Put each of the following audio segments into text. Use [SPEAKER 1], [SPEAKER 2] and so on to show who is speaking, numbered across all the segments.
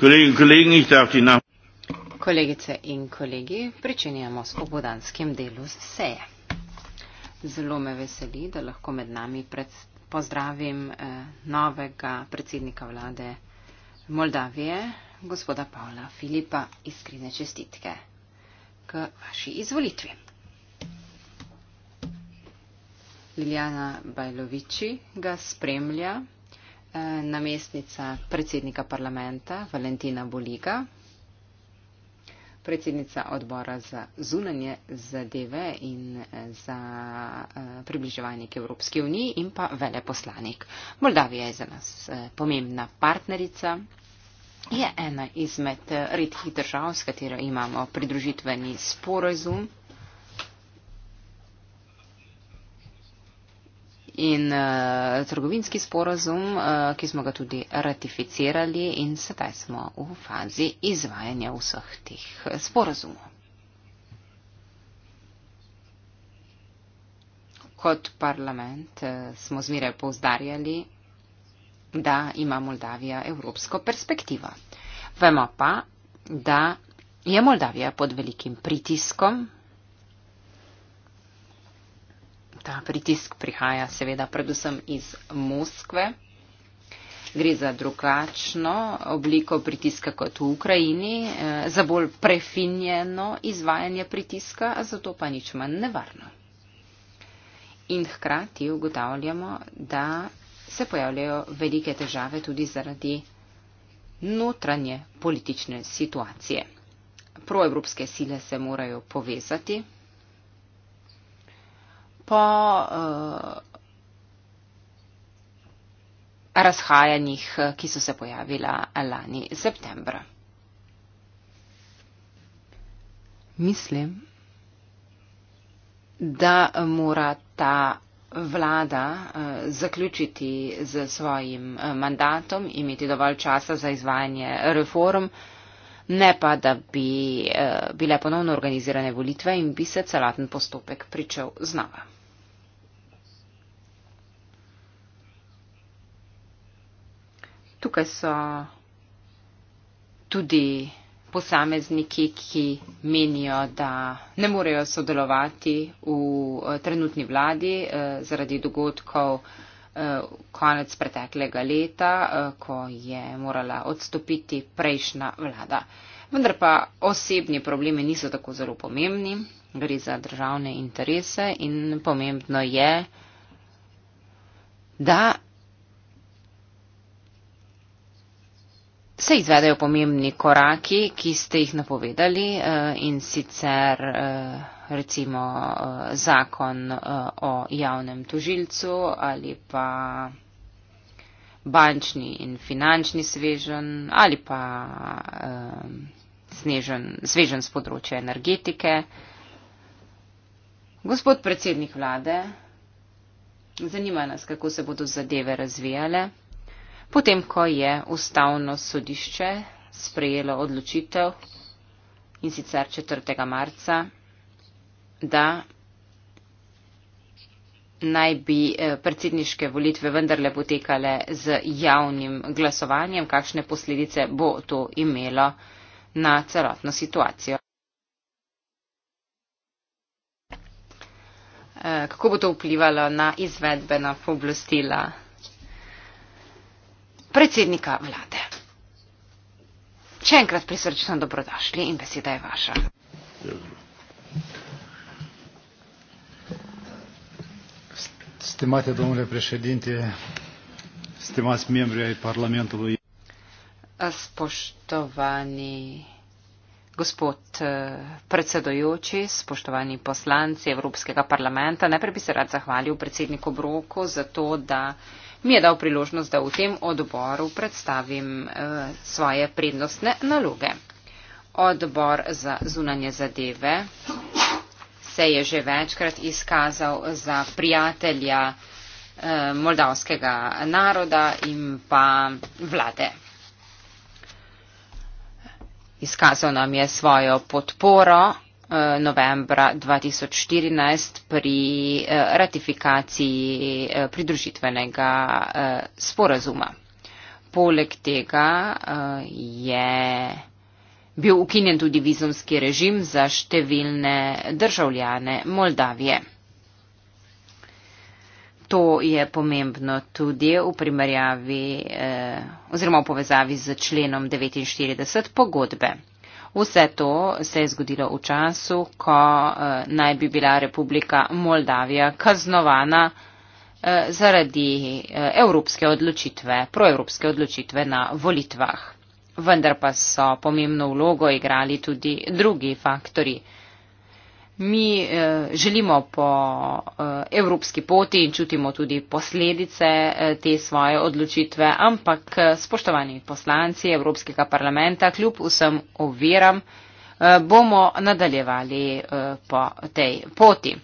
[SPEAKER 1] Kolegi, kolegi, na...
[SPEAKER 2] Kolegice in kolegi, pričenjamo s popodanskim delu seje. Zelo me veseli, da lahko med nami pred... pozdravim eh, novega predsednika vlade Moldavije, gospoda Pavla Filipa. Iskrene čestitke k vaši izvolitvi. Liljana Bajloviči ga spremlja. Eh, namestnica predsednika parlamenta Valentina Boliga, predsednica odbora za zunanje zadeve in eh, za eh, približevanje k Evropski uniji in pa veleposlanik. Moldavija je za nas pomembna partnerica. Je ena izmed redkih držav, s katero imamo pridružitveni sporozum. in uh, trgovinski sporazum, uh, ki smo ga tudi ratificirali in sedaj smo v fazi izvajanja vseh teh eh, sporazumov. Kot parlament uh, smo zmeraj povzdarjali, da ima Moldavija evropsko perspektivo. Vemo pa, da je Moldavija pod velikim pritiskom ta pritisk prihaja seveda predvsem iz Moskve. Gre za drugačno obliko pritiska kot v Ukrajini, eh, za bolj prefinjeno izvajanje pritiska, zato pa nič manj nevarno. In hkrati ugotavljamo, da se pojavljajo velike težave tudi zaradi notranje politične situacije. Proevropske sile se morajo povezati po uh, razhajanjih, eh, ki so se pojavila lani septembra. Mislim, da mora ta vlada uh, zaključiti z svojim mandatom, imeti dovolj časa za izvajanje reform, ne pa, da bi uh, bile ponovno organizirane volitve in bi se celoten postopek pričel znova. Tukaj so tudi posamezniki, ki menijo, da ne morejo sodelovati v eh, trenutni vladi eh, zaradi dogodkov eh, konec preteklega leta, ko je morala odstopiti prejšnja vlada. Vendar pa osebni problemi niso tako zelo pomembni, gre za državne interese in pomembno je, da se izvedejo pomembni koraki, ki ste jih napovedali eh, in sicer eh, recimo eh, zakon o javnem tužilcu ali pa bančni in finančni svežen ali pa snežen, svežen z področja energetike. Gospod predsednik vlade, zanima nas, kako se bodo zadeve razvijale potem ko je ustavno sodišče sprejelo odločitev in sicer 4. marca, da naj bi eh, predsedniške volitve vendarle potekale z javnim glasovanjem, kakšne posledice bo to imelo na celotno situacijo. Eh, kako bo to vplivalo na izvedbena pooblastila? predsednika vlade. Še enkrat prisrčno dobrodošli in beseda je vaša.
[SPEAKER 3] Stimate, domnule prešedinte, stimati membri parlamenta.
[SPEAKER 2] Spoštovani gospod eh, predsedojoči, spoštovani poslanci Evropskega parlamenta, najprej bi se rad zahvalil predsedniku Broku za to, da mi je dal priložnost, da v tem odboru predstavim eh, svoje prednostne naloge. Odbor za zunanje zadeve se je že večkrat izkazal za prijatelja eh, moldavskega naroda in pa vlade. Izkazal nam je svojo podporo novembra 2014 pri eh, ratifikaciji eh, pridružitvenega eh, sporazuma. Poleg tega je bil ukinjen tudi vizumski režim za številne državljane Moldavije. To je pomembno tudi v primerjavi eh, oziroma v povezavi z členom 49 pogodbe. Vse to se je zgodilo v času, ko eh, naj bi bila Republika Moldavija kaznovana eh, zaradi eh, evropske odločitve, proevropske odločitve na volitvah. Vendar pa so pomembno vlogo igrali tudi drugi faktori mi eh, želimo po eh, evropski poti in čutimo tudi posledice eh, te svoje odločitve, ampak spoštovani poslanci Evropskega parlamenta, kljub vsem oviram, bomo nadaljevali po tej poti.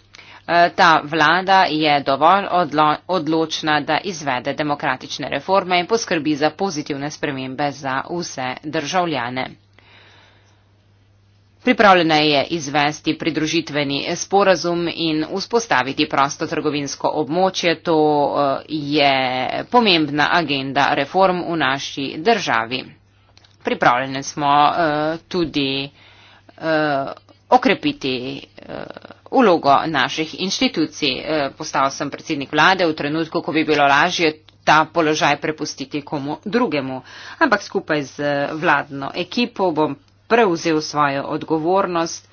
[SPEAKER 2] Ta vlada je dovolj odlo odločna, da izvede demokratične reforme in poskrbi za pozitivne spremembe za vse državljane. Pripravljena je izvesti pridružitveni sporazum in vzpostaviti prosto trgovinsko območje. To eh, je pomembna agenda reform v naši državi. Pripravljene smo uh, tudi uh, okrepiti uh, ulogo naših inštitucij. Uh, postal sem predsednik vlade v trenutku, ko bi bilo lažje ta položaj prepustiti komu drugemu. Ampak skupaj z vladno ekipo bom prevzel svojo odgovornost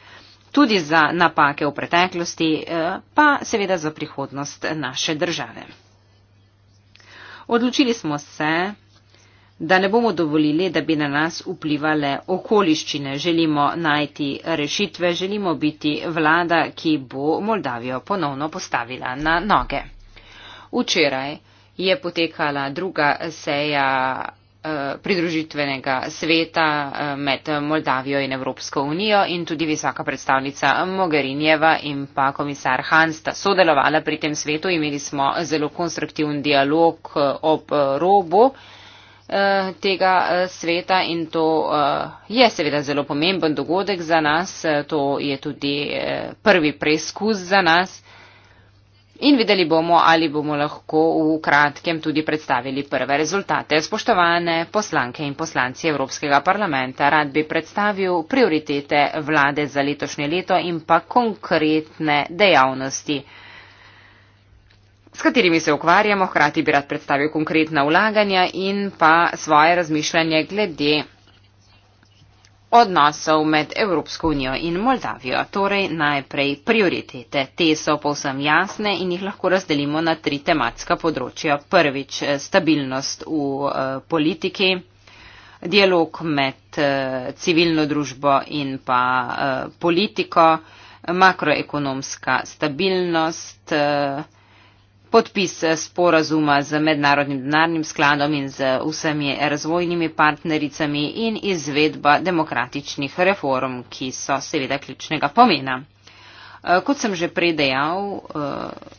[SPEAKER 2] tudi za napake v preteklosti, eh, pa seveda za prihodnost naše države. Odločili smo se, da ne bomo dovolili, da bi na nas vplivale okoliščine. Želimo najti rešitve, želimo biti vlada, ki bo Moldavijo ponovno postavila na noge. Včeraj je potekala druga seja Eh, pridružitvenega sveta eh, med Moldavijo in Evropsko unijo in tudi visoka predstavnica Mogherinjeva in pa komisar Hans sta sodelovala pri tem svetu. Imeli smo zelo konstruktivn dialog eh, ob robu tega sveta in to je seveda zelo pomemben dogodek za nas. To je tudi prvi preizkus za nas in videli bomo, ali bomo lahko v kratkem tudi predstavili prve rezultate. Spoštovane poslanke in poslanci Evropskega parlamenta, rad bi predstavil prioritete vlade za letošnje leto in pa konkretne dejavnosti s katerimi se ukvarjamo, hkrati bi rad predstavil konkretna vlaganja in pa svoje razmišljanje glede odnosov med Evropsko unijo in Moldavijo. Torej najprej prioritete. Te so povsem jasne in jih lahko razdelimo na tri tematska področja. Prvič, eh, stabilnost v eh, politiki, dialog med eh, civilno družbo in pa politiko, makroekonomska stabilnost podpis eh, sporazuma z mednarodnim denarnim skladom in z vsemi razvojnimi partnericami in izvedba demokratičnih reform, ki so seveda ključnega pomena. Eh, kot sem že predejal, eh,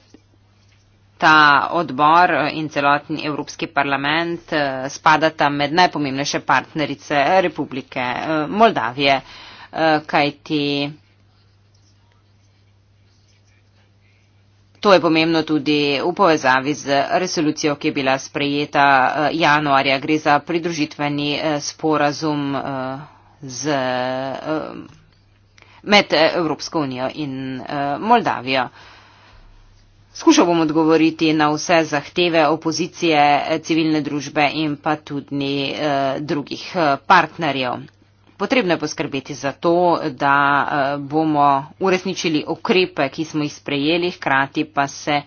[SPEAKER 2] ta odbor in celotni Evropski parlament spadata med najpomembnejše partnerice Republike Moldavije, kajti To je pomembno tudi v povezavi z resolucijo, ki je bila sprejeta eh, januarja. Gre za pridružitveni eh, sporazum eh, z, med Evropsko unijo in Moldavijo. Skušal bom odgovoriti na vse zahteve opozicije, civilne družbe in pa tudi drugih partnerjev. Potrebno je poskrbeti za to, da eh, bomo uresničili okrepe, ki smo jih sprejeli, hkrati pa se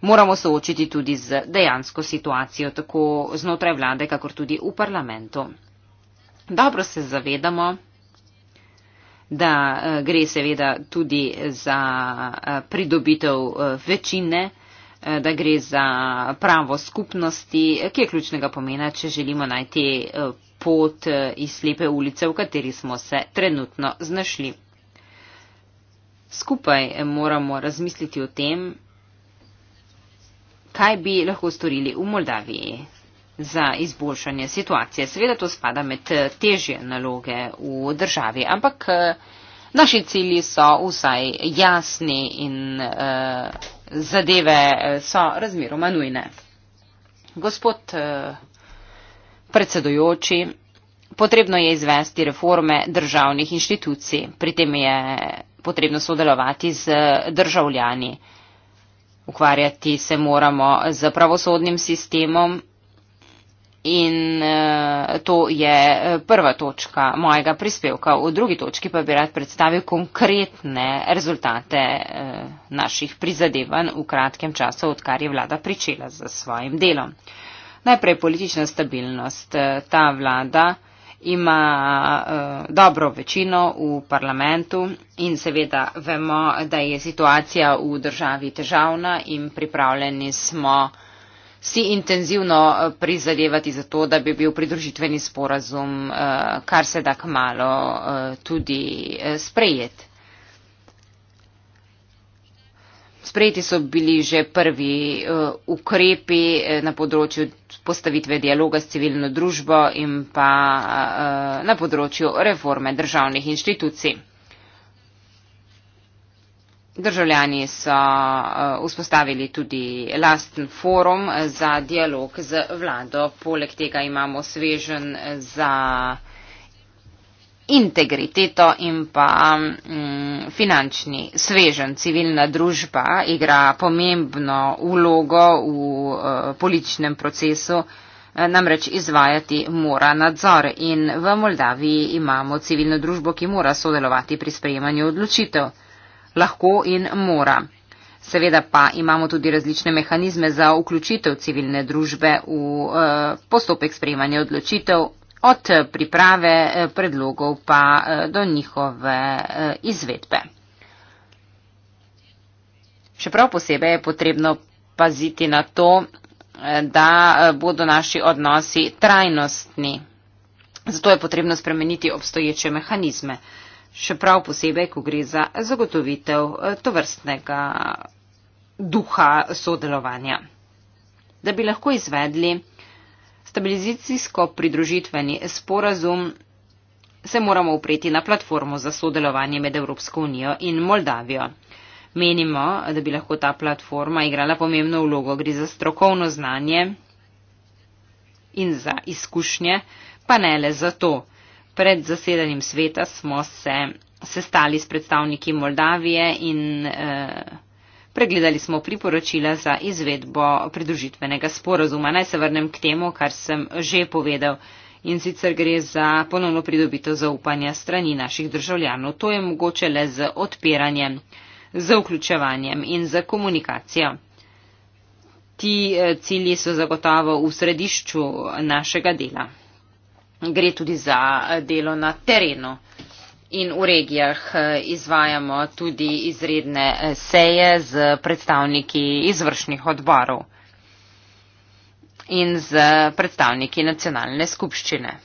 [SPEAKER 2] moramo soočiti tudi z dejansko situacijo, tako znotraj vlade, kakor tudi v parlamentu. Dobro se zavedamo, da eh, gre seveda tudi za eh, pridobitev večine, da gre za pravo skupnosti, ki je ključnega pomena, če želimo najti pot eh, iz slepe ulice, v kateri smo se trenutno znašli. Skupaj eh, moramo razmisliti o tem, kaj bi lahko storili v Moldaviji za izboljšanje situacije. Seveda to spada med eh, težje naloge v državi, ampak naši cilji so vsaj jasni in uh, zadeve so razmeroma nujne. Gospod uh, Predsedujoči, potrebno je izvesti reforme državnih inštitucij, pri tem je potrebno sodelovati z državljani. Ukvarjati se moramo z pravosodnim sistemom in eh, to je eh, prva točka mojega prispevka. V drugi točki pa bi rad predstavil konkretne rezultate eh, naših prizadevanj v kratkem času, odkar je vlada pričela z svojim delom. Najprej politična stabilnost. Eh, ta vlada ima uh, dobro večino v parlamentu in seveda vemo, da je situacija v državi težavna in pripravljeni smo si intenzivno eh, prizadevati za to, da bi bil pridružitveni sporazum uh, kar se da k malo uh, tudi uh, sprejet. Sprejeti so bili že prvi uh, ukrepi eh, na področju postavitve dialoga s civilno družbo in pa uh, na področju reforme državnih inštitucij. Državljani so uh, vzpostavili tudi lasten forum za dialog z vlado. Poleg tega imamo svežen za integriteto in pa mm, finančni svežen civilna družba igra pomembno vlogo v uh, političnem procesu, uh, namreč izvajati mora nadzor in v Moldaviji imamo civilno družbo, ki mora sodelovati pri sprejemanju odločitev. Lahko in mora. Seveda pa imamo tudi različne mehanizme za vključitev civilne družbe v uh, postopek sprejemanja odločitev, od priprave eh, predlogov pa eh, do njihove eh, izvedbe. Še prav posebej je potrebno paziti na to, da bodo naši odnosi trajnostni. Zato je potrebno spremeniti obstoječe mehanizme, še prav posebej, ko gre za zagotovitev tovrstnega duha sodelovanja. Da bi lahko izvedli stabilizacijsko-pridružitveni sporazum se moramo upreti na platformo za sodelovanje med Evropsko unijo in Moldavijo. Menimo, da bi lahko ta platforma igrala pomembno vlogo, gre za strokovno znanje in za izkušnje, pa ne le za to. Pred zasedanjem sveta smo se sestali s predstavniki Moldavije in. Eh, pregledali smo priporočila za izvedbo pridružitvenega sporozuma. Naj se vrnem k temu, kar sem že povedal. In sicer gre za ponovno pridobitev zaupanja strani naših državljanov. To je mogoče le z odpiranjem, z vključevanjem in z komunikacijo. Ti eh, cilji so zagotovo v središču našega dela. Gre tudi za eh, delo na terenu in v regijah eh, izvajamo tudi izredne eh, seje z predstavniki izvršnih odborov in z predstavniki nacionalne skupščine.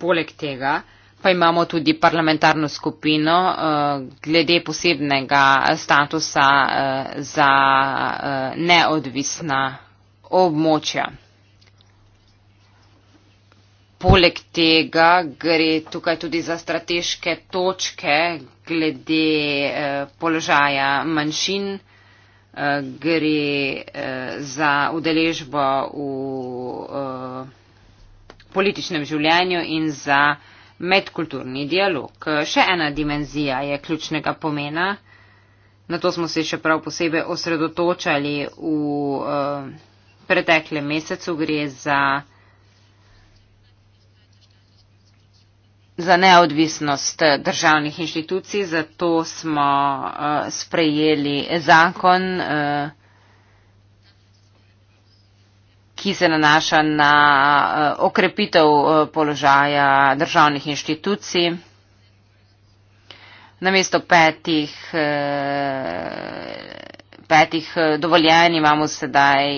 [SPEAKER 2] Poleg tega pa imamo tudi parlamentarno skupino eh, glede posebnega statusa za neodvisna območja. Poleg tega gre tukaj tudi za strateške točke glede eh, položaja manjšin, eh, gre eh, za udeležbo v političnem življenju in za medkulturni dialog. Še ena dimenzija je ključnega pomena. Na to smo se še prav posebej osredotočali v preteklem mesecu. Gre za. za neodvisnost državnih inštitucij, zato smo eh, sprejeli zakon, eh, ki se nanaša na eh, okrepitev položaja državnih inštitucij. Namesto petih, petih dovoljenj imamo sedaj,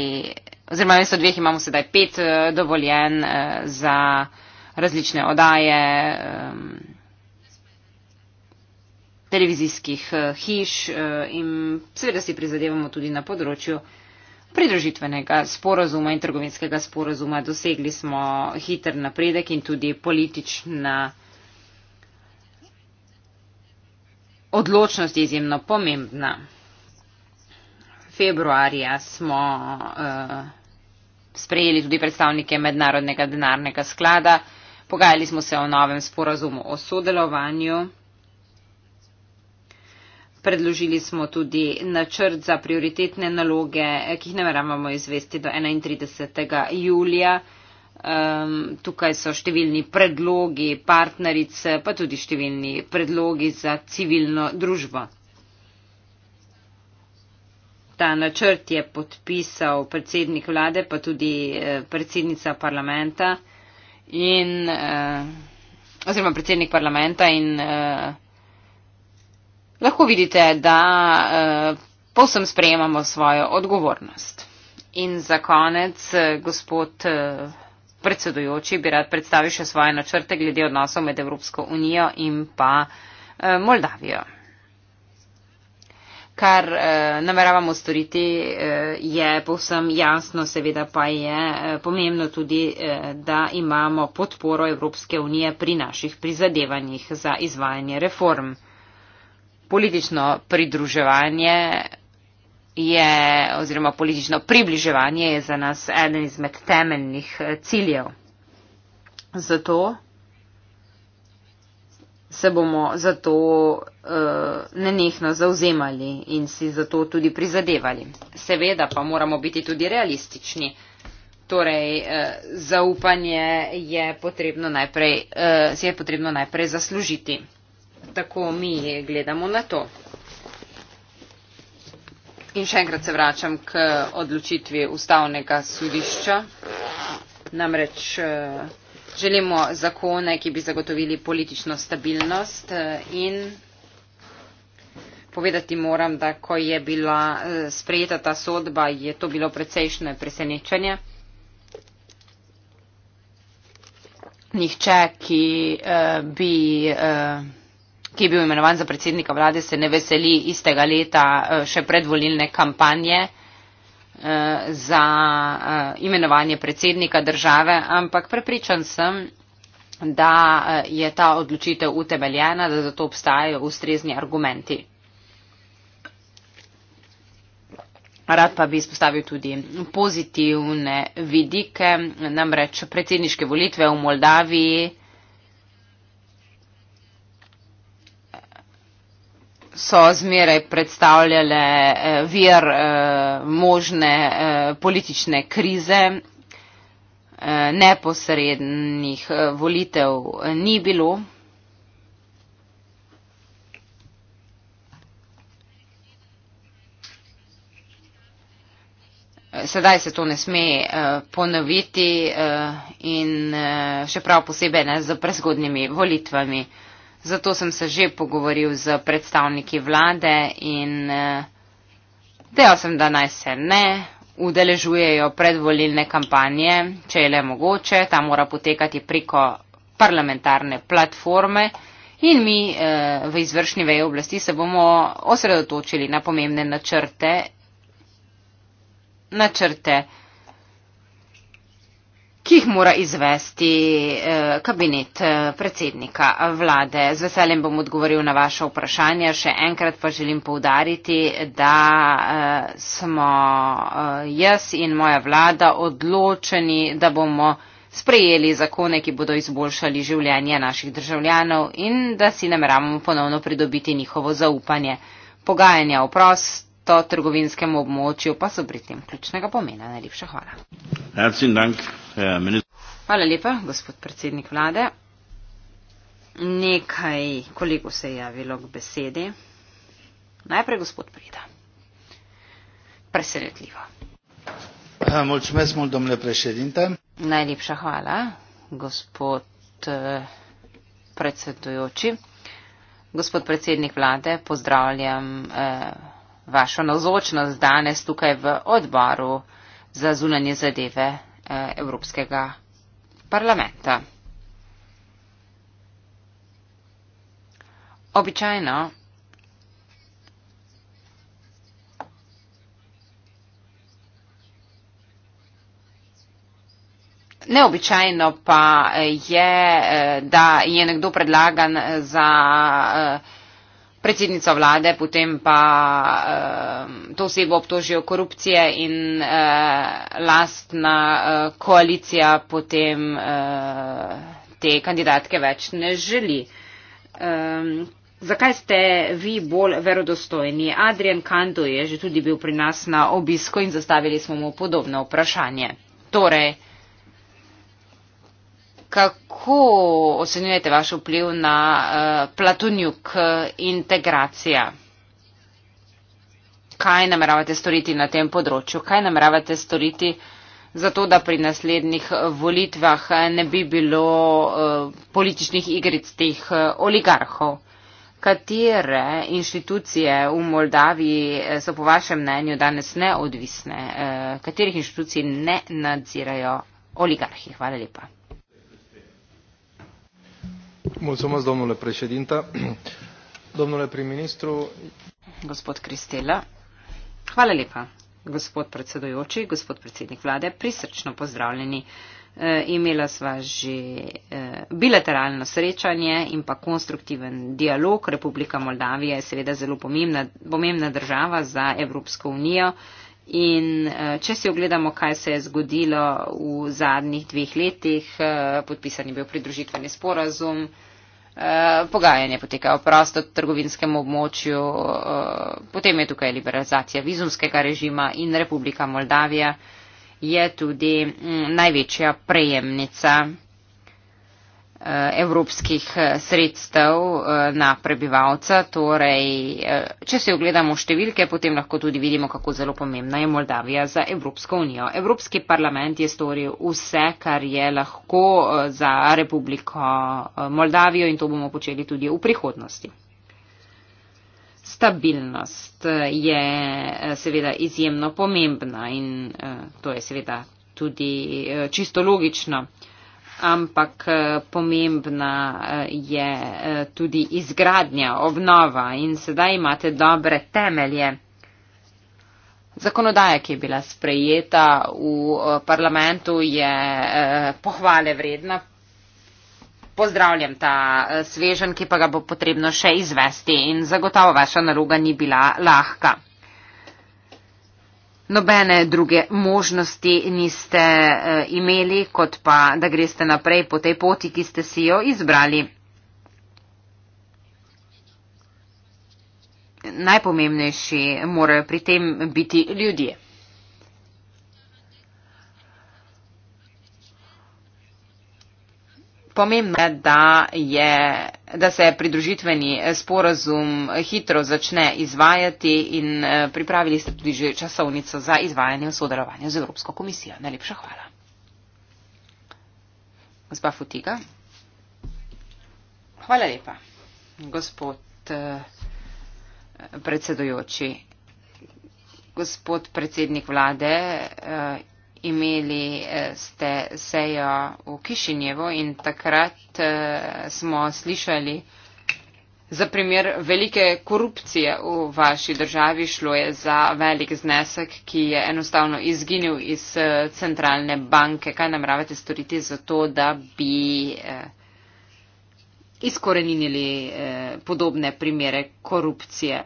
[SPEAKER 2] oziroma namesto dveh imamo sedaj pet dovoljenj za različne odaje um, televizijskih uh, hiš uh, in seveda si prizadevamo tudi na področju pridružitvenega sporazuma in trgovinskega sporazuma. Dosegli smo hiter napredek in tudi politična odločnost je izjemno pomembna. Februarja smo uh, sprejeli tudi predstavnike mednarodnega denarnega sklada. Pogajali smo se o novem sporazumu o sodelovanju. Predložili smo tudi načrt za prioritetne naloge, ki jih nameravamo izvesti do 31. julija. Um, tukaj so številni predlogi partnerice, pa tudi številni predlogi za civilno družbo. Ta načrt je podpisal predsednik vlade, pa tudi eh, predsednica parlamenta in uh, oziroma predsednik parlamenta in uh, lahko vidite, da uh, povsem sprejemamo svojo odgovornost. In za konec, gospod predsedujoči, bi rad predstavil še svoje načrte glede odnosov med Evropsko unijo in pa Moldavijo kar eh, nameravamo storiti, eh, je povsem jasno, seveda pa je eh, pomembno tudi, eh, da imamo podporo Evropske unije pri naših prizadevanjih za izvajanje reform. Politično pridruževanje je oziroma politično približevanje je za nas eden izmed temeljnih eh, ciljev. Zato se bomo za to uh, nenehno zauzemali in si za to tudi prizadevali. Seveda pa moramo biti tudi realistični. Torej, uh, zaupanje je potrebno najprej, uh, si je potrebno najprej zaslužiti. Tako mi gledamo na to. In še enkrat se vračam k odločitvi ustavnega sodišča. Namreč. Uh, Želimo zakone, ki bi zagotovili politično stabilnost eh, in povedati moram, da ko je bila eh, sprejeta ta sodba, je to bilo precejšnje presenečenje. Nihče, ki uh, bi. Uh, ki je bil imenovan za predsednika vlade, se ne veseli istega leta še predvolilne kampanje. Eh, za eh, imenovanje predsednika države, ampak prepričan sem, da eh, je ta odločitev utemeljena, da zato obstajajo ustrezni argumenti. Rad pa bi izpostavil tudi pozitivne vidike, namreč predsedniške volitve v Moldaviji so zmeraj predstavljale eh, vir eh, možne eh, politične krize. Neposrednih volitev ni bilo. Sedaj se to ne sme ponoviti in še prav posebej ne z prezgodnimi volitvami. Zato sem se že pogovoril z predstavniki vlade in eh, dejal sem, da naj se ne udeležujejo predvolilne kampanje, če je le mogoče. Ta mora potekati preko parlamentarne platforme in mi eh, v izvršni veji oblasti se bomo osredotočili na pomembne načrte. načrte ki jih mora izvesti eh, kabinet eh, predsednika vlade. Z veseljem bom odgovoril na vaše vprašanje. Še enkrat pa želim povdariti, da eh, smo jaz in moja vlada odločeni, da bomo sprejeli zakone, ki bodo izboljšali življenje naših državljanov in da si nameravamo ponovno pridobiti njihovo zaupanje. Pogajanja o prosto trgovinskem območju pa so pri tem ključnega pomena. Najlepša hvala.
[SPEAKER 1] Herzlichen dank. Hvala
[SPEAKER 2] lepa, gospod predsednik vlade. Nekaj kolegov se je javilo k besedi. Najprej gospod Prida. Presenetljivo. Najlepša hvala, gospod eh, predsedujoči. Gospod predsednik vlade, pozdravljam eh, vašo navzočnost danes tukaj v odboru za zunanje zadeve eh, Evropskega parlamenta. Običajno Neobičajno pa je, eh, da je nekdo predlagan za eh, predsednica vlade, potem pa uh, to osebo obtožijo korupcije in uh, lastna uh, koalicija potem uh, te kandidatke več ne želi. Um, Zakaj ste vi bolj verodostojni? Adrian Kando je že tudi bil pri nas na obisko in zastavili smo mu podobno vprašanje. Torej, kako ocenjujete vaš vpliv na uh, Platonjuk eh, integracija? Kaj nameravate storiti na tem področju? Kaj nameravate storiti zato, da pri naslednjih eh, volitvah ne bi bilo uh, političnih igric teh uh, oligarhov? Katere inštitucije v Moldaviji so po vašem mnenju danes neodvisne? Katerih inštitucij ne nadzirajo oligarhi? Hvala lepa
[SPEAKER 3] domnule președinte
[SPEAKER 2] domnule prim ministru gospod Cristela. Hvala lepa, gospod predsedujoči, gospod predsednik vlade, prisrčno pozdravljeni. E, imela sva že e, bilateralno srečanje in pa konstruktiven dialog. Republika Moldavija je seveda zelo pomembna, pomembna država za Evropsko unijo. E, In eh, če si ogledamo, kaj se je zgodilo v zadnjih dveh letih, eh, podpisan je bil pridružitveni sporazum, eh, pogajanje poteka v prosto trgovinskem območju, potem je tukaj liberalizacija vizumskega režima in Republika Moldavija je tudi mm, največja prejemnica Eh, evropskih eh, sredstev eh, na prebivalca. Torej, če se ogledamo številke, potem lahko tudi vidimo, kako zelo pomembna je Moldavija za Evropsko unijo. Evropski parlament je storil vse, kar je lahko za Republiko Moldavijo in to bomo počeli tudi v prihodnosti. Stabilnost je seveda izjemno pomembna in to je seveda tudi čisto logično ampak eh, pomembna eh, je eh, tudi izgradnja, obnova in sedaj imate dobre temelje. Zakonodaja, ki je bila sprejeta v parlamentu, je pohvale vredna. Pozdravljam ta svežen, ki pa ga bo potrebno še izvesti in zagotovo vaša naloga ni bila lahka. Nobene druge možnosti niste eh, imeli, kot pa, da greste naprej po tej poti, ki ste si jo izbrali. Najpomembnejši morajo pri tem biti ljudje. Pomembno je, da, je, da se pridružitveni sporazum hitro začne izvajati in eh, pripravili ste tudi že časovnico za izvajanje v sodelovanju z Evropsko komisijo. Najlepša hvala. Gospa Futiga. Hvala lepa. Gospod eh, predsedujoči. Gospod predsednik vlade eh, imeli eh, ste sejo v Kišinjevu in takrat eh, smo slišali za primer velike korupcije v vaši državi. Šlo je za velik znesek, ki je enostavno izginil iz eh, centralne banke. Kaj namravate storiti za to, da bi izkoreninili podobne primere korupcije?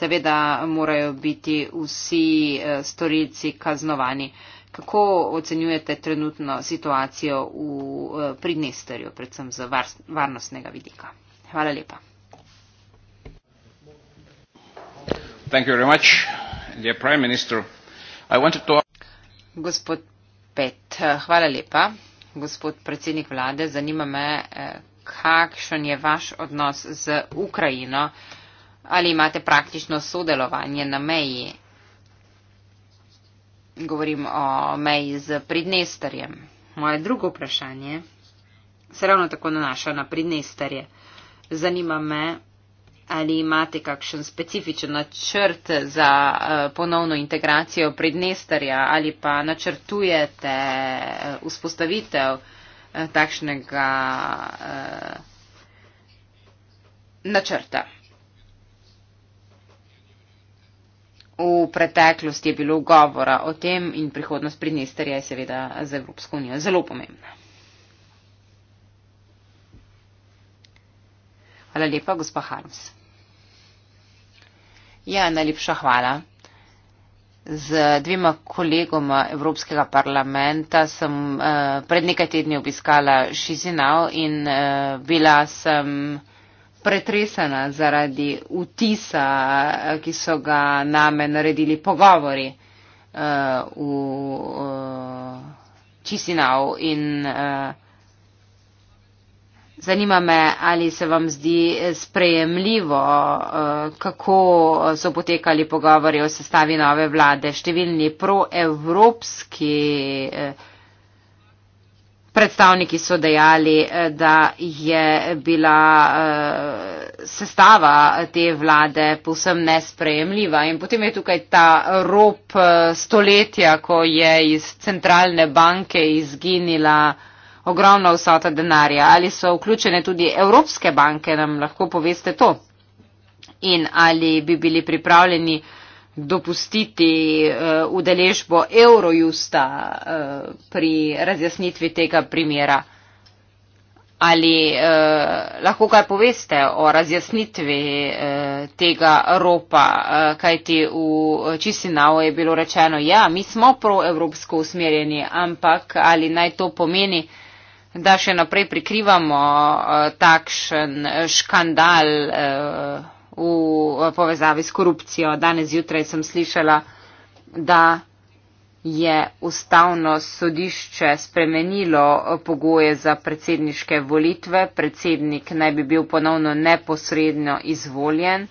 [SPEAKER 2] seveda morajo biti vsi eh, storilci kaznovani. Kako ocenjujete trenutno situacijo v eh, Pridnesterju, predvsem z varnostnega vidika? Hvala lepa. Gospod Pet, eh, hvala lepa. Gospod predsednik vlade, zanima me, kakšen je vaš odnos z Ukrajino ali imate praktično sodelovanje na meji? Govorim o meji z Pridnestarjem. Moje drugo vprašanje se ravno tako nanaša na Pridnestarje. Zanima me, ali imate kakšen specifičen načrt za eh, ponovno integracijo Pridnestarja ali pa načrtujete eh, vzpostavitev eh, takšnega načrta. V preteklosti je bilo govora o tem in prihodnost Pridnesterja je seveda za Evropsko unijo zelo pomembna. Hvala lepa, gospa Harms. Ja, najlepša hvala. Z dvema kolegoma Evropskega parlamenta sem eh, pred nekaj tedni obiskala Šizinav in eh, bila sem pretresena zaradi vtisa, ki so ga name naredili pogovori uh, v uh, Čisinau. In uh, zanima me, ali se vam zdi sprejemljivo, uh, kako so potekali pogovori o sestavi nove vlade. Številni proevropski. Uh, Predstavniki so dejali, eh, da je bila eh, sestava te vlade povsem nesprejemljiva in potem je tukaj ta rop eh, stoletja, ko je iz centralne banke izginila ogromna vsota denarja. Ali so vključene tudi evropske banke, nam lahko poveste to. In ali bi bili pripravljeni dopustiti uh, udeležbo Eurojusta uh, pri razjasnitvi tega primera. Ali uh, lahko kaj poveste o razjasnitvi uh, tega ropa, uh, kajti v Čisinau je bilo rečeno, ja, mi smo proevropsko usmerjeni, ampak ali naj to pomeni, da še naprej prikrivamo uh, takšen škandal. Uh, v povezavi s korupcijo. Danes zjutraj sem slišala, da je ustavno sodišče spremenilo pogoje za predsedniške volitve. Predsednik naj bi bil ponovno neposredno izvoljen,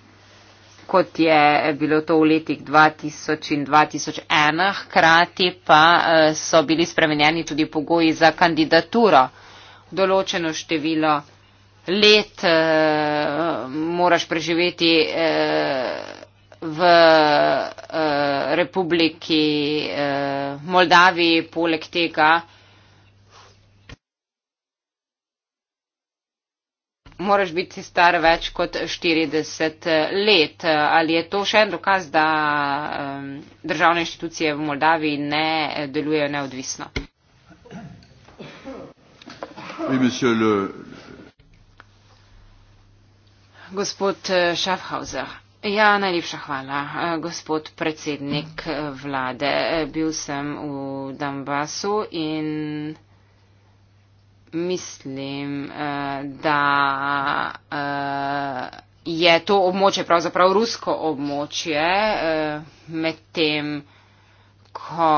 [SPEAKER 2] kot je bilo to v letih 2000 in 2001. Hkrati pa eh, so bili spremenjeni tudi pogoji za kandidaturo. Določeno število let uh, moraš preživeti uh, v uh, republiki uh, Moldaviji, poleg tega moraš biti star več kot 40 let. Ali je to še en dokaz, da um, državne inštitucije v Moldaviji ne delujejo neodvisno?
[SPEAKER 1] Oui, monsieur le,
[SPEAKER 2] gospod eh, Schaffhauser. Ja, najlepša hvala, eh, gospod predsednik eh, vlade. Bil sem v Dambasu in mislim, da je to območje pravzaprav rusko območje, medtem ko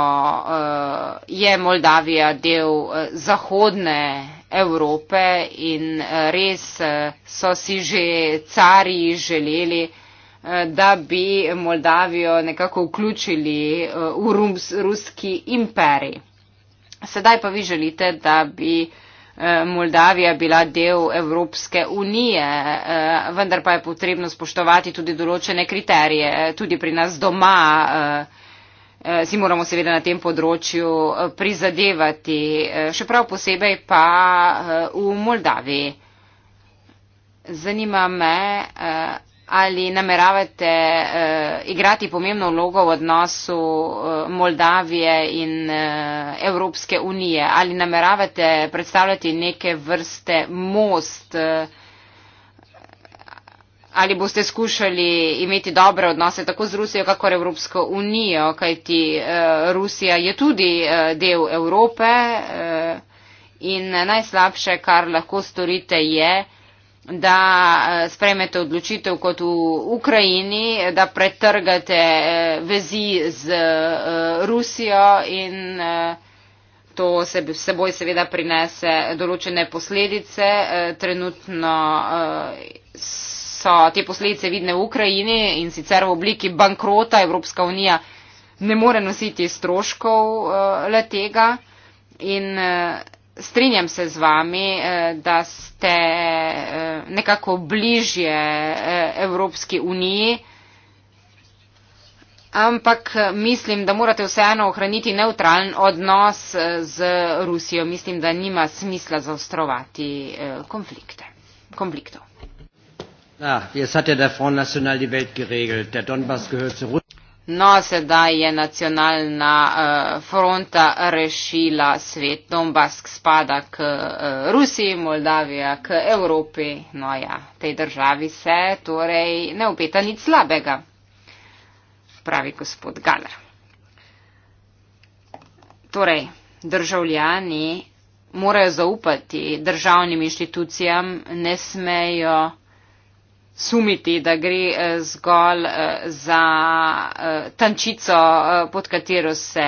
[SPEAKER 2] je Moldavija del zahodne Evrope in eh, res eh, so si že cari želeli, eh, da bi Moldavijo nekako vključili v rums, ruski imperij. Sedaj pa vi želite, da bi Moldavija bila del Evropske unije, vendar pa je potrebno spoštovati tudi določene kriterije, tudi pri nas doma. Eh, si moramo seveda na tem področju eh, prizadevati, eh, še prav posebej pa v Moldaviji. Zanima me, ali nameravate igrati pomembno vlogo v odnosu Moldavije in Evropske unije, ali nameravate predstavljati neke vrste most, Ali boste skušali imeti dobre odnose tako z Rusijo, kako z Evropsko unijo, kajti uh, Rusija je tudi uh, del Evrope uh, in najslabše, kar lahko storite, je, da uh, spremete odločitev kot v Ukrajini, da pretrgate uh, vezi z uh, Rusijo in uh, To se, seboj seveda prinese določene posledice. Trenutno so te posledice vidne v Ukrajini in sicer v obliki bankrota Evropska unija ne more nositi stroškov eh, le tega. In eh, strinjam se z vami, eh, da ste nekako bližje Evropski uniji. Ampak mislim, da morate vseeno ohraniti neutralen odnos z Rusijo. Mislim, da nima smisla zaostrovati konflikte, konfliktov. Ja, ja no, sedaj je nacionalna uh, fronta rešila svet. Donbask spada k uh, Rusiji, Moldavija, k Evropi. No ja, tej državi se torej ne obeta nič slabega, pravi gospod Galer. Torej, državljani morajo zaupati državnim inštitucijam, ne smejo sumiti, da gre eh, zgolj eh, za eh, tančico, pod katero se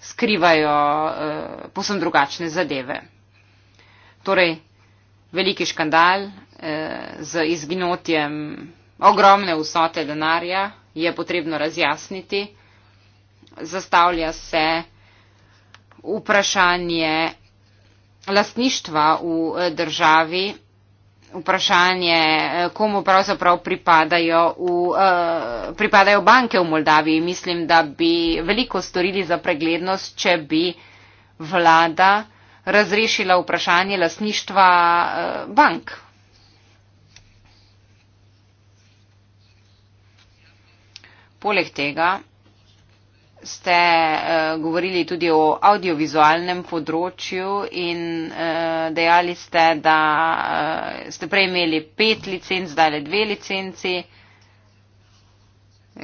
[SPEAKER 2] skrivajo posem drugačne zadeve. Torej, veliki škandal z izginotjem ogromne vsote denarja je potrebno razjasniti. Zastavlja se vprašanje lastništva v državi vprašanje, eh, komu pravzaprav pripadajo, v, uh, pripadajo banke v Moldaviji. Mislim, da bi veliko storili za preglednost, če bi vlada razrešila vprašanje lasništva uh, eh, bank. Poleg tega ste uh, govorili tudi o audiovizualnem področju in uh, dejali ste, da uh, ste prej imeli pet licenc, zdaj le dve licenci.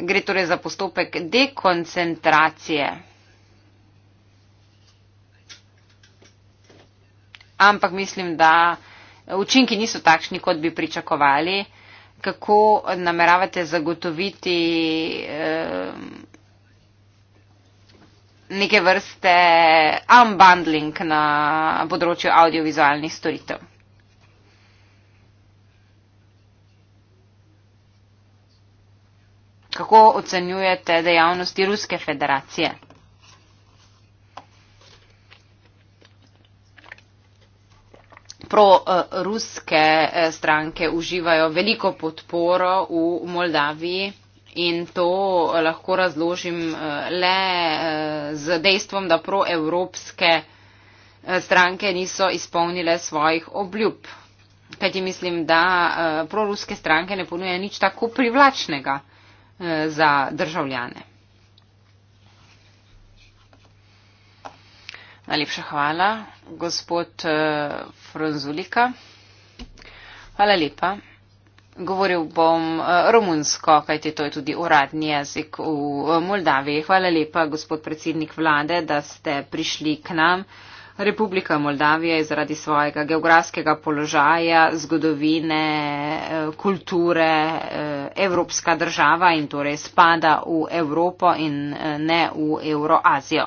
[SPEAKER 2] Gre torej za postopek dekoncentracije. Ampak mislim, da učinki niso takšni, kot bi pričakovali. Kako nameravate zagotoviti. Uh, neke vrste unbundling na področju audiovizualnih storitev. Kako ocenjujete dejavnosti Ruske federacije? Pro-ruske stranke uživajo veliko podporo v Moldaviji in to eh, lahko razložim eh, le eh, z dejstvom, da proevropske stranke niso izpolnile svojih obljub. Kajti mislim, da proruske stranke ne ponujejo nič tako privlačnega za državljane. Najlepša hvala, gospod Fronzulika. Hvala lepa. Govoril bom eh, romunsko, kajti to je tudi uradni jezik v eh, Moldaviji. Hvala lepa, gospod predsednik vlade, da ste prišli k nam. Republika Moldavija je zaradi svojega geografskega položaja, zgodovine, eh, kulture evropska država in torej spada v Evropo in ne v Euroazijo.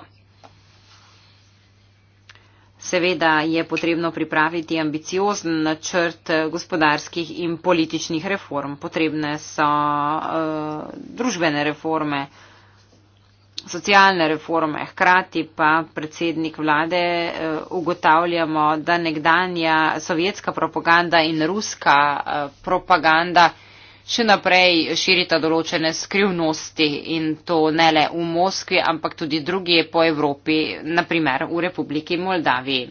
[SPEAKER 2] Seveda je potrebno pripraviti ambiciozen načrt gospodarskih in političnih reform. Potrebne so uh, družbene reforme, socialne reforme. Hkrati pa predsednik vlade uh, ugotavljamo, da nekdanja sovjetska propaganda in ruska uh, propaganda še naprej širita določene skrivnosti in to ne le v Moskvi, ampak tudi druge po Evropi, naprimer v Republiki Moldaviji.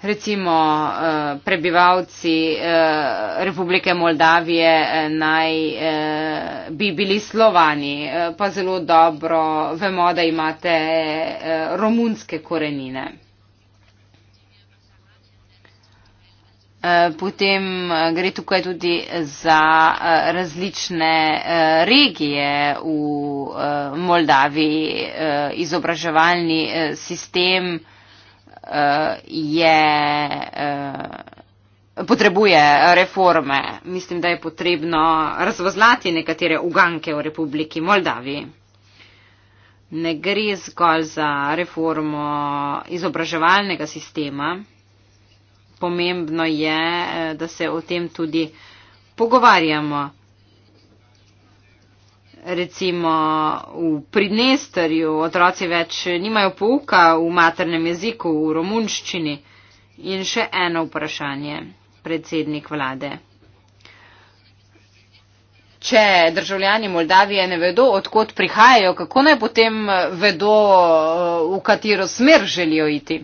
[SPEAKER 2] Recimo eh, prebivalci eh, Republike Moldavije eh, naj bi bili slovani, pa zelo dobro vemo, da imate romunske korenine. Eh, potem eh, gre tukaj tudi za eh, različne regije v Moldaviji. Izobraževalni sistem je, potrebuje reforme. Mislim, da je potrebno razvozlati nekatere uganke v Republiki Moldaviji. Ne gre zgolj za reformo izobraževalnega sistema pomembno je, eh, da se o tem tudi pogovarjamo. Recimo v Pridnestrju otroci več nimajo pouka v maternem jeziku, v romunščini. In še eno vprašanje, predsednik vlade. Če državljani Moldavije ne vedo, odkot prihajajo, kako naj potem vedo, eh, v katero smer želijo iti?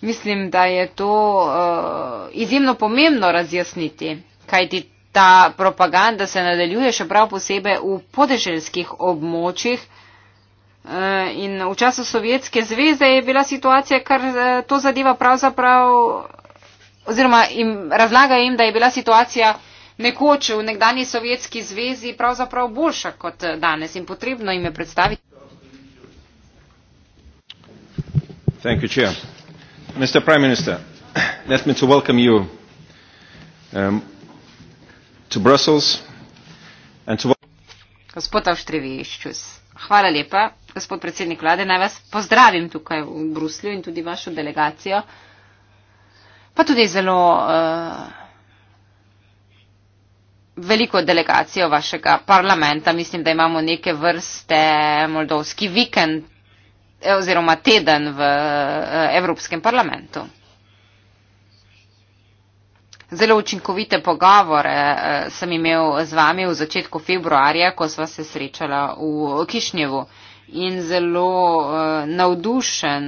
[SPEAKER 2] Mislim, da je to uh, izjemno pomembno razjasniti, kajti ta propaganda se nadaljuje še prav posebej v podeželskih območjih. Eh, in v času Sovjetske zveze je bila situacija, kar eh, to zadeva pravzaprav, oziroma jim, razlaga jim, da je bila situacija nekoč v nekdani Sovjetski zvezi pravzaprav boljša kot danes in potrebno jim je predstaviti.
[SPEAKER 1] Thank you, Mr. Prime Minister, let me to welcome you um, to Brussels and to
[SPEAKER 2] Gospod Avštrevičus, hvala lepa. Gospod predsednik vlade, naj vas pozdravim tukaj v Bruslju in tudi vašo delegacijo. Pa tudi zelo uh, veliko delegacijo vašega parlamenta. Mislim, da imamo neke vrste moldovski vikend Eh, oziroma teden v eh, Evropskem parlamentu. Zelo učinkovite pogovore eh, sem imel z vami v začetku februarja, ko sva se srečala v Kišnjevu. In zelo navdušen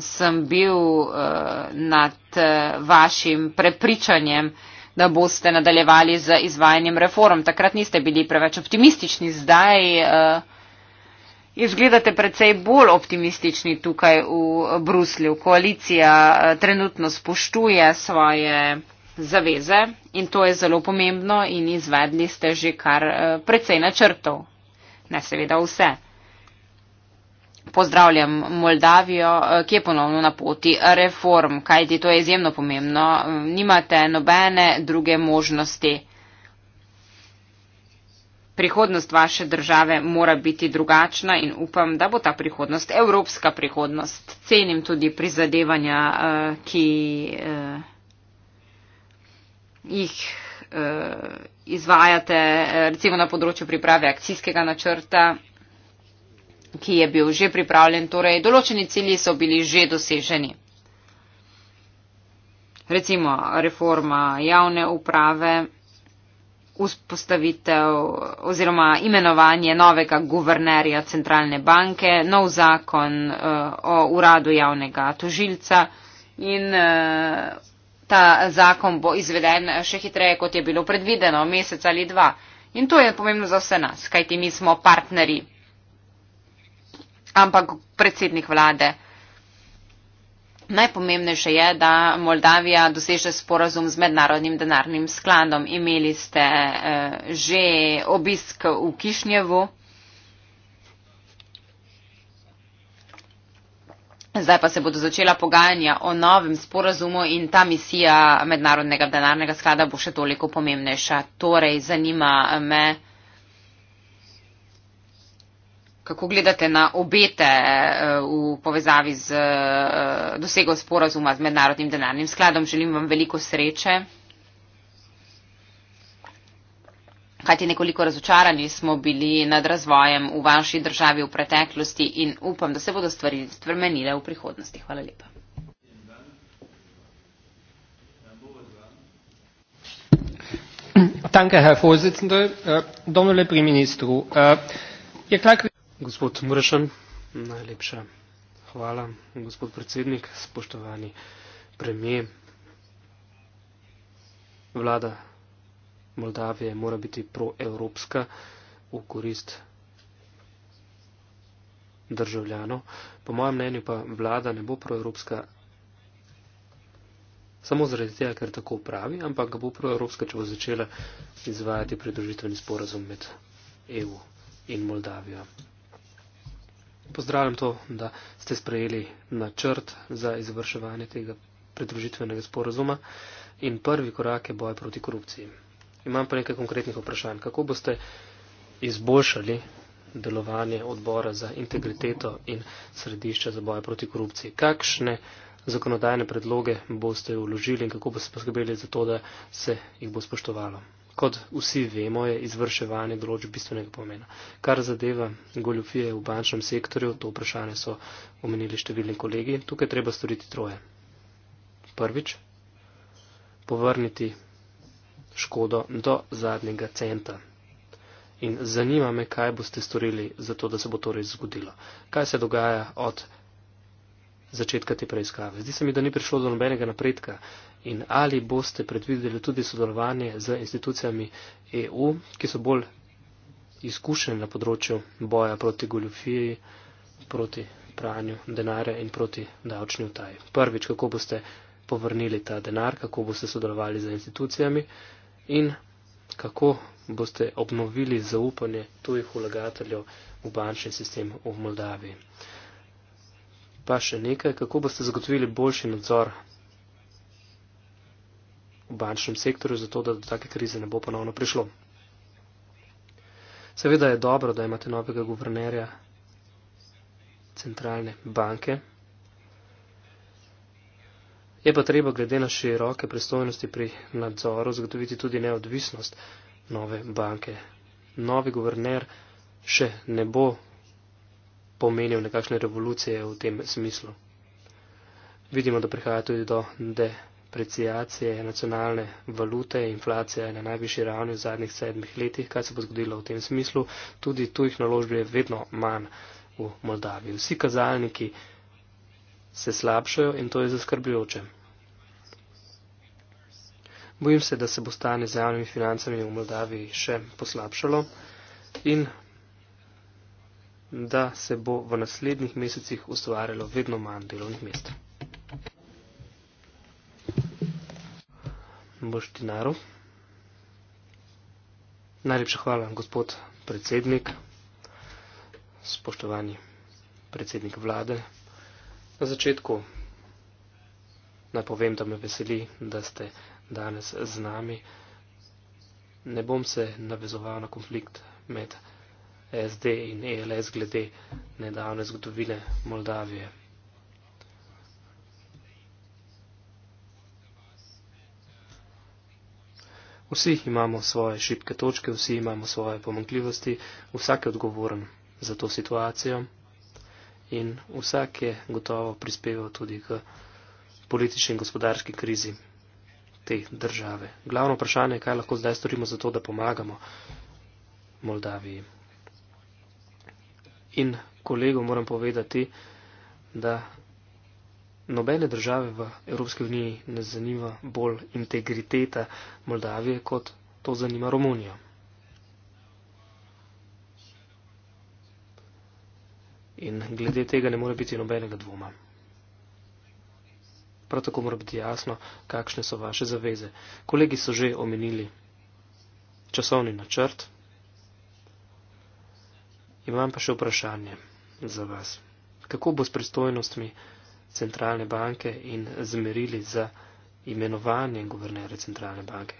[SPEAKER 2] sem bil nad vašim prepričanjem, da boste nadaljevali z izvajanjem reform. Takrat niste bili preveč optimistični, zdaj. Izgledate predvsej bolj optimistični tukaj v Bruslju. Koalicija eh, trenutno spoštuje svoje zaveze in to je zelo pomembno in izvedli ste že kar eh, predvsej načrtov. Ne seveda vse. Pozdravljam Moldavijo, eh, ki je ponovno na poti reform, kajti to je izjemno pomembno. Nimate nobene druge možnosti. Prihodnost vaše države mora biti drugačna in upam, da bo ta prihodnost evropska prihodnost. Cenim tudi prizadevanja, uh, ki uh, jih uh, izvajate, recimo na področju priprave akcijskega načrta, ki je bil že pripravljen. Torej, določeni cilji so bili že doseženi. Recimo reforma javne uprave vzpostavitev oziroma imenovanje novega guvernerja centralne banke, nov zakon eh, o uradu javnega tožilca in eh, ta zakon bo izveden eh, še hitreje, kot je bilo predvideno, mesec ali dva. In to je pomembno za vse nas, kajti mi smo partneri, ampak predsednik vlade. Najpomembnejše je, da Moldavija doseže sporazum z mednarodnim denarnim skladom. Imeli ste eh, že obisk v Kišnjevu. Zdaj pa se bodo začela pogajanja o novem sporazumu in ta misija mednarodnega denarnega sklada bo še toliko pomembnejša. Torej, zanima me. Eh, kako gledate na obete eh, v povezavi z eh, dosego sporazuma z mednarodnim denarnim skladom. Želim vam veliko sreče. Kajti nekoliko razočarani smo bili nad razvojem v vaši državi v preteklosti in upam, da se bodo stvari spremenile v prihodnosti. Hvala lepa.
[SPEAKER 4] Danke, Herr Vorsitzende. Uh, äh, Domnule Priministru, uh, äh, je klak... Gospod Mršan, najlepša hvala, gospod predsednik, spoštovani premijer. Vlada Moldavije mora biti proevropska v korist državljano. Po mojem mnenju pa vlada ne bo proevropska samo zaradi tega, ker tako pravi, ampak ga bo proevropska, če bo začela izvajati pridružitveni sporazum med EU in Moldavijo pozdravljam to, da ste sprejeli načrt za izvrševanje tega pridružitvenega sporozuma in prvi korak je boj proti korupciji. Imam pa nekaj konkretnih vprašanj. Kako boste izboljšali delovanje odbora za integriteto in središča za boj proti korupciji? Kakšne zakonodajne predloge boste vložili in kako boste poskrbeli za to, da se jih bo spoštovalo? kot vsi vemo, je izvrševanje določb bistvenega pomena. Kar zadeva goljofije v bančnem sektorju, to vprašanje so omenili številni kolegi, tukaj treba storiti troje. Prvič, povrniti škodo do zadnjega centa. In zanima me, kaj boste storili za to, da se bo torej zgodilo. Kaj se dogaja od začetka te preiskave. Zdi se mi, da ni prišlo do nobenega napredka in ali boste predvideli tudi sodelovanje z institucijami EU, ki so bolj izkušene na področju boja proti goljofiji, proti pranju denarja in proti davčni utaji. Prvič, kako boste povrnili ta denar, kako boste sodelovali z institucijami in kako boste obnovili zaupanje tujih vlagateljev v bančni sistem v Moldaviji. Pa še nekaj, kako boste zagotovili boljši nadzor v bančnem sektorju, zato da do take krize ne bo ponovno prišlo. Seveda je dobro, da imate novega guvernerja centralne banke. Je pa treba glede na široke pristojnosti pri nadzoru zagotoviti tudi neodvisnost nove banke. Novi guverner še ne bo pomenil nekakšne revolucije v tem smislu. Vidimo, da prihaja tudi do depreciacije nacionalne valute, inflacija je na najvišji ravni v zadnjih sedmih letih, kaj se bo zgodilo v tem smislu, tudi tujih naložb je vedno manj v Moldaviji. Vsi kazalniki se slabšajo in to je zaskrbljujoče. Bojim se, da se bo stanje z javnimi financami v Moldaviji še poslabšalo in da se bo v naslednjih mesecih ustvarjalo vedno manj delovnih mest. Boš ti naro. Najlepša hvala, gospod predsednik, spoštovani predsednik vlade. Na začetku napovem, da me veseli, da ste danes z nami. Ne bom se navezoval na konflikt med vsega. SD in ELS glede nedavne zgodovine Moldavije. Vsi imamo svoje šibke točke, vsi imamo svoje pomankljivosti, vsak je odgovoren za to situacijo in vsak je gotovo prispeval tudi k politični in gospodarski krizi te države. Glavno vprašanje je, kaj lahko zdaj storimo za to, da pomagamo Moldaviji in kolegu moram povedati, da nobene države v Evropski uniji ne zanima bolj integriteta Moldavije, kot to zanima Romunija. In glede tega ne more biti nobenega dvoma. Prav tako mora biti jasno, kakšne so vaše zaveze. Kolegi so že omenili časovni načrt. Imam pa še vprašanje za vas. Kako bo s pristojnostmi centralne banke in zmerili za imenovanje guvernere centralne banke?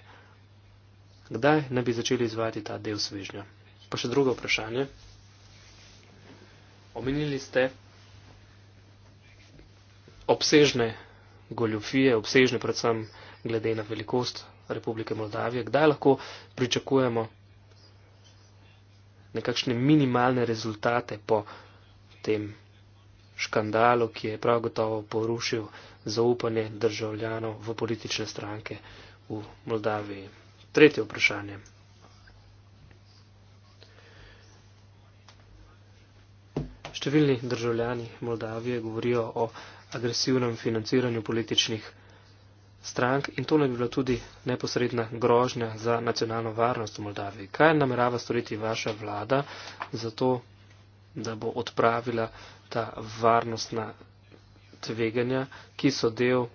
[SPEAKER 4] Kdaj ne bi začeli izvajati ta del svežnja? Pa še drugo vprašanje. Omenili ste obsežne goljofije, obsežne predvsem glede na velikost Republike Moldavije. Kdaj lahko pričakujemo? nekakšne minimalne rezultate po tem škandalu, ki je prav gotovo porušil zaupanje državljanov v politične stranke v Moldaviji. Tretje vprašanje. Številni državljani Moldavije govorijo o agresivnem financiranju političnih stranke strank in to ne bi bila tudi neposredna grožnja za nacionalno varnost v Moldaviji. Kaj namerava storiti vaša vlada za to, da bo odpravila ta varnostna tveganja, ki so del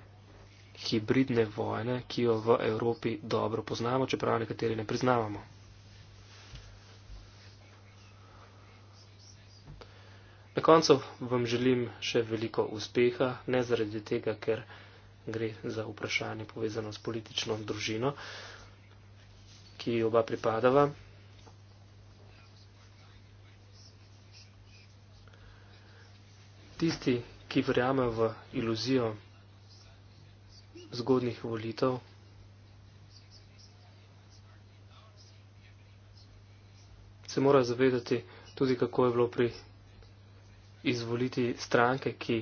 [SPEAKER 4] hibridne vojne, ki jo v Evropi dobro poznamo, čeprav nekateri ne priznavamo. Na koncu vam želim še veliko uspeha, ne zaradi tega, ker gre za vprašanje povezano s politično družino, ki oba pripadava. Tisti, ki verjamejo v iluzijo zgodnih volitev, se mora zavedati tudi, kako je bilo pri izvoliti stranke, ki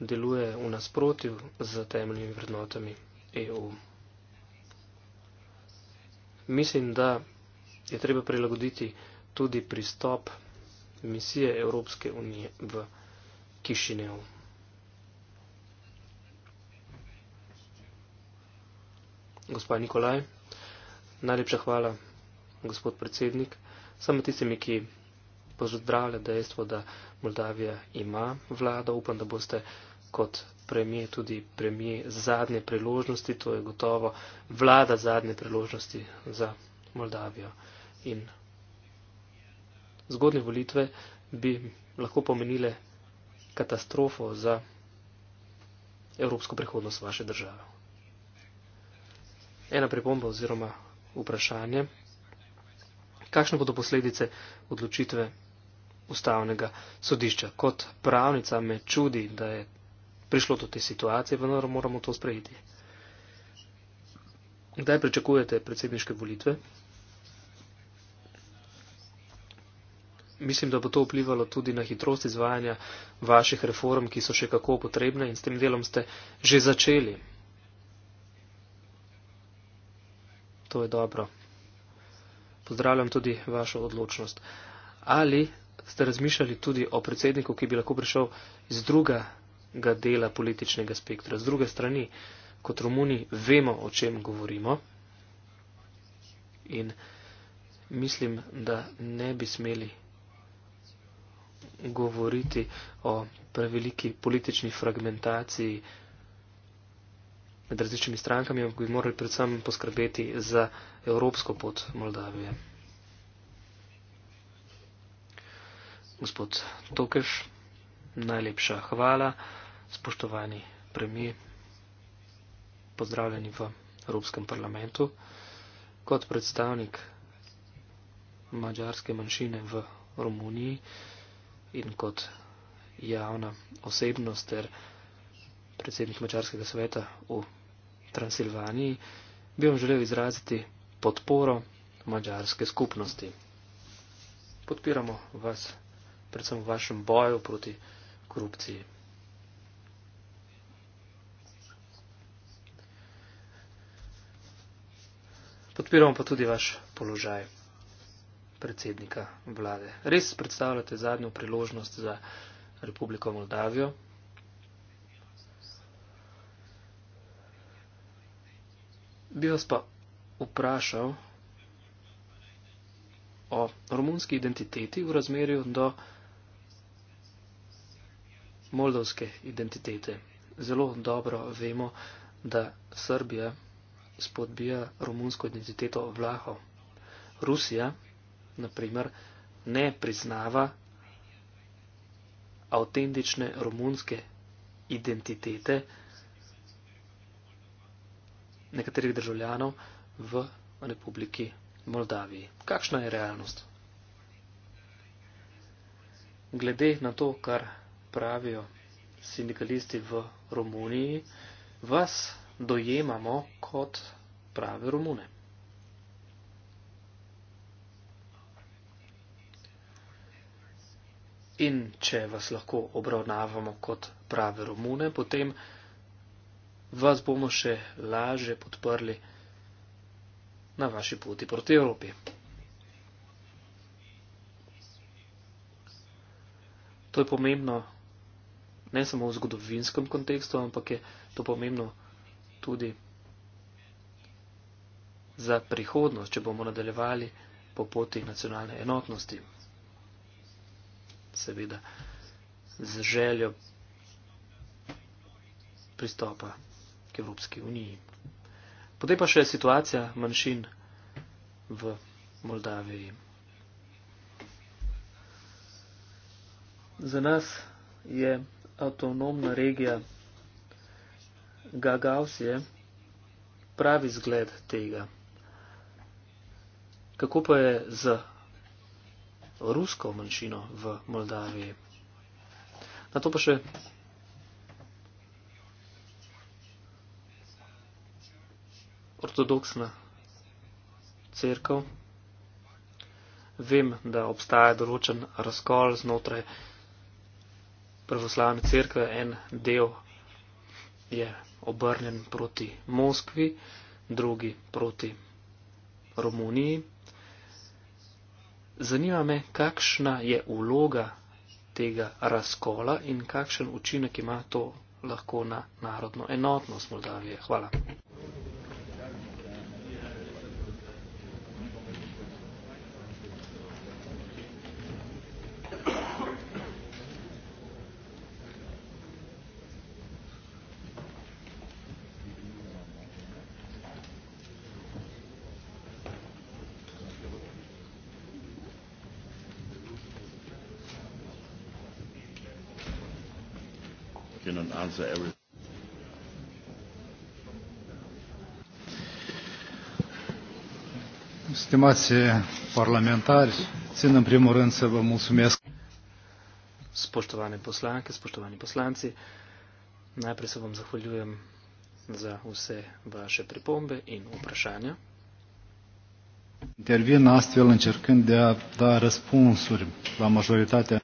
[SPEAKER 4] deluje v nasprotju z temeljnimi vrednotami EU. Mislim, da je treba prilagoditi tudi pristop misije Evropske unije v Kišinevu. Gospod Nikolaj, najlepša hvala, gospod predsednik, samo tistimi, ki pozdravlja dejstvo, da Moldavija ima vlado, upam, da boste vsega, kot premije tudi premije zadnje priložnosti, to je gotovo vlada zadnje priložnosti za Moldavijo. In zgodne volitve bi lahko pomenile katastrofo za evropsko prihodnost vaše države. Ena pripomba oziroma vprašanje. Kakšne bodo posledice odločitve ustavnega sodišča? Kot pravnica me čudi, da je prišlo do te situacije, vendar moramo to sprejeti. Kdaj pričakujete predsedniške volitve? Mislim, da bo to vplivalo tudi na hitrost izvajanja vaših reform, ki so še kako potrebne in s tem delom ste že začeli. To je dobro. Pozdravljam tudi vašo odločnost. Ali ste razmišljali tudi o predsedniku, ki bi lahko prišel iz druga tega dela političnega spektra. Z druge strani, kot Romuni vemo, o čem govorimo in mislim, da ne bi smeli govoriti o preveliki politični fragmentaciji med različnimi strankami, ampak bi morali predvsem poskrbeti za evropsko pot Moldavije. Gospod Tokeš, najlepša hvala spoštovani premije, pozdravljeni v Evropskem parlamentu. Kot predstavnik mađarske manjšine v Romuniji in kot javna osebnost ter predsednik mađarskega sveta v Transilvaniji, bi vam želel izraziti podporo mađarske skupnosti. Podpiramo vas predvsem v vašem boju proti korupciji. Podpiramo pa tudi vaš položaj predsednika vlade. Res predstavljate zadnjo priložnost za Republiko Moldavijo. Bi vas pa vprašal o romunski identiteti v razmerju do moldovske identitete. Zelo dobro vemo, da Srbija spodbija romunsko identiteto vlaho. Rusija, na primer, ne priznava avtentične romunske identitete nekaterih državljanov v Republiki Moldaviji. Kakšna je realnost? Glede na to, kar pravijo sindikalisti v Romuniji, vas dojemamo kot prave Romune. In če vas lahko obravnavamo kot prave Romune, potem vas bomo še laže podprli na vaši poti proti Evropi. To je pomembno ne samo v zgodovinskem kontekstu, ampak je to pomembno tudi za prihodnost, če bomo nadaljevali po poti nacionalne enotnosti. Seveda z željo pristopa k Evropski uniji. Potem pa še situacija manjšin v Moldaviji. Za nas je avtonomna regija Gagaus je pravi zgled tega. Kako pa je z rusko manjšino v Moldaviji? Na to pa še ortodoksna crkva. Vem, da obstaja določen razkol znotraj pravoslavne crkve, en del je obrnjen proti Moskvi, drugi proti Romuniji. Zanima me, kakšna je vloga tega razkola in kakšen učinek ima to lahko na narodno enotnost Moldavije. Hvala.
[SPEAKER 1] to
[SPEAKER 3] everything. Stimați parlamentari, țin în primul rând să vă mulțumesc.
[SPEAKER 4] Spoștovane poslanke, spoștovane poslanci, najprej să vă zahvaljujem za vse vaše pripombe in vprašanja.
[SPEAKER 3] Intervin astfel încercând de a da răspunsuri la majoritatea.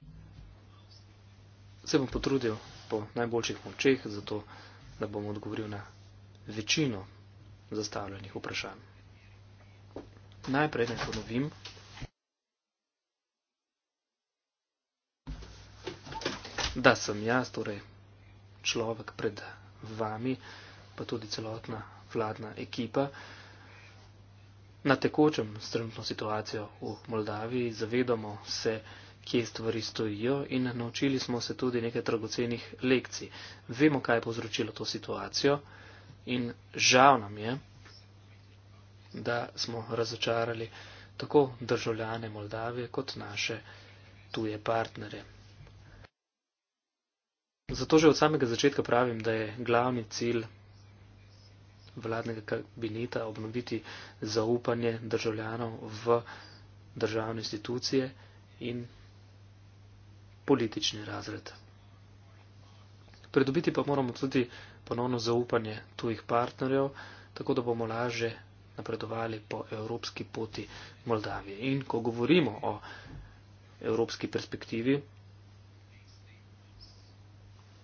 [SPEAKER 4] Se vom potrudil po najboljših močeh, zato da bom odgovoril na večino zastavljenih vprašanj. Najprej ne ponovim. Da sem jaz, torej človek pred vami, pa tudi celotna vladna ekipa, na tekočem strenutno situacijo v Moldaviji, zavedamo se, da kje stvari stojijo in naučili smo se tudi nekaj dragocenih lekcij. Vemo, kaj je povzročilo to situacijo in žal nam je, da smo razočarali tako državljane Moldavije kot naše tuje partnere. Zato že od samega začetka pravim, da je glavni cilj vladnega kabineta obnoviti zaupanje državljanov v državne institucije in politični razred. Predobiti pa moramo tudi ponovno zaupanje tujih partnerjev, tako da bomo laže napredovali po evropski poti Moldavije. In ko govorimo o evropski perspektivi,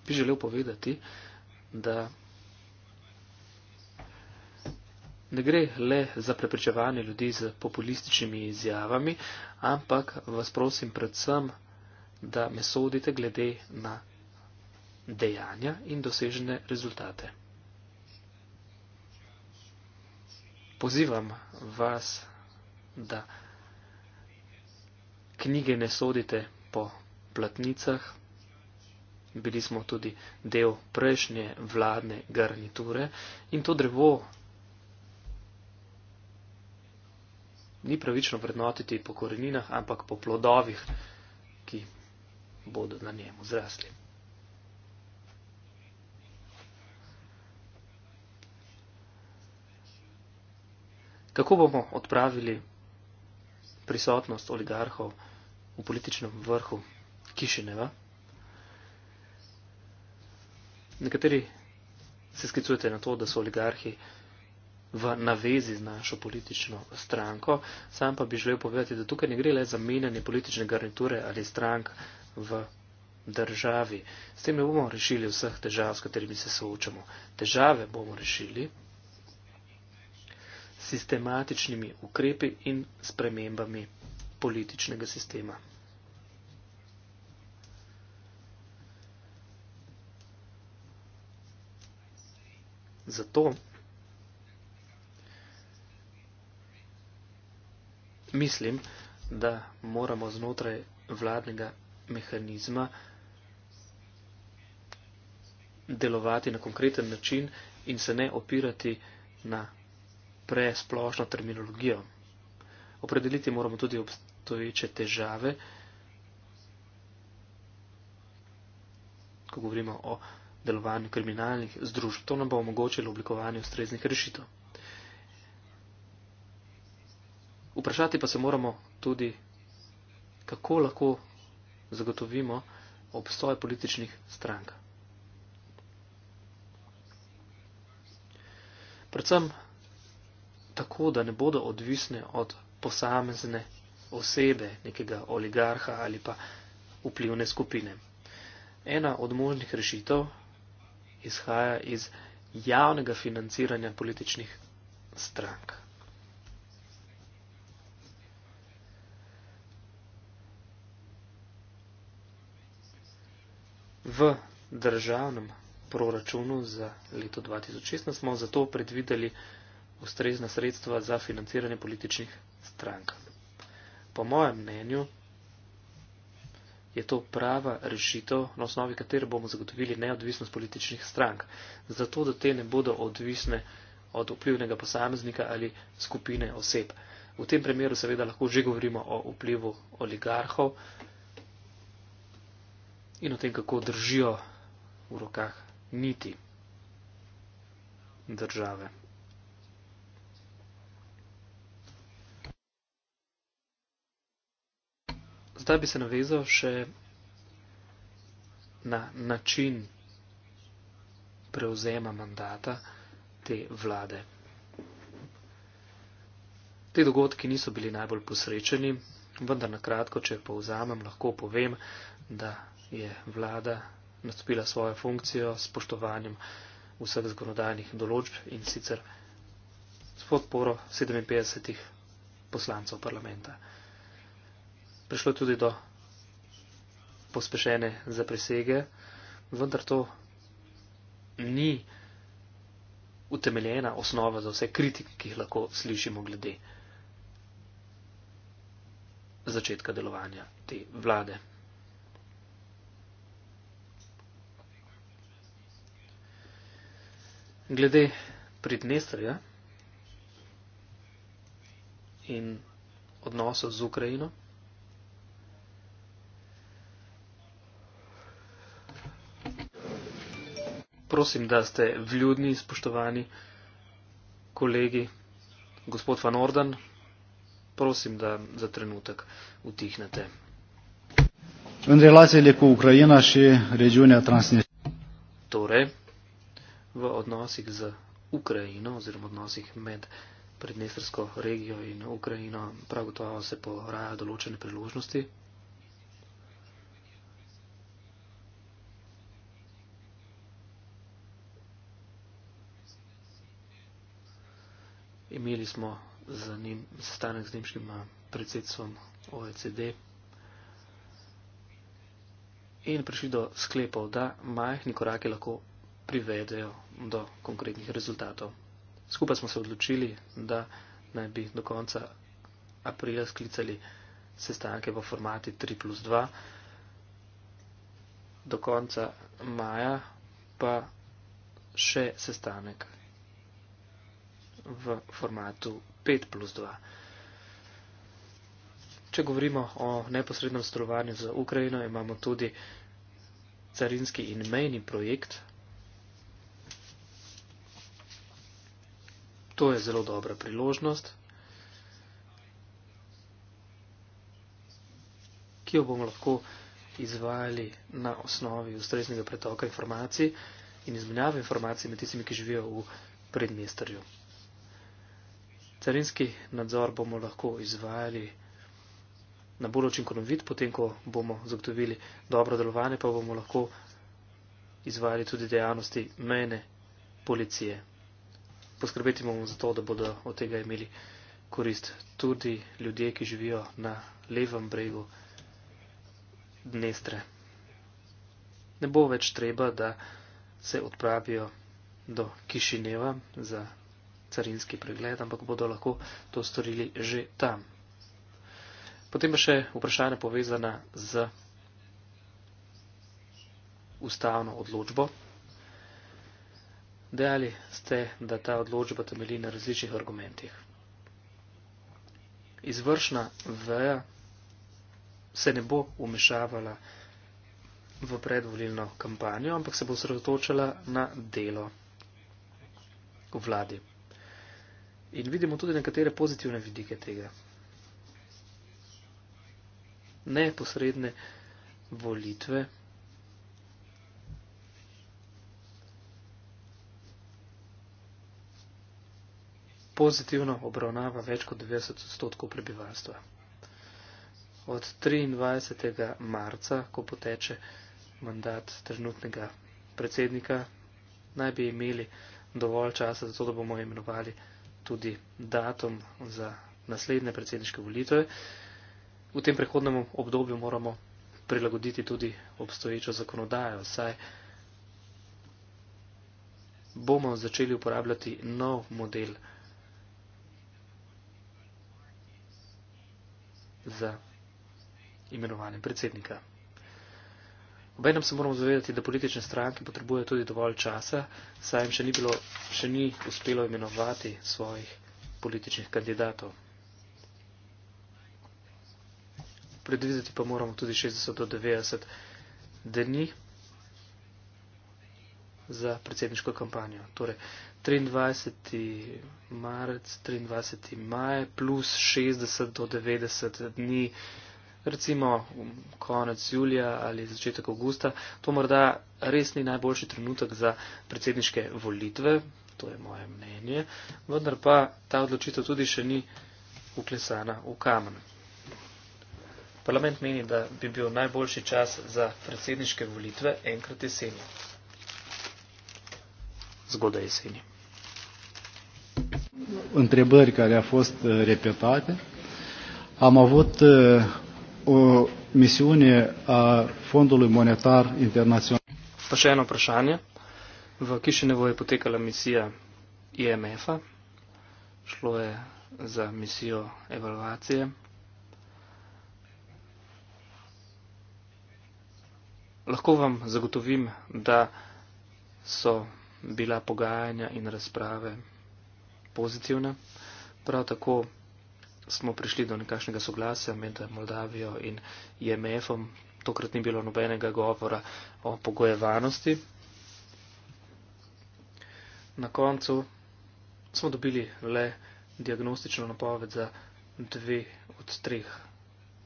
[SPEAKER 4] bi želel povedati, da ne gre le za prepričevanje ljudi z populističnimi izjavami, ampak vas prosim predvsem da me sodite glede na dejanja in dosežene rezultate. Pozivam vas, da knjige ne sodite po platnicah. Bili smo tudi del prejšnje vladne garniture in to drevo ni pravično vrednotiti po koreninah, ampak po plodovih, ki bodo na njemu zrasli. Kako bomo odpravili prisotnost oligarhov v političnem vrhu Kišineva? Nekateri se sklicujete na to, da so oligarhi v navezi z našo politično stranko. Sam pa bi želel povedati, da tukaj ne gre le za menjanje politične garniture ali stranka, v državi. S tem ne bomo rešili vseh težav, s katerimi se soočamo. Težave bomo rešili sistematičnimi ukrepi in spremembami političnega sistema. Zato mislim, da moramo znotraj vladnega mehanizma delovati na konkreten način in se ne opirati na presplošno terminologijo. Opredeliti moramo tudi obstoječe težave, ko govorimo o delovanju kriminalnih združb. To nam bo omogočilo oblikovanje ustreznih rešitev. Vprašati pa se moramo tudi, kako lahko zagotovimo obstoj političnih strank. Predvsem tako, da ne bodo odvisne od posamezne osebe, nekega oligarha ali pa vplivne skupine. Ena od možnih rešitev izhaja iz javnega financiranja političnih strank. V državnem proračunu za leto 2016 smo zato predvideli ustrezna sredstva za financiranje političnih strank. Po mojem mnenju je to prava rešitev, na osnovi katere bomo zagotovili neodvisnost političnih strank, zato da te ne bodo odvisne od vplivnega posameznika ali skupine oseb. V tem primeru seveda lahko že govorimo o vplivu oligarhov in o tem, kako držijo v rokah niti države. Zdaj bi se navezal še na način prevzema mandata te vlade. Te dogodki niso bili najbolj posrečeni, vendar na kratko, če povzamem, lahko povem, da je vlada nastopila svojo funkcijo s poštovanjem vseh zakonodajnih določb in sicer s podporo 57 poslancev parlamenta. Prišlo je tudi do pospešene zaprisege, vendar to ni utemeljena osnova za vse kritike, ki jih lahko slišimo glede začetka delovanja te vlade. glede Pridnestrija in odnosa z Ukrajino. Prosim, da ste vljudni, spoštovani kolegi, gospod Van Orden, prosim, da za trenutek utihnete. Torej, v odnosih z Ukrajino oziroma odnosih med prednestrsko regijo in Ukrajino prav gotovo se poraja določene priložnosti. Imeli smo sestanek z nemškim eh, predsedstvom OECD in prišli do sklepov, da majhni koraki lahko privedejo do konkretnih rezultatov. Skupaj smo se odločili, da naj bi do konca aprila sklicali sestanke v formati 3 plus 2, do konca maja pa še sestanek v formatu 5 plus 2. Če govorimo o neposrednem sodelovanju z Ukrajino, imamo tudi carinski in mejni projekt, To je zelo dobra priložnost, ki jo bomo lahko izvajali na osnovi ustreznega pretoka informacij in izmenjave informacij med tistimi, ki živijo v predmestrju. Carinski nadzor bomo lahko izvajali na bolj učinkovit, potem ko bomo zagotovili dobro delovanje, pa bomo lahko izvajali tudi dejavnosti mejne policije poskrbeti bomo za to, da bodo od tega imeli korist tudi ljudje, ki živijo na levem bregu Dnestre. Ne bo več treba, da se odpravijo do Kišineva za carinski pregled, ampak bodo lahko to storili že tam. Potem pa še vprašanje povezana z ustavno odločbo. Dejali ste, da ta odločba temelji na različnih argumentih. Izvršna veja se ne bo umešavala v predvolilno kampanjo, ampak se bo sredotočala na delo v vladi. In vidimo tudi nekatere pozitivne vidike tega. Neposredne volitve pozitivno obravnava več kot 90 odstotkov prebivalstva. Od 23. marca, ko poteče mandat trenutnega predsednika, naj bi imeli dovolj časa, zato da bomo imenovali tudi datum za naslednje predsedniške volitve. V tem prehodnem obdobju moramo prilagoditi tudi obstoječo zakonodajo, saj bomo začeli uporabljati nov model za imenovanje predsednika. Obenem se moramo zavedati, da politične stranke potrebujejo tudi dovolj časa, saj jim še ni, bilo, še ni uspelo imenovati svojih političnih kandidatov. Predvideti pa moramo tudi 60 do 90 dni, za predsedniško kampanjo. Torej, 23. marec, 23. maj plus 60 do 90 dni, recimo konec julija ali začetek augusta, to morda res ni najboljši trenutek za predsedniške volitve, to je moje mnenje, vendar pa ta odločitev tudi še ni uklesana v kamen. Parlament meni, da bi bil najboljši čas za predsedniške volitve enkrat jeseni zgodaj jeseni.
[SPEAKER 3] Întrebări care au fost uh, repetate. Am avut uh, o misiune a Fondului Monetar Internațional.
[SPEAKER 4] Pa še eno vprašanje. V Kišinevo je potekala misija IMF-a. Šlo je za misijo evaluacije. Lahko vam zagotovim, da so bila pogajanja in razprave pozitivna. Prav tako smo prišli do nekakšnega soglasja med Moldavijo in IMF-om. Tokrat ni bilo nobenega govora o pogojevanosti. Na koncu smo dobili le diagnostično napoved za dve od treh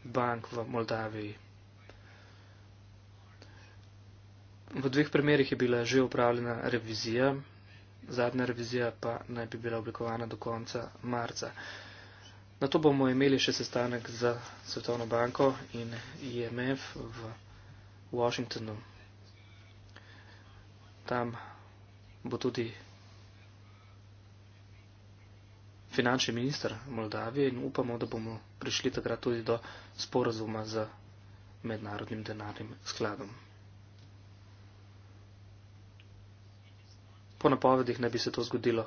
[SPEAKER 4] bank v Moldaviji. V dveh primerih je bila že upravljena revizija, zadnja revizija pa naj bi bila oblikovana do konca marca. Na to bomo imeli še sestanek za Svetovno banko in IMF v Washingtonu. Tam bo tudi finančni minister Moldavije in upamo, da bomo prišli takrat tudi do sporazuma z mednarodnim denarnim skladom. po napovedih ne bi se to zgodilo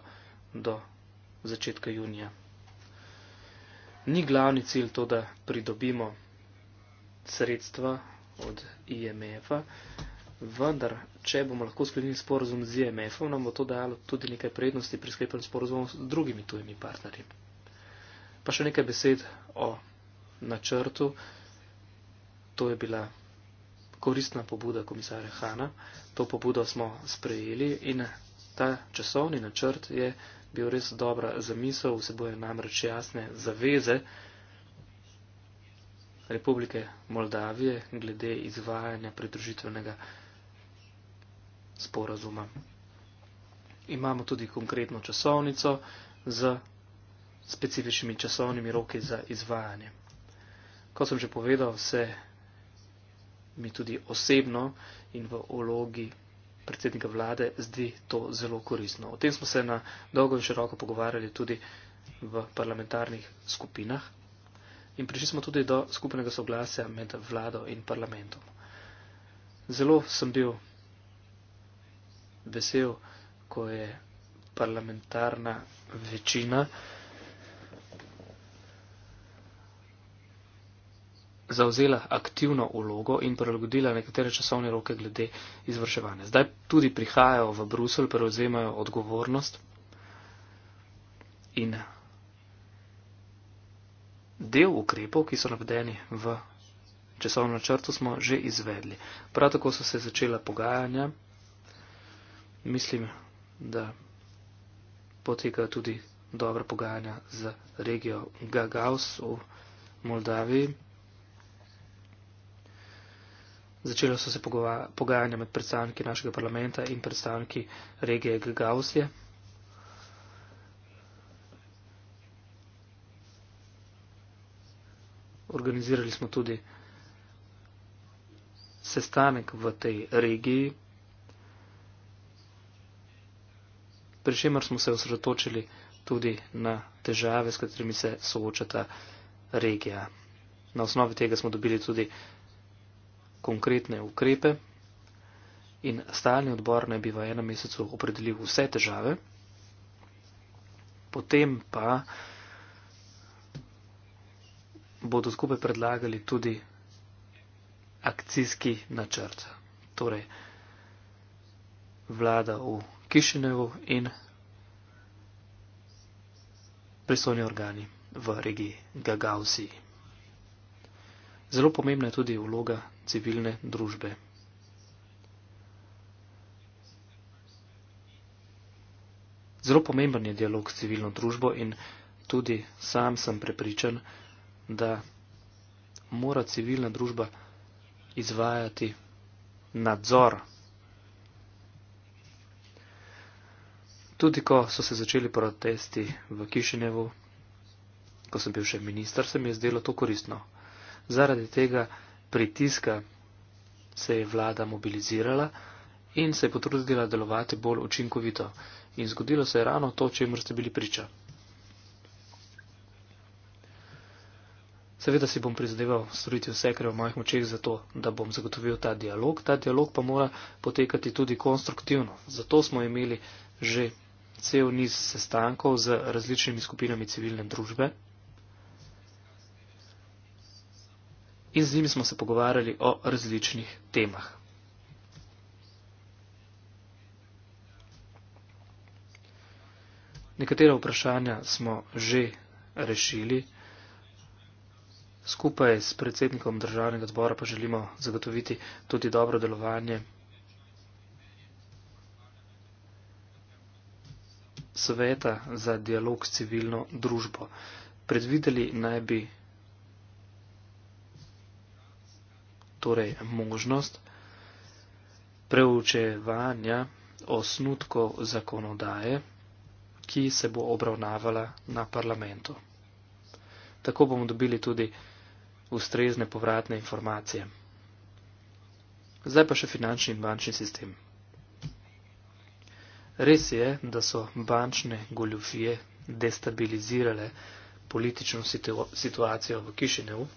[SPEAKER 4] do začetka junija. Ni glavni cilj to, da pridobimo sredstva od IMF-a, vendar, če bomo lahko sklenili sporozum z IMF-om, nam bo to dalo tudi nekaj prednosti pri sklepanju sporozumov s drugimi tujimi partnerji. Pa še nekaj besed o načrtu. To je bila koristna pobuda komisarja Hanna. To pobudo smo sprejeli in ta časovni načrt je bil res dobra zamisel, vseboje namreč jasne zaveze Republike Moldavije glede izvajanja pridružitvenega sporazuma. Imamo tudi konkretno časovnico z specifičnimi časovnimi roki za izvajanje. Ko sem že povedal, se mi tudi osebno in v ologi predsednika vlade zdi to zelo korisno. O tem smo se na dolgo in široko pogovarjali tudi v parlamentarnih skupinah in prišli smo tudi do skupnega soglasja med vlado in parlamentom. Zelo sem bil vesel, ko je parlamentarna večina zauzela aktivno ulogo in prilagodila nekatere časovne roke glede izvrševanja. Zdaj tudi prihajajo v Brusel, prevzemajo odgovornost in del ukrepov, ki so navedeni v časovnem načrtu, smo že izvedli. Prav tako so se začela pogajanja. Mislim, da potekajo tudi dobra pogajanja z regijo Gagaus v Moldaviji. Začelo so se pogova, pogajanja med predstavniki našega parlamenta in predstavniki regije Gagauzije. Organizirali smo tudi sestanek v tej regiji, pri čemer smo se osredotočili tudi na težave, s katerimi se soočata regija. Na osnovi tega smo dobili tudi konkretne ukrepe in stalni odbor naj bi v enem mesecu opredelil vse težave, potem pa bodo skupaj predlagali tudi akcijski načrt. Torej, vlada v Kišinevu in pristojni organi v regiji Gagauzi. Zelo pomembna je tudi vloga civilne družbe. Zelo pomemben je dialog s civilno družbo in tudi sam sem prepričan, da mora civilna družba izvajati nadzor. Tudi ko so se začeli protesti v Kišenevu, ko sem bil še minister, se mi je zdelo to koristno. Zaradi tega pritiska se je vlada mobilizirala in se je potrudila delovati bolj učinkovito. In zgodilo se je ravno to, če jim ste bili priča. Seveda si bom prizadeval storiti vse, kar je v mojih močeh, zato da bom zagotovil ta dialog. Ta dialog pa mora potekati tudi konstruktivno. Zato smo imeli že cel niz sestankov z različnimi skupinami civilne družbe. in z njimi smo se pogovarjali o različnih temah. Nekatera vprašanja smo že rešili. Skupaj s predsednikom državnega zbora pa želimo zagotoviti tudi dobro delovanje Sveta za dialog s civilno družbo. Predvideli naj bi torej možnost preučevanja osnutkov zakonodaje, ki se bo obravnavala na parlamentu. Tako bomo dobili tudi ustrezne povratne informacije. Zdaj pa še finančni in bančni sistem. Res je, da so bančne goljufije destabilizirale politično situacijo v Kišinevu.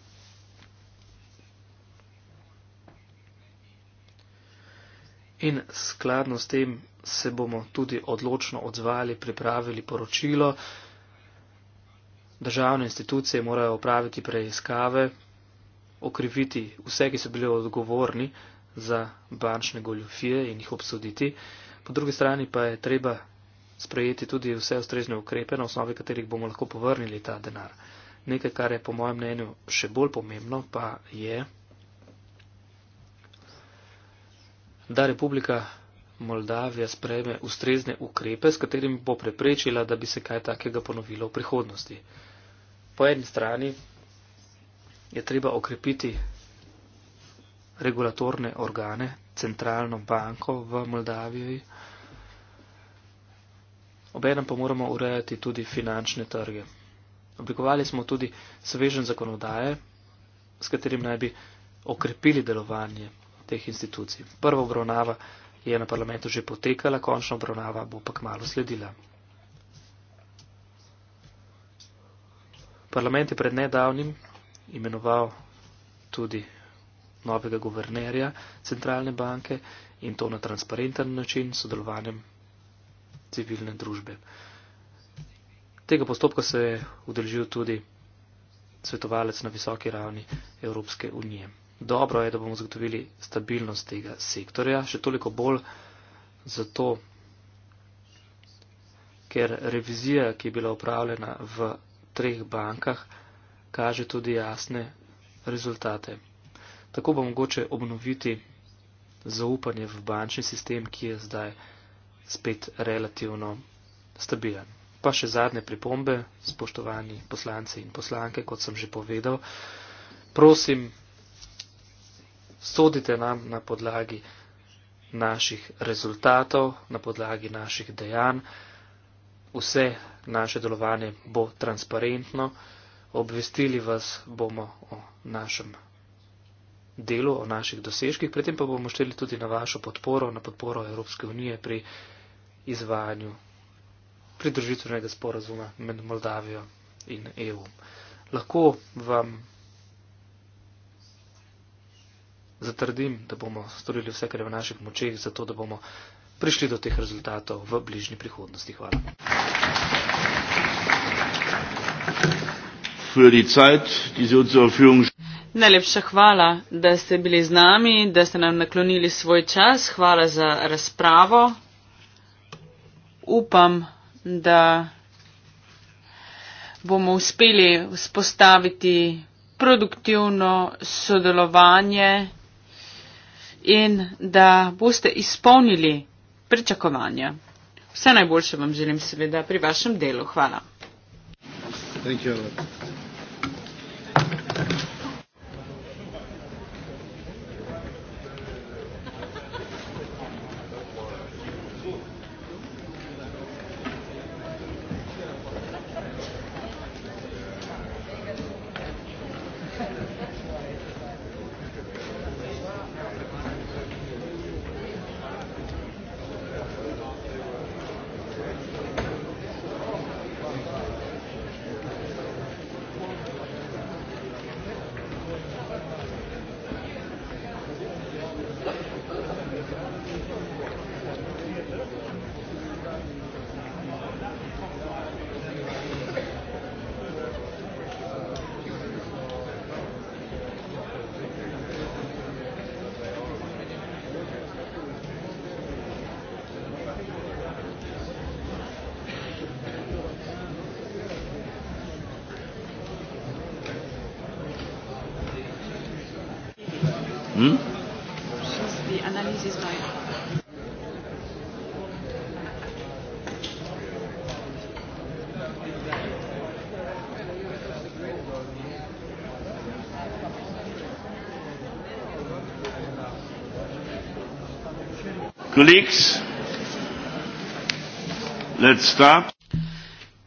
[SPEAKER 4] in skladno s tem se bomo tudi odločno odzvali, pripravili poročilo. Državne institucije morajo opraviti preiskave, okriviti vse, ki so bili odgovorni za bančne goljofije in jih obsoditi. Po drugi strani pa je treba sprejeti tudi vse ustrezne ukrepe, na osnovi katerih bomo lahko povrnili ta denar. Nekaj, kar je po mojem mnenju še bolj pomembno, pa je. da Republika Moldavija sprejme ustrezne ukrepe, s katerimi bo preprečila, da bi se kaj takega ponovilo v prihodnosti. Po eni strani je treba okrepiti regulatorne organe, centralno banko v Moldaviji. Obenem pa moramo urejati tudi finančne trge. Oblikovali smo tudi svežen zakonodaje, s katerim naj bi okrepili delovanje teh institucij. Prva obravnava je na parlamentu že potekala, končna obravnava bo pa kmalo sledila. Parlament je pred nedavnim imenoval tudi novega guvernerja centralne banke in to na transparenten način s sodelovanjem civilne družbe. Tega postopka se je udeležil tudi svetovalec na visoki ravni Evropske unije. Dobro je, da bomo zagotovili stabilnost tega sektorja, še toliko bolj zato, ker revizija, ki je bila upravljena v treh bankah, kaže tudi jasne rezultate. Tako bo mogoče obnoviti zaupanje v bančni sistem, ki je zdaj spet relativno stabilen. Pa še zadnje pripombe, spoštovani poslanci in poslanke, kot sem že povedal. Prosim, sodite nam na podlagi naših rezultatov, na podlagi naših dejanj. Vse naše delovanje bo transparentno, obvestili vas bomo o našem delu, o naših dosežkih, predtem pa bomo šteli tudi na vašo podporo, na podporo Evropske unije pri izvajanju pridružitvenega sporazuma med Moldavijo in EU. Lahko vam zatrdim, da bomo storili vse, kar je v naših močeh, zato da bomo prišli do teh rezultatov v bližnji prihodnosti. Hvala.
[SPEAKER 5] Najlepša hvala, da ste bili z nami, da ste nam naklonili svoj čas. Hvala za razpravo. Upam, da bomo uspeli vzpostaviti produktivno sodelovanje in da boste izpolnili pričakovanja. Vse najboljše vam želim seveda pri vašem delu. Hvala. Thank you.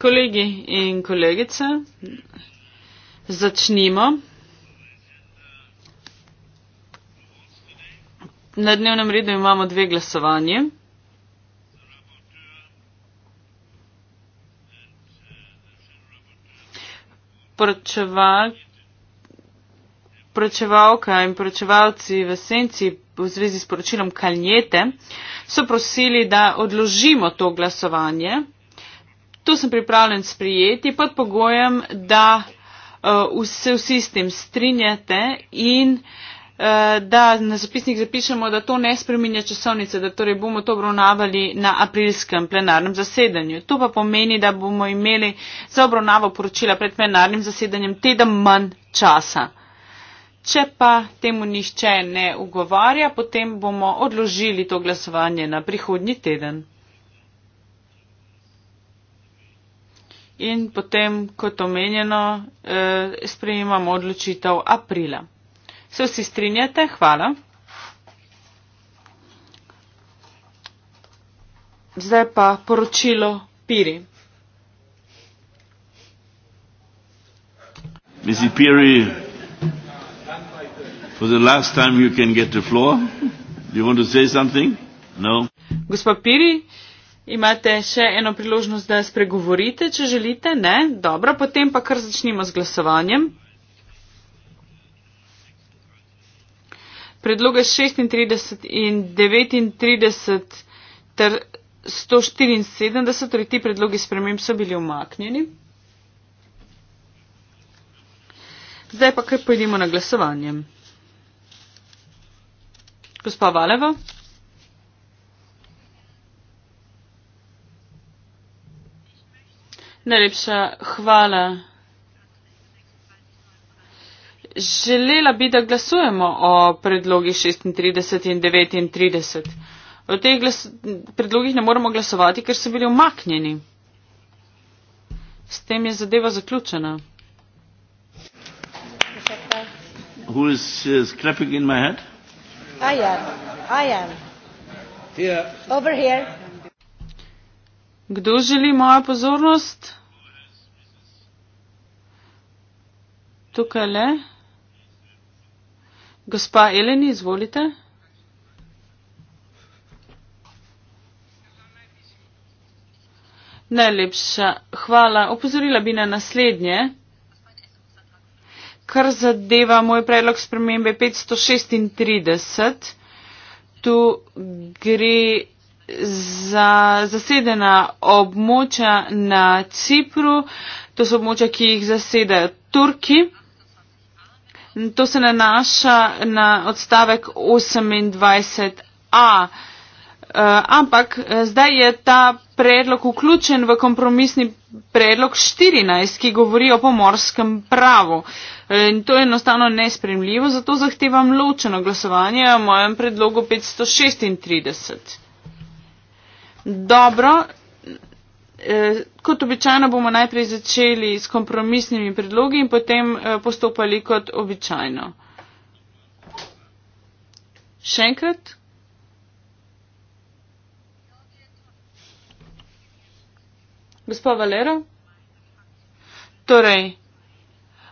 [SPEAKER 5] Kolegi in kolegice, začnimo. Na dnevnem redu imamo dve glasovanje. Poročeval, poročevalka in poročevalci v senci v zvezi s poročilom Kaljete, so prosili, da odložimo to glasovanje. To sem pripravljen sprijeti pod pogojem, da uh, se vsi s tem strinjate in uh, da na zapisnik zapišemo, da to ne spreminja časovnice, da torej bomo to obravnavali na aprilskem plenarnem zasedanju. To pa pomeni, da bomo imeli za obravnavo poročila pred plenarnim zasedanjem teden manj časa. Če pa temu nišče ne ugovarja, potem bomo odložili to glasovanje na prihodnji teden. In potem, kot omenjeno, eh, sprejemamo odločitev aprila. Se vsi strinjate? Hvala. Zdaj pa poročilo Piri.
[SPEAKER 1] Is it period? For the last time you can get the floor. Do you want to say something? No.
[SPEAKER 5] Gospod Piri, imate še eno priložnost, da spregovorite, če želite? Ne? Dobro, potem pa kar začnimo z glasovanjem. Predloge 36 in 39 ter 174, torej ti predlogi sprememb so bili umaknjeni. Zdaj pa kar pojdimo na glasovanjem gospa Valeva. Najlepša hvala. Želela bi, da glasujemo o predlogih 36 in 39. O teh predlogih ne moremo glasovati, ker so bili omaknjeni. S tem je zadeva zaključena.
[SPEAKER 1] Who is, is clapping in my head?
[SPEAKER 2] I am. I am. Here. Over here.
[SPEAKER 5] Kdo želi mojo pozornost? Tukaj le. Gospa Eleni, izvolite. Najlepša hvala. Opozorila bi na naslednje kar zadeva moj predlog spremembe 536, tu gre za zasedena območja na Cipru. To so območja, ki jih zasedajo Turki. To se nanaša na odstavek 28a. Eh, ampak eh, zdaj je ta predlog vključen v kompromisni predlog 14, ki govori o pomorskem pravu. In to je enostavno nespremljivo, zato zahtevam ločeno glasovanje o mojem predlogu 536. Dobro, eh, kot običajno bomo najprej začeli s kompromisnimi predlogi in potem eh, postopali kot običajno. Še enkrat. Gospod Valero. Torej,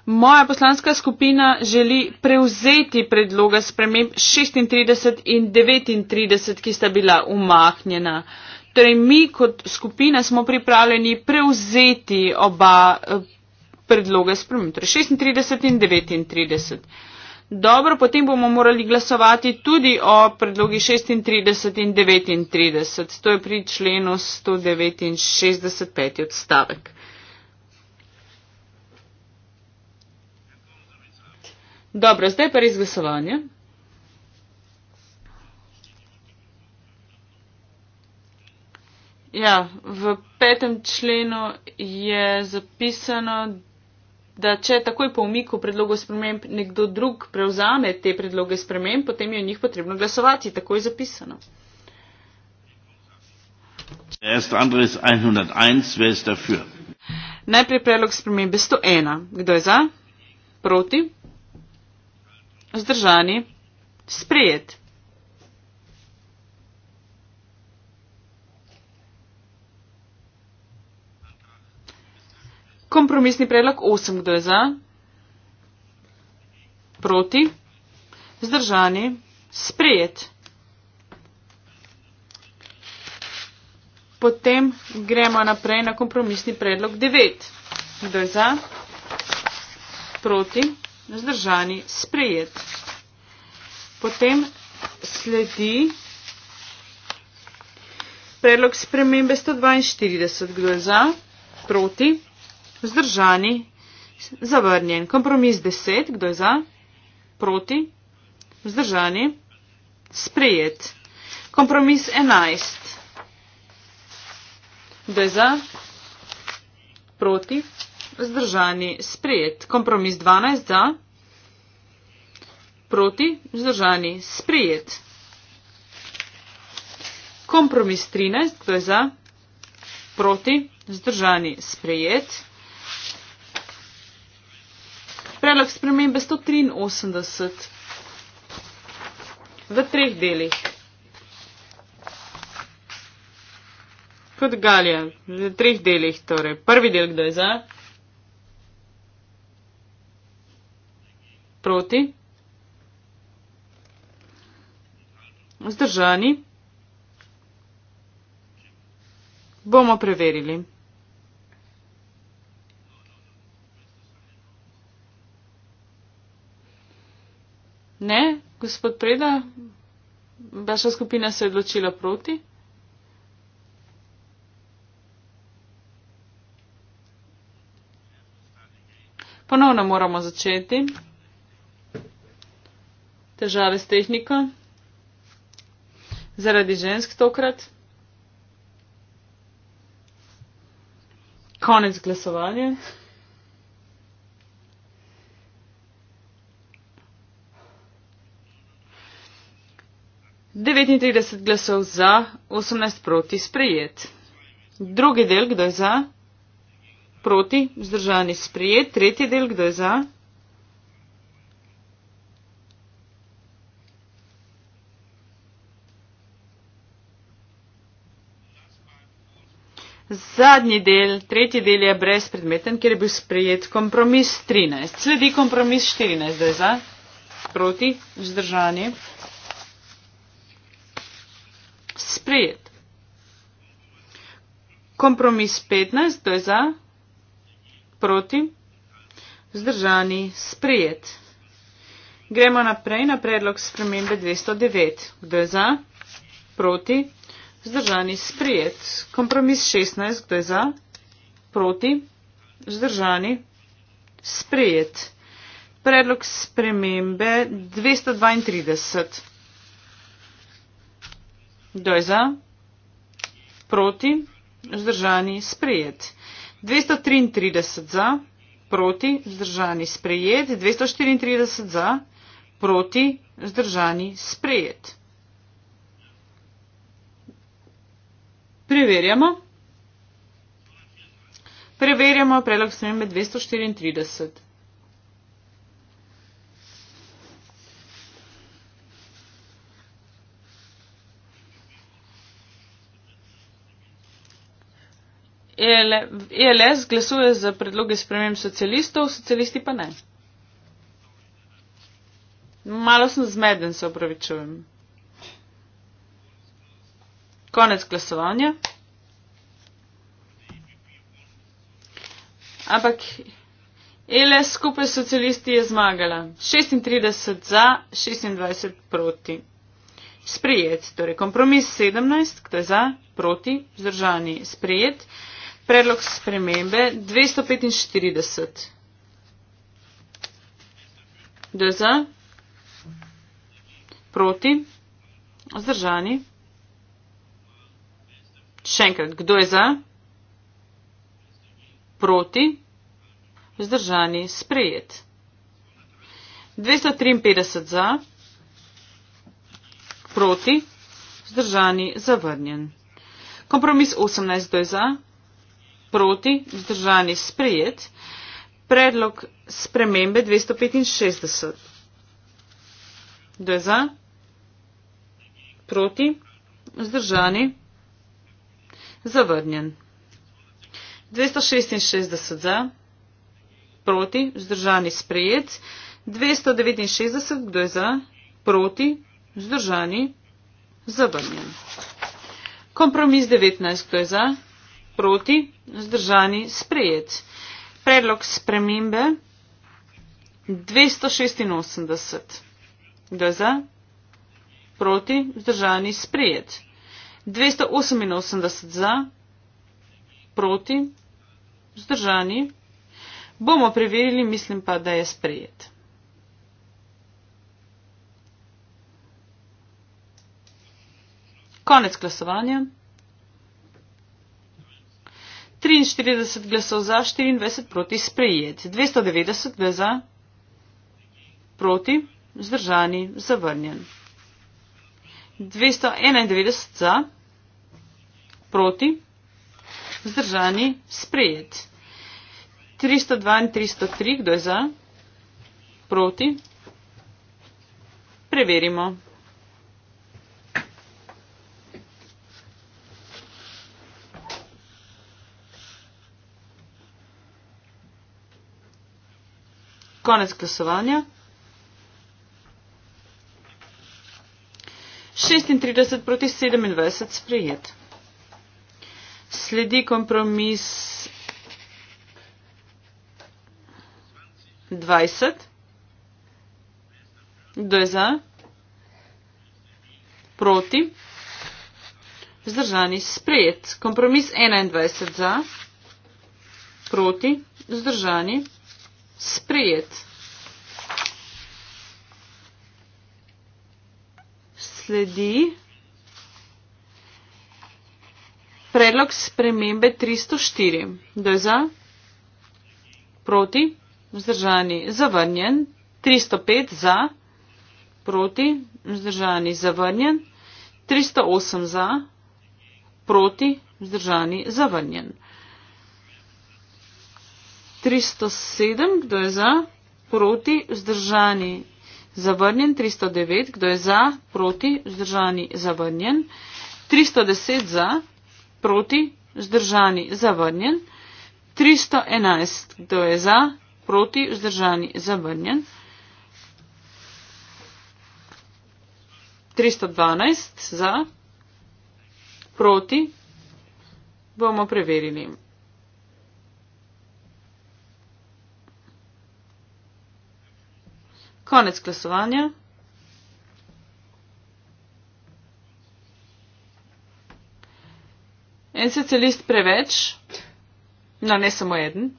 [SPEAKER 5] Moja poslanska skupina želi prevzeti predloga sprememb 36 in 39, ki sta bila umahnjena. Torej, mi kot skupina smo pripravljeni prevzeti oba eh, predloga sprememb, torej 36 in 39. Dobro, potem bomo morali glasovati tudi o predlogi 36 in 39. To je pri členu 169 odstavek. Dobro, zdaj pa res glasovanje. Ja, v petem členu je zapisano, da če takoj po umiku predlogov sprememb nekdo drug prevzame te predloge sprememb, potem je o njih potrebno glasovati. Tako je zapisano. Najprej predlog spremembe 101. Kdo je za? Proti? Zdržani. Sprejet. Kompromisni predlog 8. Kdo je za? Proti. Zdržani. Sprejet. Potem gremo naprej na kompromisni predlog 9. Kdo je za? Proti vzdržani, sprejet. Potem sledi predlog spremembe 142. Kdo je za? Proti? Vzdržani? Zavrnjen. Kompromis 10. Kdo je za? Proti? Vzdržani? Sprejet. Kompromis 11. Kdo je za? Proti? vzdržani, sprejet. Kompromis 12 za, proti, vzdržani, sprejet. Kompromis 13, to je za, proti, vzdržani, sprejet. Predlog spremembe 183 v treh delih. Kot Galija, v treh delih torej. Prvi del, kdo je za? proti, vzdržani, bomo preverili. Ne, gospod Preda, vaša skupina se je odločila proti. Ponovno moramo začeti težave s tehniko, zaradi žensk tokrat. Konec glasovanja. Devetintrideset glasov za, osemnajst proti sprejet. Drugi del, kdo je za? Proti, vzdržani sprijet, tretji del, kdo je za? Zadnji del, tretji del je brezpredmeten, ker je bil sprejet kompromis 13. Sledi kompromis 14, da je za, proti, vzdržanje. Sprejet. Kompromis 15, to je za, proti, vzdržani, sprejet. Gremo naprej na predlog spremembe 209. Kdo je za, proti, Vzdržani sprijet. Kompromis 16, kdo je za? Proti. Vzdržani sprijet. Predlog spremembe 232. Kdo je za? Proti. Vzdržani sprijet. 233 za. Proti. Vzdržani sprijet. 234 za. Proti. Vzdržani sprijet. preverjamo. Preverjamo predlog spremembe 234. ELS e glasuje za predloge spremem socialistov, socialisti pa ne. Malo sem zmeden, se opravičujem. Konec glasovanja. Ampak LS skupaj s socialisti je zmagala. 36 za, 26 proti. Sprijet, torej kompromis 17, kdo je za, proti, vzdržani, sprijet. Predlog spremembe 245. Kdo je za, proti, vzdržani, sprijet. Še enkrat, kdo je za? Proti? Vzdržani? Sprejet. 253 za? Proti? Vzdržani? Zavrnjen. Kompromis 18, kdo je za? Proti? Vzdržani? Sprejet. Predlog spremembe 265. Kdo je za? Proti? Vzdržani? zavrnjen. 266 za, proti, vzdržani sprejec. 269, kdo je za, proti, vzdržani, zavrnjen. Kompromis 19, kdo je za, proti, vzdržani, sprejec. Predlog spremembe 286, kdo je za, proti, vzdržani, sprejec. 288 za, proti, vzdržani. Bomo preverili, mislim pa, da je sprejet. Konec glasovanja. 43 glasov za, 24 proti, sprejet. 290 glasov za, proti, vzdržani, zavrnjen. 291 za, proti, vzdržani, sprejet. 302 in 303, kdo je za, proti, preverimo. Konec glasovanja. 36 proti 27 sprejet. Sledi kompromis 20. Kdo je za? Proti. Zdržani sprejet. Kompromis 21 za. Proti. Zdržani sprejet. sledi predlog spremembe 304. Kdo je za? Proti? Vzdržani? Zavrnjen? 305 za? Proti? Vzdržani? Zavrnjen? 308 za? Proti? Vzdržani? Zavrnjen? 307. Kdo je za? Proti? Vzdržani? zavrnjen 309, kdo je za, proti, vzdržani, zavrnjen, 310 za, proti, vzdržani, zavrnjen, 311, kdo je za, proti, vzdržani, zavrnjen, 312 za, proti, bomo preverili. Konec glasovanja. En socialist preveč. No, ne samo eden.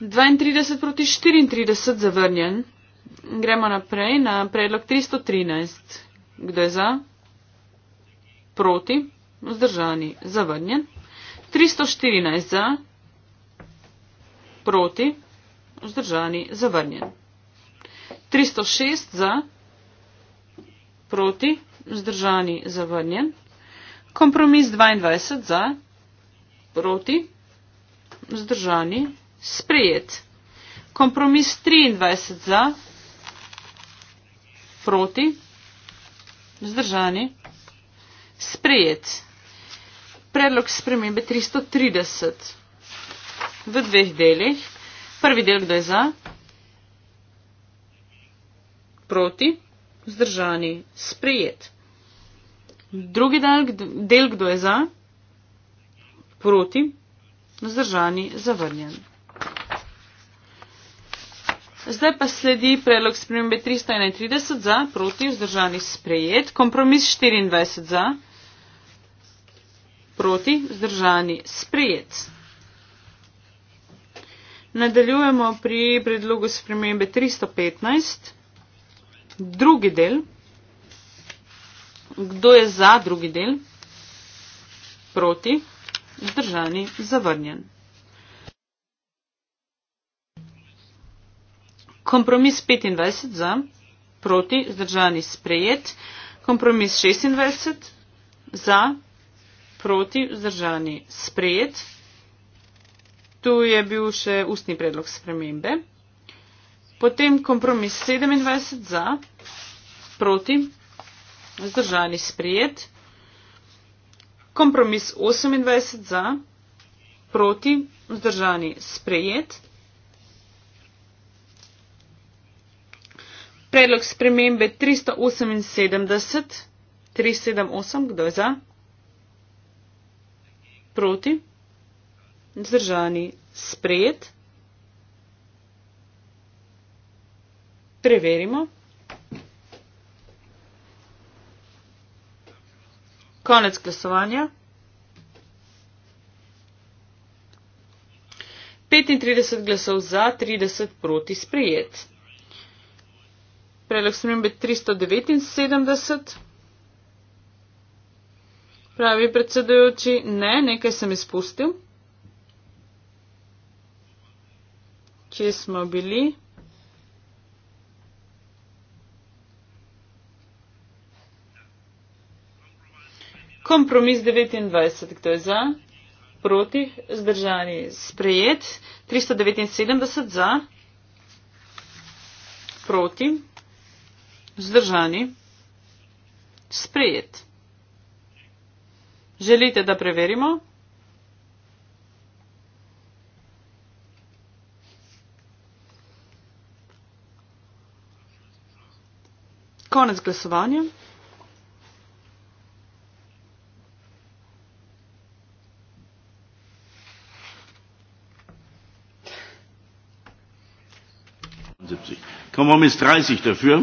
[SPEAKER 5] Dvaintrideset proti štiriintrideset zavrnjen. Gremo naprej na predlog tristo trinajst. Kdo je za? Proti? Vzdržani. Zavrnjen. 314 za, proti, vzdržani, zavrnjen. 306 za, proti, vzdržani, zavrnjen. Kompromis 22 za, proti, vzdržani, sprejet. Kompromis 23 za, proti, vzdržani, sprejet predlog spremembe 330 v dveh delih. Prvi del, kdo je za, proti, vzdržani, sprejet. Drugi del, del kdo je za, proti, vzdržani, zavrnjen. Zdaj pa sledi predlog spremembe 331 za, proti, vzdržani, sprejet. Kompromis 24 za proti, vzdržani, sprejet. Nadaljujemo pri predlogu spremembe 315, drugi del. Kdo je za drugi del? Proti, vzdržani, zavrnjen. Kompromis 25 za, proti, vzdržani, sprejet. Kompromis 26 za, proti vzdržani spred. Tu je bil še ustni predlog spremembe. Potem kompromis 27 za, proti, vzdržani sprijet. Kompromis 28 za, proti, vzdržani sprijet. Predlog spremembe 378, 378, kdo je za? proti, vzdržani, sprejet. Preverimo. Konec glasovanja. 35 glasov za, 30 proti sprejet. Predlog smembe 379. Pravi predsedujoči, ne, nekaj sem izpustil. Kje smo bili? Kompromis 29, kdo je za? Proti, zdržani, sprejet. 379 za, proti, zdržani, sprejet. Želite, da preverimo? Konec glasovanja.
[SPEAKER 1] Komm, warum ist 30 dafür?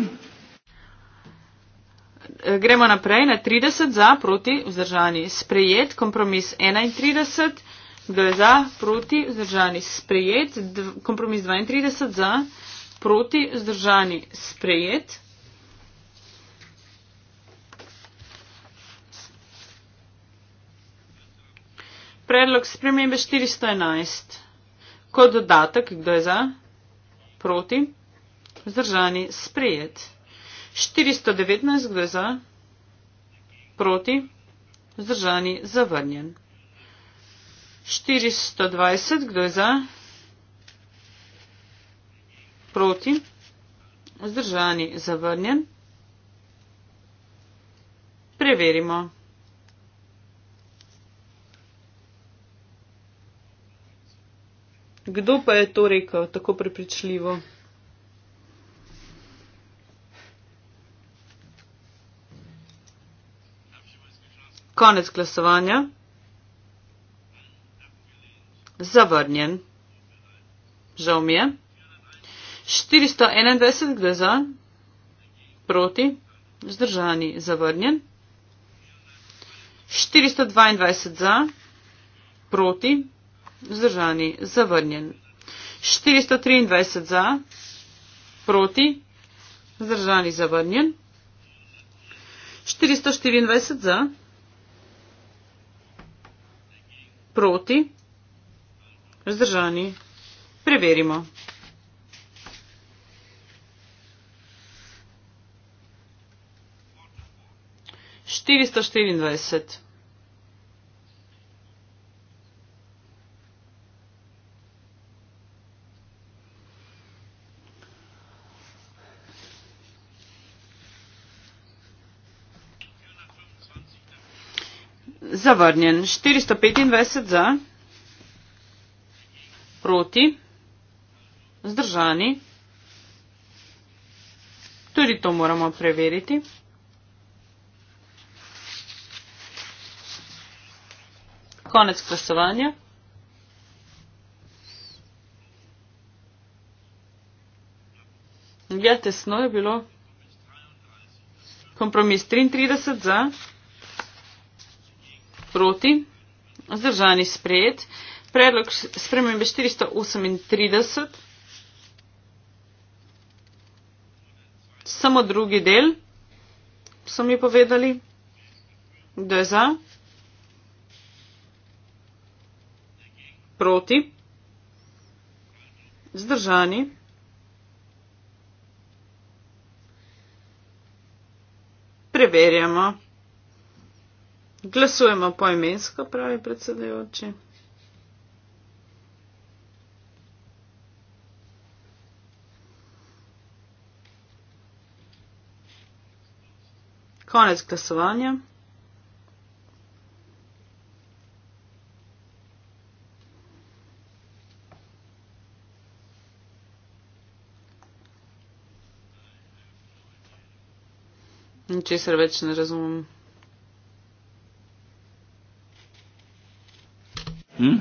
[SPEAKER 5] Eh, gremo naprej na 30 za, proti, vzdržani, sprejet, kompromis 31, kdo je za, proti, vzdržani, sprejet, kompromis 32 za, proti, vzdržani, sprejet. Predlog spremembe 411. Kot dodatek, kdo je za, proti, vzdržani, sprejet. 419 gre za proti, zdržani, zavrnjen. 420 gre za proti, zdržani, zavrnjen. Preverimo. Kdo pa je to rekel tako prepričljivo? Konec glasovanja. Zavrnjen. Žal mi je. 421 gre za, proti, zdržani, zavrnjen. 422 za, proti, zdržani, zavrnjen. 423 za, proti, zdržani, zavrnjen. 424 za, proti, vzdržani. Preverimo. Štiristo štiriindvajset. zavrnjen. 425 za, proti, zdržani. Tudi to moramo preveriti. Konec glasovanja. Ja, tesno je bilo. Kompromis 33 za proti, zdržani sprejet. Predlog spremembe 438, samo drugi del, so mi povedali, da je za, proti, zdržani. Preverjamo. Glasujemo po imensko, pravi predsedajoči. Konec glasovanja. Ničesar več ne razumem.
[SPEAKER 3] Hm?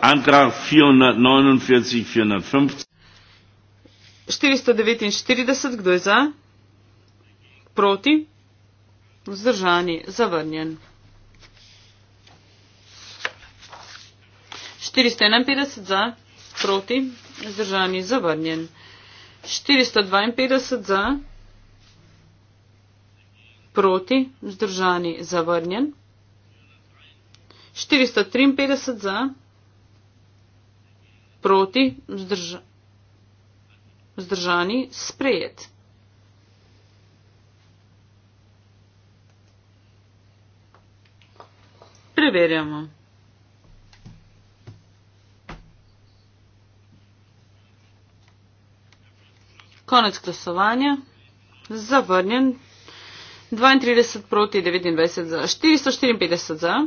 [SPEAKER 1] Antrag 449, 450.
[SPEAKER 5] 449, kdo je za? Proti? Vzdržani, zavrnjen. 451 za, proti, vzdržani, zavrnjen. 452 za proti, vzdržani, zavrnjen, 453 za, proti, vzdržani, sprejet. Preverjamo. Konec glasovanja. Zavrnjen 32 proti 29 za, 454 za,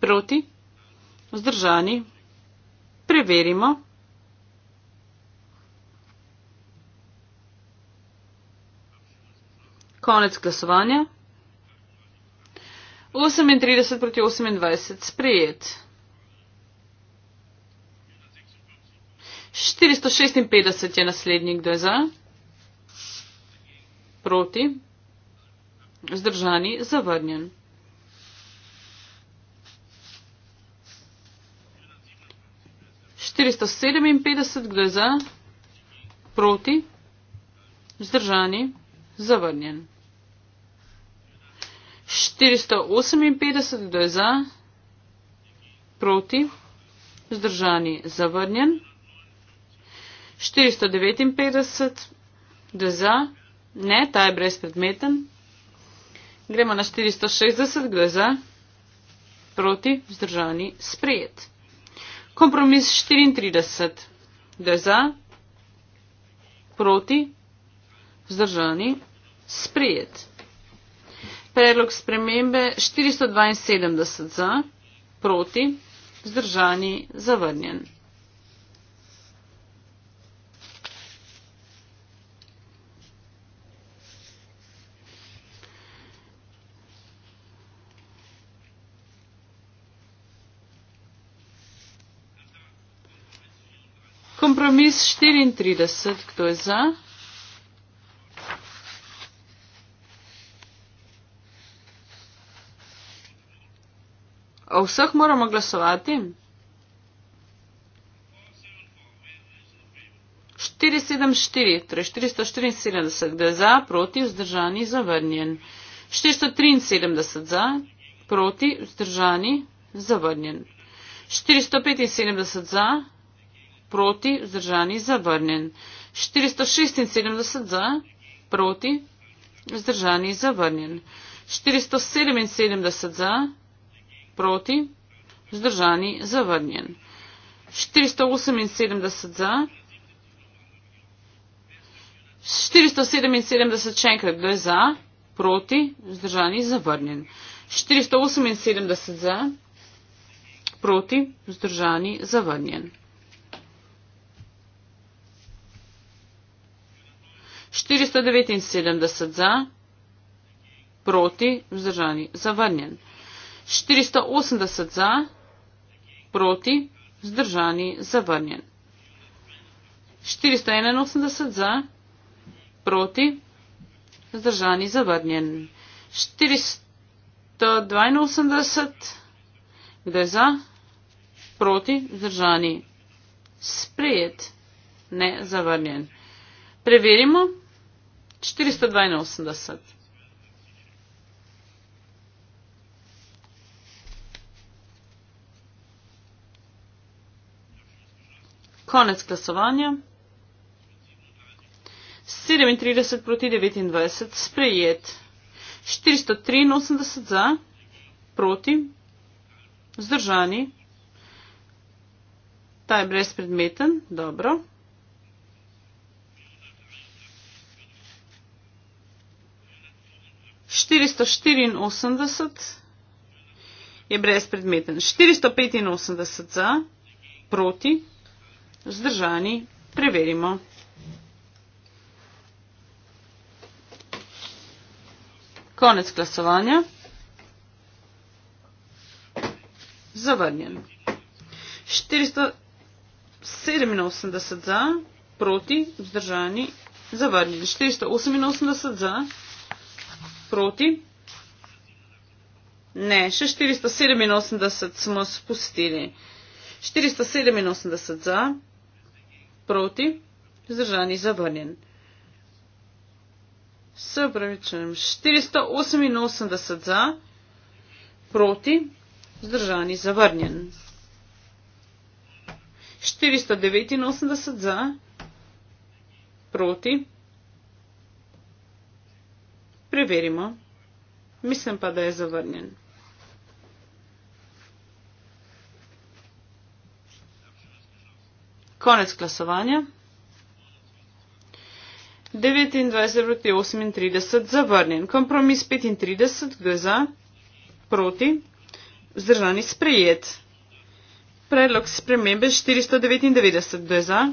[SPEAKER 5] proti, vzdržani, preverimo. Konec glasovanja. 38 proti 28 sprejet. 456 je naslednji, kdo je za? Proti. Zdržani, zavrnjen. Štiristo sedeminpetdeset, kdo je za? Proti. Zdržani, zavrnjen. Štiristo oseminpetdeset, kdo je za? Proti. Zdržani, zavrnjen. Štiristo devetinpetdeset, kdo je za? Ne, ta je brezpredmeten. Gremo na 460, gre za proti, vzdržani, sprejet. Kompromis 34, gre za proti, vzdržani, sprejet. Predlog spremembe 472 za, proti, vzdržani, zavrnjen. kompromis 34, kdo je za? O vseh moramo glasovati? 474, torej 474, kdo je za, proti, vzdržani, zavrnjen. 473 za, proti, vzdržani, zavrnjen. 475 za, proti, vzdržani, zavrnjen. 476 za, proti, vzdržani, zavrnjen. 477 za, proti, vzdržani, zavrnjen. 478 za, 477 še enkrat, kdo je za, proti, vzdržani, zavrnjen. 478 za, proti, vzdržani, zavrnjen. 478 za, proti, 479 za, proti, vzdržani, zavrnjen. 480 za, proti, vzdržani, zavrnjen. 481 za, proti, vzdržani, zavrnjen. 482, kdo je za, proti, vzdržani, sprejet, ne zavrnjen. Preverimo. 482. Konec glasovanja. 37 proti 29. Sprejet. 483 za. Proti. Zdržani. Ta je brezpredmeten. Dobro. 484 je brezpredmeten. 485 za, proti, zdržani, preverimo. Konec glasovanja. Zavrnjen. 487 za, proti, vzdržani, zavrnjen. 488 za, proti. Ne, še 487 smo spustili. 487 za, proti, zdržani zavrnjen. Se upravičujem, 488 za, proti, zdržani zavrnjen. 489 za, proti, zdržani zavrnjen. Preverimo. Mislim pa, da je zavrnjen. Konec glasovanja. 29 proti 38 zavrnjen. Kompromis 35 gre za proti. Zdržani sprejet. Predlog spremembe 499 gre za.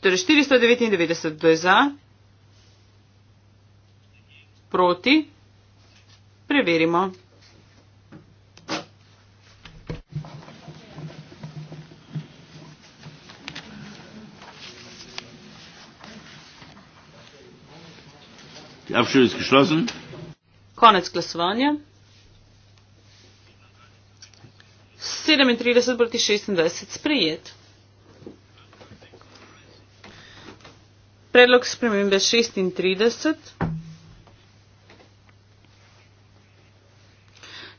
[SPEAKER 5] Torej 499 za, proti, preverimo. Konec glasovanja. 37 proti 26 sprejet. Predlog spremembe 36.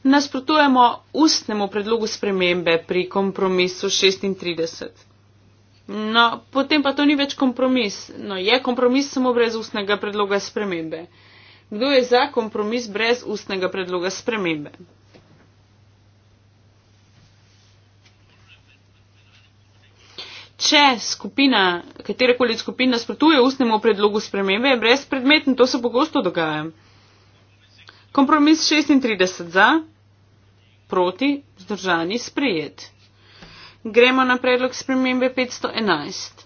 [SPEAKER 5] Nasprotujemo ustnemu predlogu spremembe pri kompromisu 36. No, potem pa to ni več kompromis. No, je kompromis samo brez ustnega predloga spremembe. Kdo je za kompromis brez ustnega predloga spremembe? če skupina, katerakoli skupina nasprotuje ustnemu predlogu spremembe, je brezpredmetno, to se pogosto dogaja. Kompromis 36 za, proti, zdržani, sprejet. Gremo na predlog spremembe 511.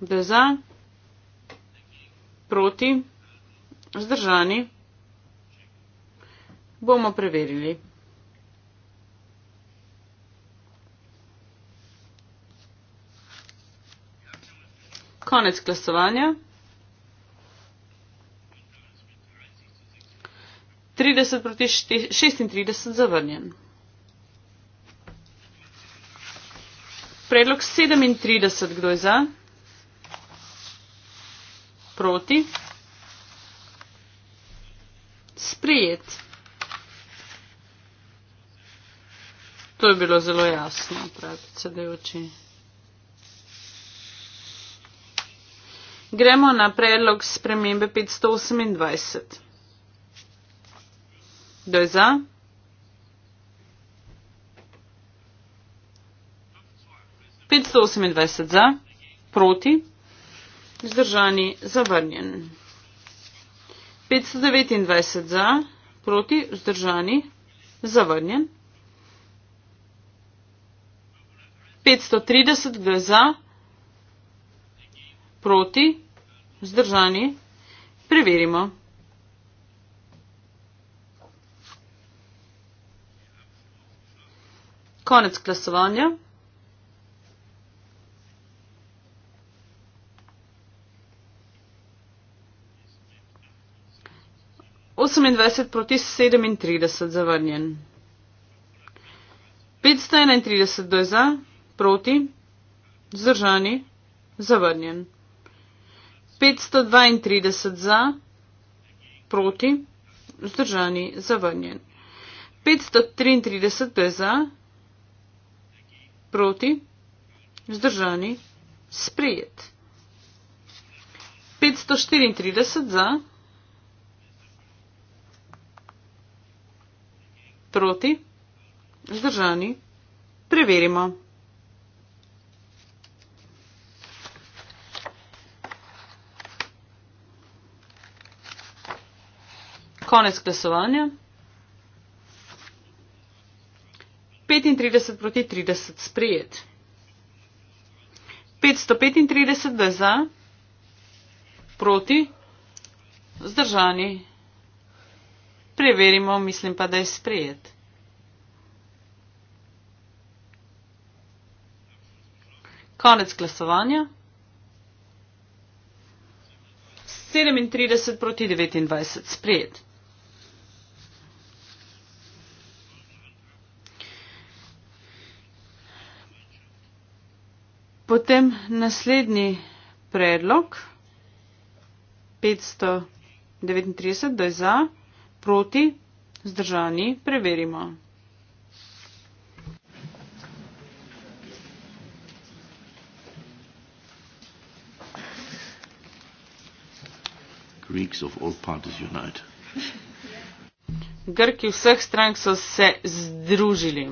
[SPEAKER 5] Da za, proti, zdržani, bomo preverili. Konec glasovanja. 30 proti 36 zavrnjen. Predlog 37, kdo je za? Proti. Sprijet. To je bilo zelo jasno, pravi predsedajoči. Gremo na predlog spremembe 528. Kdo je za? Petsto osemindvajset za, proti, vzdržani, zavrnjen. Petsto devetindvajset za, proti, vzdržani, zavrnjen. Petsto trideset, kdo je za, proti, zdržani, preverimo. Konec glasovanja. Osemindvajset proti sedemintrideset zavrnjen. Petsto enaintrideset do je za, proti, zdržani, zavrnjen. 532 za, proti, vzdržani, zavrnjen. 533 za, proti, vzdržani, sprejet. 534 za, proti, vzdržani, preverimo. Konec glasovanja. 35 proti 30 sprejet. 535 da je za, proti, zdržani. Preverimo, mislim pa, da je sprejet. Konec glasovanja. 37 proti 29 sprejet. Potem naslednji predlog. 539 do je za, proti, zdržani, preverimo.
[SPEAKER 1] Greeks of all parties unite.
[SPEAKER 5] Grki vseh strank so se združili.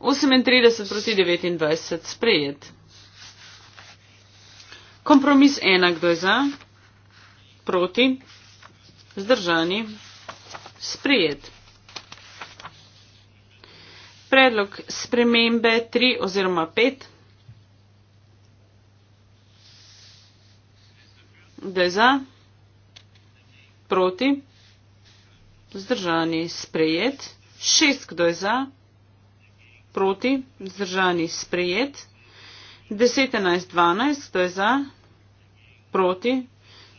[SPEAKER 5] 38 proti 29 sprejet. Kompromis ena, kdo je za, proti, zdržani, sprejet. Predlog spremembe 3 oziroma 5. Kdo je za, proti, zdržani, sprejet. Šest, kdo je za, proti proti, vzdržani sprejet. 10.11.12, kdo je za, proti,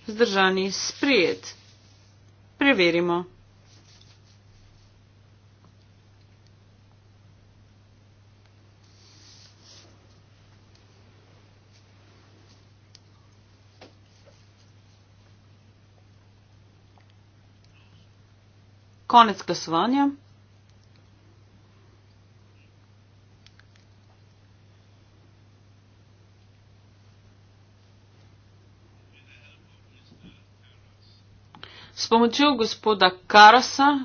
[SPEAKER 5] vzdržani sprejet. Preverimo. Konec glasovanja. pomočjo gospoda Karosa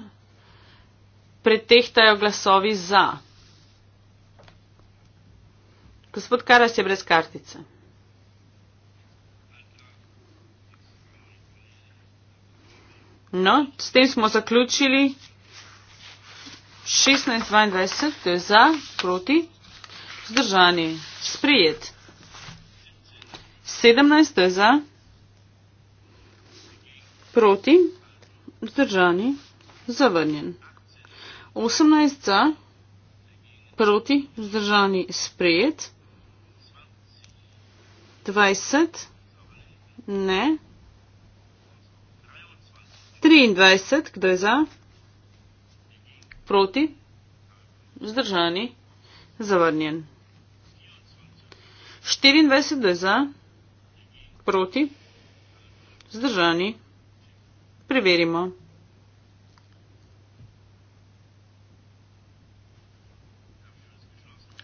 [SPEAKER 5] pretehtajo glasovi za. Gospod Karas je brez kartice. No, s tem smo zaključili 16-22, to je za, proti, vzdržani, sprijet. 17, to je za. Proti. Vzdržani. Zavrnjen. 18 za. Proti. Vzdržani. Sprejet. 20. Ne. 23. Kdo je za? Proti. Vzdržani. Zavrnjen. 24. Kdo je za? Proti. Zdržani preverimo.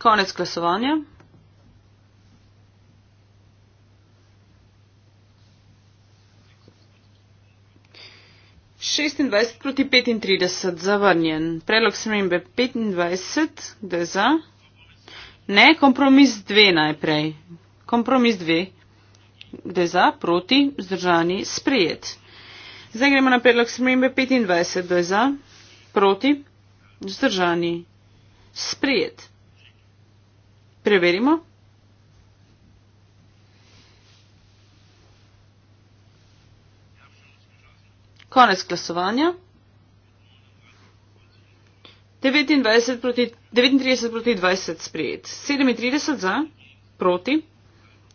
[SPEAKER 5] Konec glasovanja. Šestindvajset proti petintrideset zavrnjen. Predlog smembe petindvajset, da je za. Ne, kompromis dve najprej. Kompromis dve, da je za, proti, zdržani, sprejet zdaj gremo na predlog spremembe 25, kdo je za, proti, vzdržani, sprijet. Preverimo. Konec glasovanja. 29 proti, 39 proti 20 sprejet. 37 za, proti,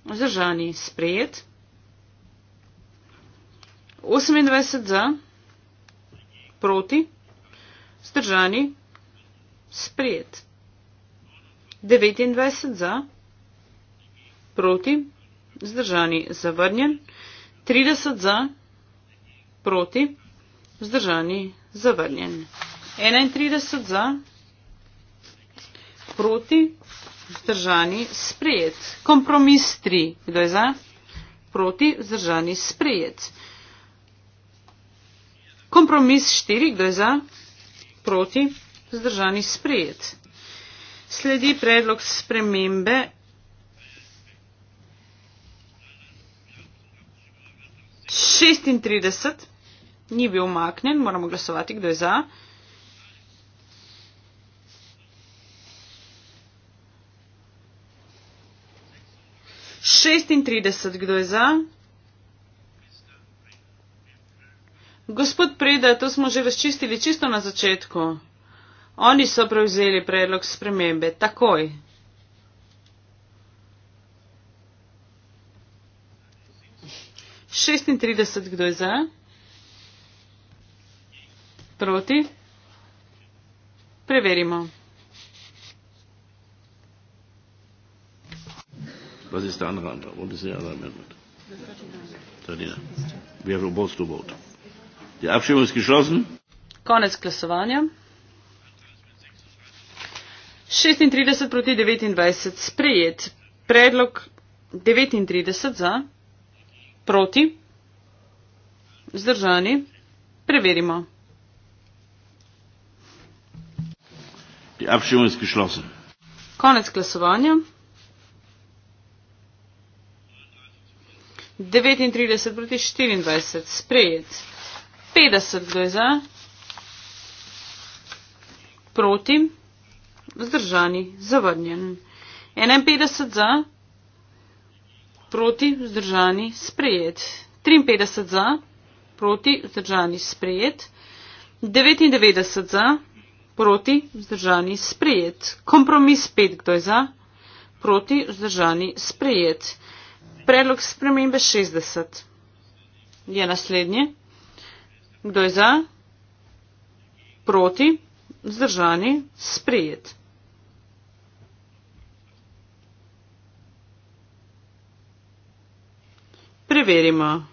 [SPEAKER 5] vzdržani sprejet. 28 za, proti, zdržani, sprijet. 29 za, proti, zdržani, zavrnjen. 30 za, proti, zdržani, zavrnjen. 31 za, proti, zdržani, sprijet. Kompromis 3. Kdo je za? Proti, zdržani, sprijet. Kompromis štiri gre za proti zdržani sprejet. Sledi predlog spremembe šestintrideset, ni bil umaknjen, moramo glasovati, kdo je za. Šestintrideset, kdo je za? Gospod Preda, to smo že razčistili čisto na začetku. Oni so prevzeli predlog spremembe takoj. Šestintrideset, kdo je za? Proti? Preverimo.
[SPEAKER 1] Was ist der andere Antrag? Und ist der andere Amendment? Tadina. Wer will both to vote? Die Abstimmung ist geschlossen.
[SPEAKER 5] Konec glasovanja. 36 proti 29 sprejet. Predlog 39 za, proti, zdržani. Preverimo.
[SPEAKER 1] Die Abstimmung ist geschlossen.
[SPEAKER 5] Konec glasovanja. 39 proti 24 sprejet. 50 kdo je za, proti, vzdržani, zavrnjen. 51 za, proti, vzdržani, sprejet. 53 za, proti, vzdržani, sprejet. 99 za, proti, vzdržani, sprejet. Kompromis 5 kdo je za, proti, vzdržani, sprejet. Predlog spremembe 60 je naslednje. Kdo je za? Proti? Zdržani? Sprejet. Preverimo.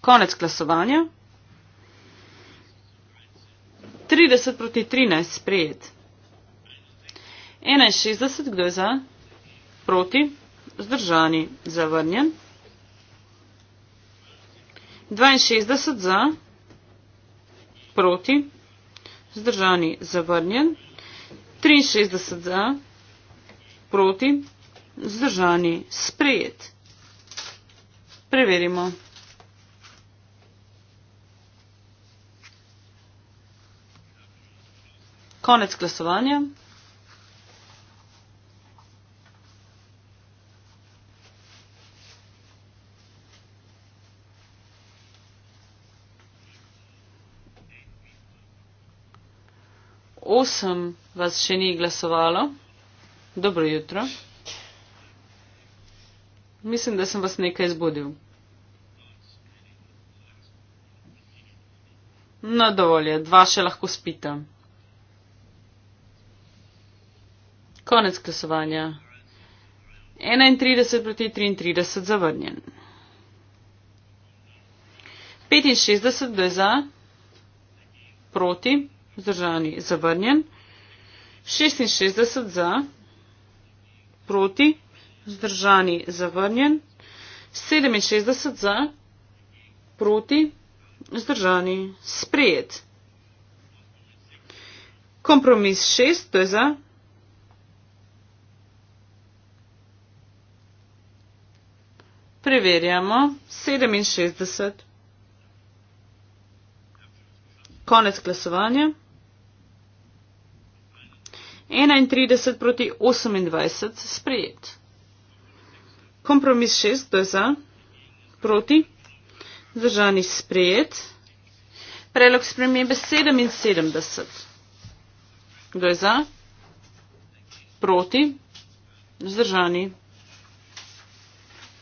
[SPEAKER 5] Konec glasovanja. 30 proti 13 sprejet. 61, kdo je za? Proti. Zdržani. Zavrnjen. 62 za. Proti. Zdržani. Zavrnjen. 63 za. Proti. Zdržani. Sprejet. Preverimo. Konec glasovanja. osem vas še ni glasovalo. Dobro jutro. Mislim, da sem vas nekaj zbudil. No, dovolj je, dva še lahko spita. Konec glasovanja. 31 proti 33 zavrnjen. 65 do je za, proti Vzdržani zavrnjen. 66 za. Proti. Vzdržani zavrnjen. 67 za. Proti. Vzdržani sprejet. Kompromis 6, to je za. Preverjamo. 67. Konec glasovanja. 31 proti 28 sprejet. Kompromis 6, kdo je za? Proti. Zdržani sprejet. Predlog spremembe 77. Kdo je za? Proti. Zdržani.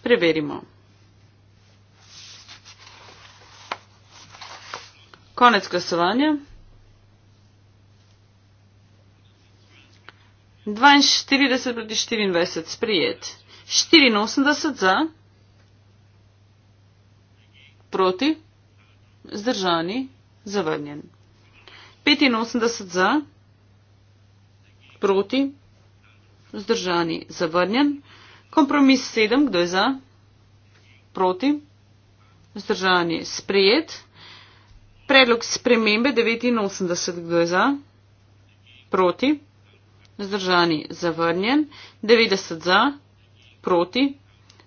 [SPEAKER 5] Preverimo. Konec glasovanja. 42 proti 24 sprijet. 84 za. Proti. Zdržani. Zavrnjen. 85 za. Proti. Zdržani. Zavrnjen. Kompromis 7. Kdo je za? Proti. Zdržani. Sprijet. Predlog spremembe 89. Kdo je za? Proti. Proti vzdržani zavrnjen, 90 za, proti,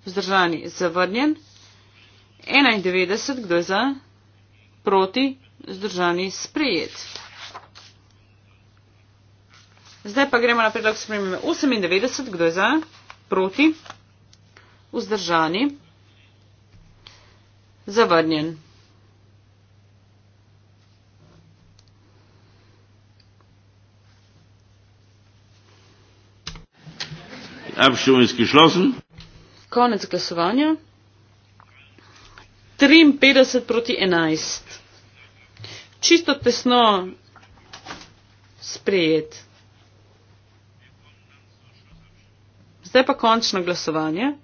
[SPEAKER 5] vzdržani zavrnjen, 91 kdo je za, proti, vzdržani sprejet. Zdaj pa gremo na predlog spremembe 98, kdo je za, proti, vzdržani, zavrnjen.
[SPEAKER 1] Abstimmung ist geschlossen.
[SPEAKER 5] Konec glasovanja. 53 proti 11. Čisto tesno sprejet. Zdaj pa končno glasovanje.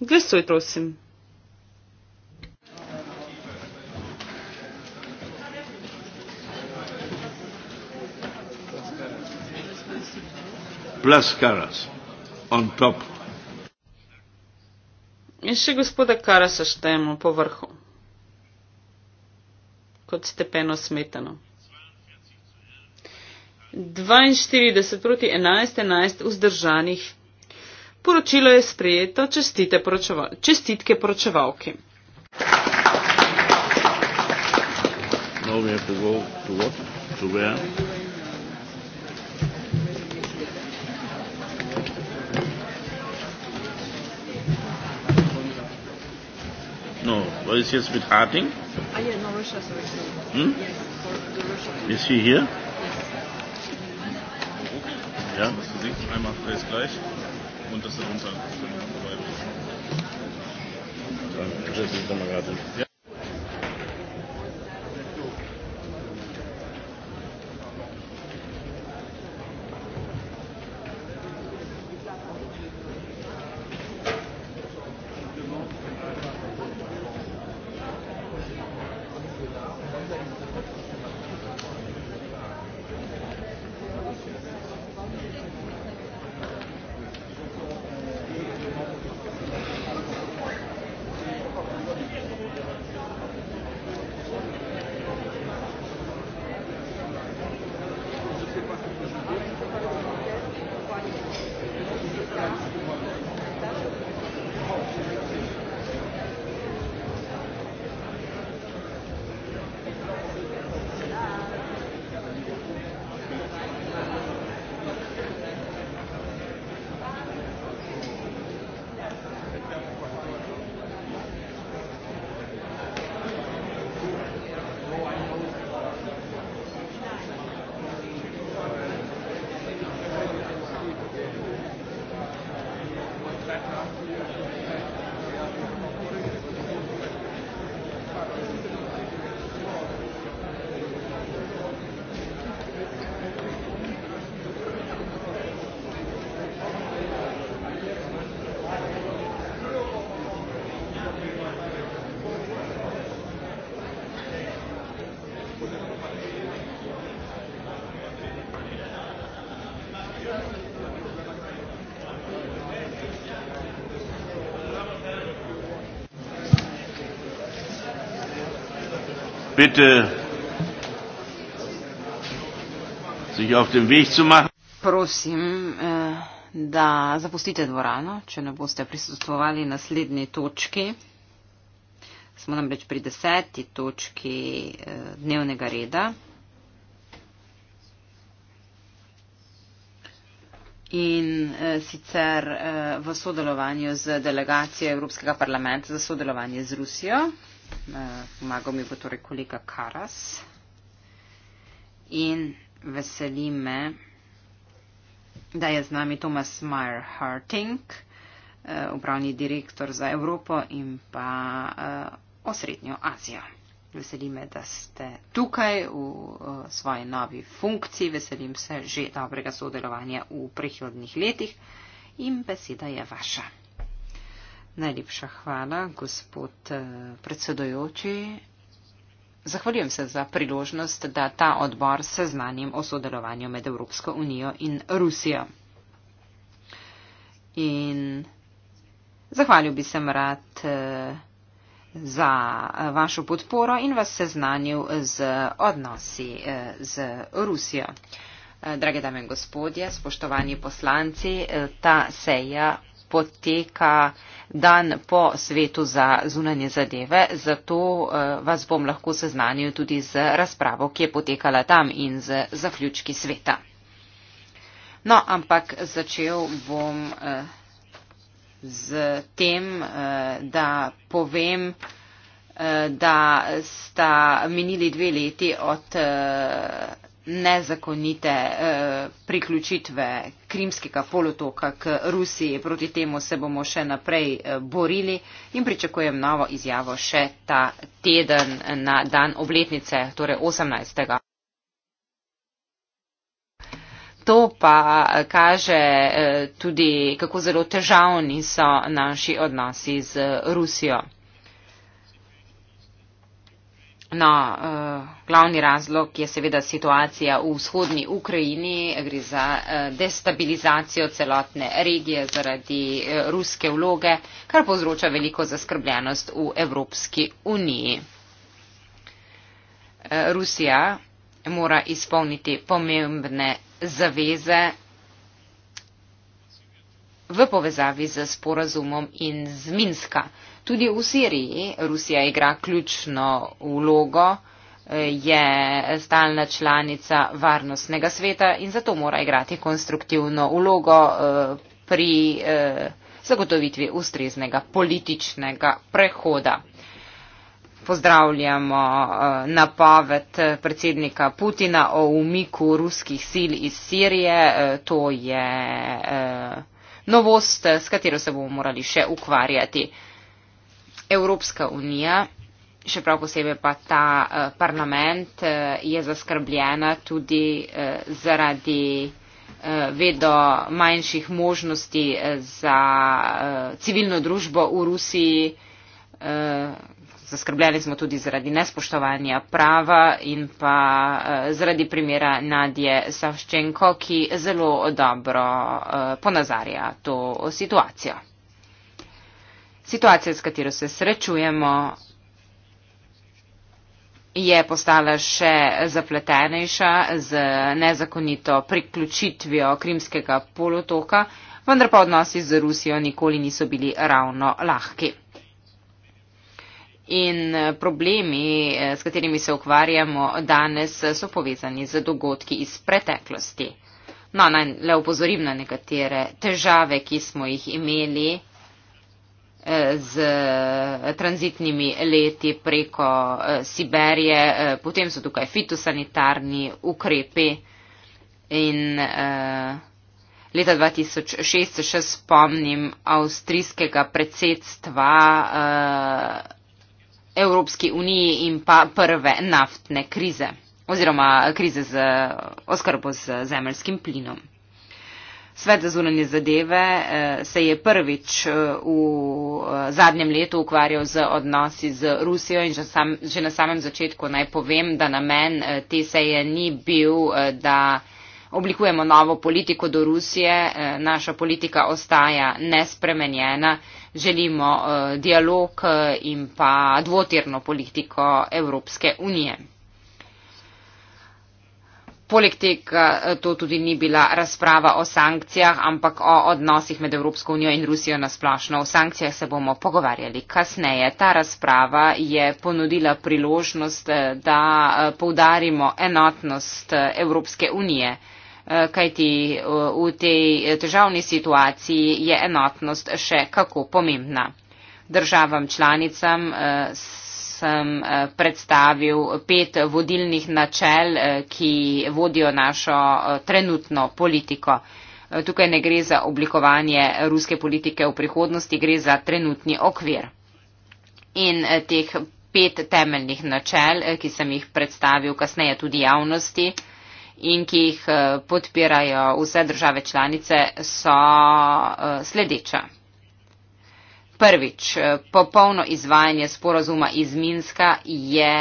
[SPEAKER 5] Glasuj, prosim.
[SPEAKER 1] plus Karas on top.
[SPEAKER 5] Mi še gospoda Karasa štejemo po vrhu. Kot stepeno smetano. 42 proti 11, 11 vzdržanih. Poročilo je sprejeto, poročeval, čestitke poročevalki.
[SPEAKER 1] No, we have to go to what? To where? What is jetzt mit Harding? Ah, yeah, ja,
[SPEAKER 4] no, Russia, sorry. Hm? Yes,
[SPEAKER 1] for the is he here? Yes. Ja, was du siehst, einmal Place gleich und das darunter. Ja. bitte,
[SPEAKER 2] sich auf den Weg zu machen. Prosim, eh, da zapustite dvorano, če ne boste prisustovali naslednji točki. Smo namreč pri deseti točki eh, dnevnega reda. In eh, sicer v sodelovanju z delegacijo Evropskega parlamenta za sodelovanje z Rusijo. Eh, pomagal mi bo torej kolega Karas in veseli me, da je z nami Tomas Meyer-Harting, eh, upravni direktor za Evropo in pa eh, osrednjo Azijo. Veseli me, da ste tukaj v svoji novi funkciji, veselim se že dobrega sodelovanja v prihodnih letih in beseda je vaša. Najlepša hvala, gospod eh, predsedojoči. Zahvaljujem se za priložnost, da ta odbor seznanjem o sodelovanju med Evropsko unijo in Rusijo. In zahvalil bi se rad eh, za eh, vašo podporo in vas seznanil z odnosi z Rusijo. Drage dame in gospodje, spoštovani poslanci, ta seja poteka dan po svetu za zunanje zadeve, zato eh, vas bom lahko seznanil tudi z razpravo, ki je potekala tam in z zaključki sveta. No, ampak začel bom z eh, tem, eh, da povem, da sta minili dve leti od nezakonite eh, priključitve Krimskega polotoka k Rusiji. Proti temu se bomo še naprej eh, borili in pričakujem novo izjavo še ta teden na dan obletnice, torej 18. To pa kaže eh, tudi, kako zelo težavni so naši odnosi z Rusijo. No, eh, glavni razlog je seveda situacija v vzhodni Ukrajini, gre za eh, destabilizacijo celotne regije zaradi eh, ruske vloge, kar povzroča veliko zaskrbljenost v Evropski uniji. Rusija mora izpolniti pomembne zaveze v povezavi z sporazumom in z Minska. Tudi v Siriji Rusija igra ključno vlogo, eh, je stalna članica varnostnega sveta in zato mora igrati konstruktivno vlogo eh, pri eh, zagotovitvi ustreznega političnega prehoda. Pozdravljamo napoved predsednika Putina o umiku ruskih sil iz Sirije. To je novost, s katero se bomo morali še ukvarjati. Evropska unija, še prav posebej pa ta eh, parlament, eh, je zaskrbljena tudi eh, zaradi eh, vedo manjših možnosti eh, za eh, civilno družbo v Rusiji. Eh, Zaskrbljeni smo tudi zaradi nespoštovanja prava in pa eh, zaradi primera Nadje Savščenko, ki zelo dobro eh, ponazarja to situacijo. Situacija, s katero se srečujemo, je postala še zapletenejša z nezakonito priključitvijo Krimskega polotoka, vendar pa odnosi z Rusijo nikoli niso bili ravno lahki. In eh, problemi, eh, s katerimi se ukvarjamo danes, eh, so povezani z dogodki iz preteklosti. No, naj le upozorim na nekatere težave, ki smo jih imeli z tranzitnimi leti preko Siberije, potem so tukaj fitosanitarni ukrepi in leta 2006 se še spomnim avstrijskega predsedstva Evropski uniji in pa prve naftne krize oziroma krize z oskrbo z zemljskim plinom. Svet za zunanje zadeve eh, se je prvič eh, v eh, zadnjem letu ukvarjal z odnosi z Rusijo in že, sam, že na samem začetku naj povem, da namen te seje ni bil, da oblikujemo novo politiko do Rusije. Naša politika ostaja nespremenjena želimo eh, dialog eh, in pa dvotirno politiko Evropske unije. Poleg tega eh, to tudi ni bila razprava o sankcijah, ampak o odnosih med Evropsko unijo in Rusijo na splošno. O sankcijah se bomo pogovarjali kasneje. Ta razprava je ponudila priložnost, da poudarimo enotnost Evropske unije kajti v tej državni situaciji je enotnost še kako pomembna. Državam članicam eh, sem eh, predstavil pet vodilnih načel, eh, ki vodijo našo trenutno politiko. Tukaj ne gre za oblikovanje ruske politike v prihodnosti, gre za trenutni okvir. In teh pet temeljnih načel, ki sem jih predstavil kasneje tudi javnosti, in ki jih eh, podpirajo vse države članice, so eh, sledeča. Prvič, eh, popolno izvajanje sporazuma iz Minska je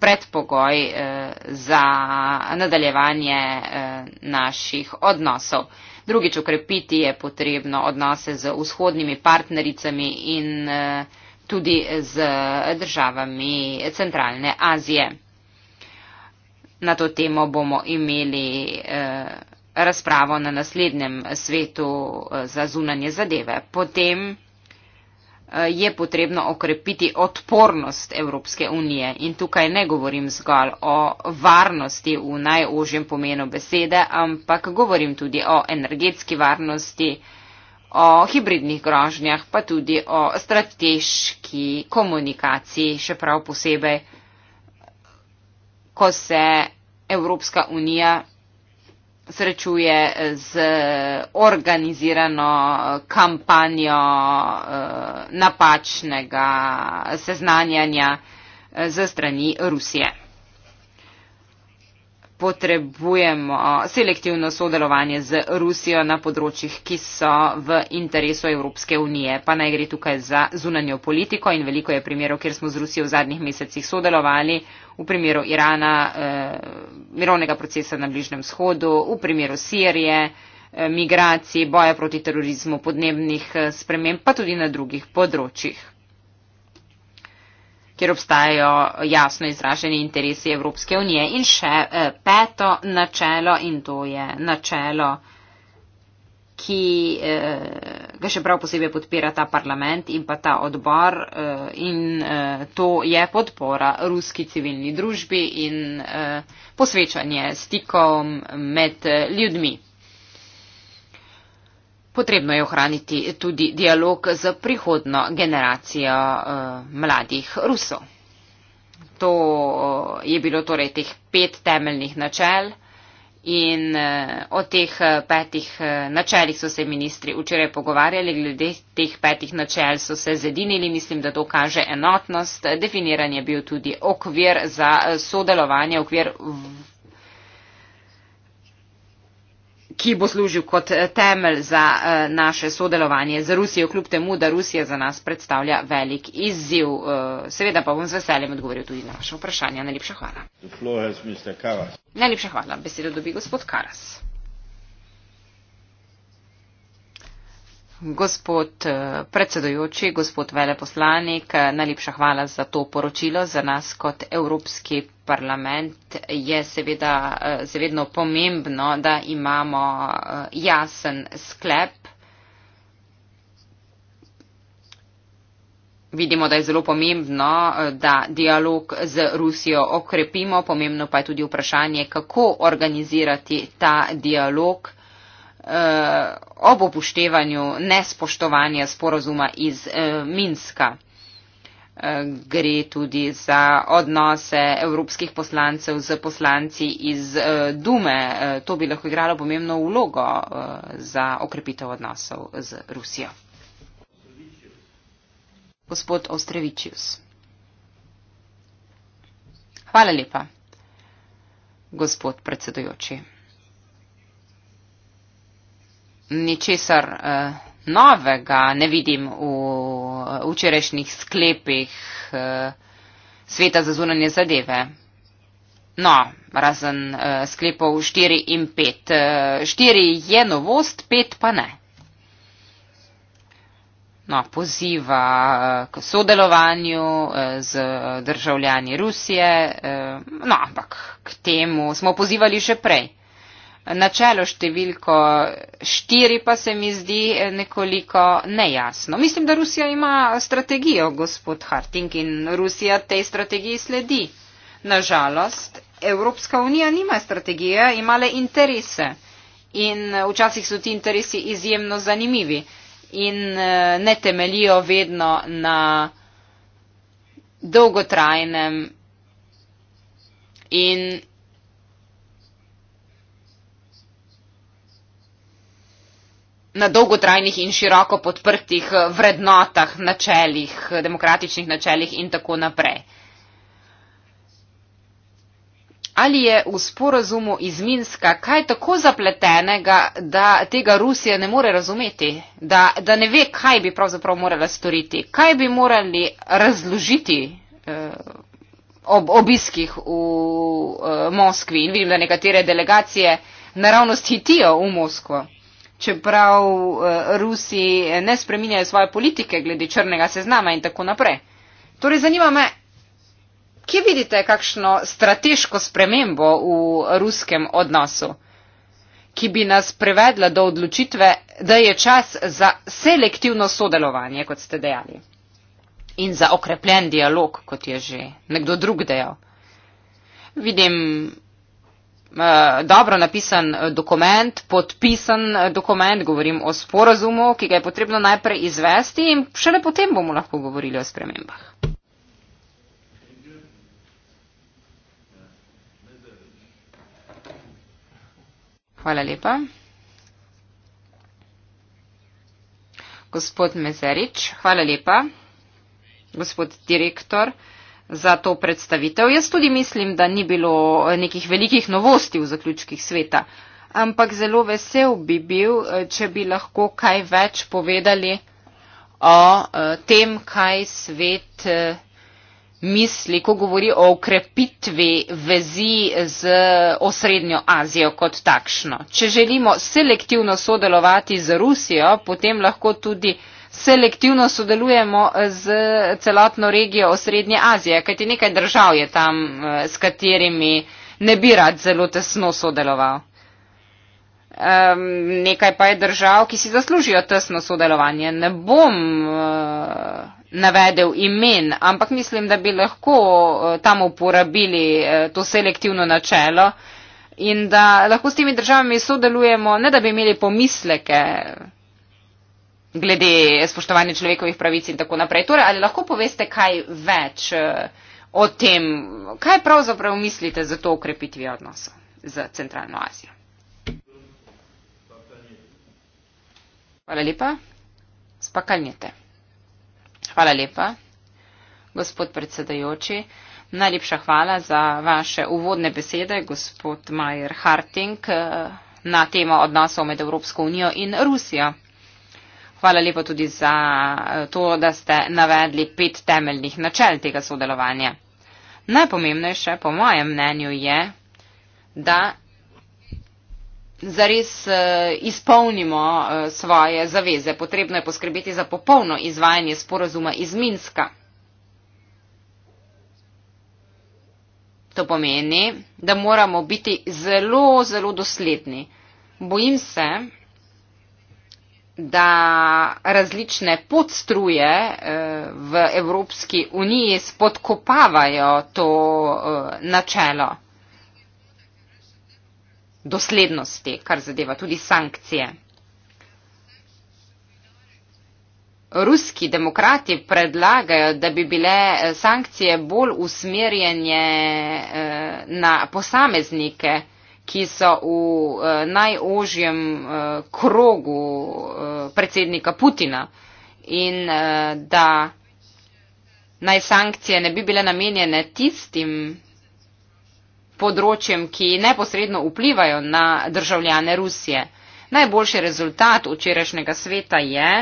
[SPEAKER 2] predpogoj za nadaljevanje naših odnosov. Drugič, ukrepiti je potrebno odnose z vzhodnimi partnericami in tudi z državami Centralne Azije. Na to temo bomo imeli eh, razpravo na naslednjem svetu eh, za zunanje zadeve. Potem eh, je potrebno okrepiti odpornost Evropske unije in tukaj ne govorim zgolj o varnosti v najožjem pomenu besede, ampak govorim tudi o energetski varnosti, o hibridnih grožnjah, pa tudi o strateški komunikaciji, še prav posebej ko se Evropska unija srečuje z organizirano kampanjo eh, napačnega seznanjanja z eh, strani Rusije potrebujemo selektivno sodelovanje z Rusijo na področjih, ki so v interesu Evropske unije. Pa naj gre tukaj za zunanjo politiko in veliko je primerov, kjer smo z Rusijo v zadnjih mesecih sodelovali v primeru Irana, eh, mirovnega procesa na Bližnem shodu, v primeru Sirije, eh, migracij, boja proti terorizmu, podnebnih eh, sprememb, pa tudi na drugih področjih kjer obstajajo jasno izraženi interesi Evropske unije. In še eh, peto načelo, in to je načelo, ki eh, ga še prav posebej podpira ta parlament in pa ta odbor, eh, in to je podpora ruski civilni družbi in posvečanje stikom med ljudmi. Potrebno je ohraniti tudi dialog z prihodno generacijo eh, mladih Rusov. To eh, je bilo torej teh pet temeljnih načel in eh, o teh petih načelih so se ministri včeraj pogovarjali, glede teh petih načel so se zedinili, mislim, da to kaže enotnost. Definiran je bil tudi okvir za sodelovanje, okvir ki bo služil kot eh, temelj za eh, naše sodelovanje z Rusijo, kljub temu, da Rusija za nas predstavlja velik izziv. Eh, seveda pa bom z veseljem odgovoril tudi na vaše vprašanje. Najlepša hvala. Najlepša hvala. Besedo dobi gospod Karas. Gospod eh, predsedujoči, gospod veleposlanik, eh, najlepša hvala za to poročilo. Za nas kot Evropski parlament je seveda eh, zavedno pomembno, da imamo jasen sklep. Vidimo, da je zelo pomembno, da dialog z Rusijo okrepimo. Pomembno pa je tudi vprašanje, kako organizirati ta dialog eh, ob upoštevanju nespoštovanja sporozuma iz eh, Minska. Eh, gre tudi za odnose evropskih poslancev z poslanci iz eh, Dume. Eh, to bi lahko igralo pomembno vlogo za okrepitev odnosov z Rusijo. Gospod Ostrevičius. Hvala lepa, gospod predsedojoči ničesar uh, novega ne vidim v eh, včerajšnjih sklepih uh, sveta za zunanje zadeve. No, razen uh, sklepov 4 in 5. 4 uh, je novost, 5 pa ne. No, poziva k sodelovanju z državljani Rusije, no, ampak k temu smo pozivali že prej. Načelo številko štiri pa se mi zdi nekoliko nejasno. Mislim, da Rusija ima strategijo, gospod Harting, in Rusija tej strategiji sledi. Nažalost, Evropska unija nima strategije, ima le interese. In eh, včasih so ti interesi izjemno zanimivi in eh, ne temelijo vedno na dolgotrajnem in na dolgotrajnih in široko podprtih eh, vrednotah, načelih, eh, demokratičnih načelih in tako naprej. Ali je v sporazumu iz Minska kaj tako zapletenega, da tega Rusija ne more razumeti, da, da ne ve, kaj bi pravzaprav morala storiti, kaj bi morali razložiti eh, ob obiskih v eh, Moskvi in vidim, da nekatere delegacije naravnost hitijo v Moskvo čeprav eh, Rusi ne spreminjajo svoje politike glede črnega seznama in tako naprej. Torej zanima me, kje vidite kakšno strateško spremembo v ruskem odnosu, ki bi nas prevedla do odločitve, da je čas za selektivno sodelovanje, kot ste dejali, in za okrepljen dialog, kot je že nekdo drug dejal. Vidim Eh, dobro napisan eh, dokument, podpisan eh, dokument, govorim o sporazumu, ki ga je potrebno najprej izvesti in šele potem bomo lahko govorili o spremembah. Hvala lepa. Gospod Mezerič, hvala lepa. Gospod direktor, uh, za to predstavitev. Jaz tudi mislim, da ni bilo eh, nekih velikih novosti v zaključkih sveta, ampak zelo vesel bi bil, eh, če bi lahko kaj več povedali o eh, tem, kaj svet misli, ko govori o ukrepitvi vezi z osrednjo Azijo kot takšno. Če želimo selektivno sodelovati z Rusijo, potem lahko tudi selektivno sodelujemo z celotno regijo Osrednje Azije, kajti nekaj držav je tam, eh, s katerimi ne bi rad zelo tesno sodeloval. Um, nekaj pa je držav, ki si zaslužijo tesno sodelovanje. Ne bom uh, navedel imen, ampak mislim, da bi lahko uh, tam uporabili uh, to selektivno načelo in da lahko s temi državami sodelujemo, ne da bi imeli pomisleke, glede spoštovanja človekovih pravic in tako naprej. Torej, ali lahko poveste kaj več eh, o tem, kaj pravzaprav mislite za to ukrepitvi odnosa z Centralno Azijo? Hvala lepa. Spakalnite. Hvala lepa, gospod predsedajoči. Najlepša hvala za vaše uvodne besede, gospod Majer Harting, eh, na temo odnosov med Evropsko unijo in Rusijo. Hvala lepa tudi za eh, to, da ste navedli pet temeljnih načel tega sodelovanja. Najpomembnejše, po mojem mnenju, je, da zares eh, izpolnimo eh, svoje zaveze. Potrebno je poskrbeti za popolno izvajanje sporazuma iz Minska. To pomeni, da moramo biti zelo, zelo dosledni. Bojim se, da različne podstruje eh, v Evropski uniji spodkopavajo to eh, načelo doslednosti, kar zadeva tudi sankcije. Ruski demokrati predlagajo, da bi bile eh, sankcije bolj usmerjene na posameznike, ki so v uh, najožjem uh, krogu uh, predsednika Putina in uh, da naj sankcije ne bi bile namenjene tistim področjem, ki neposredno vplivajo na državljane Rusije. Najboljši rezultat včerajšnjega sveta je,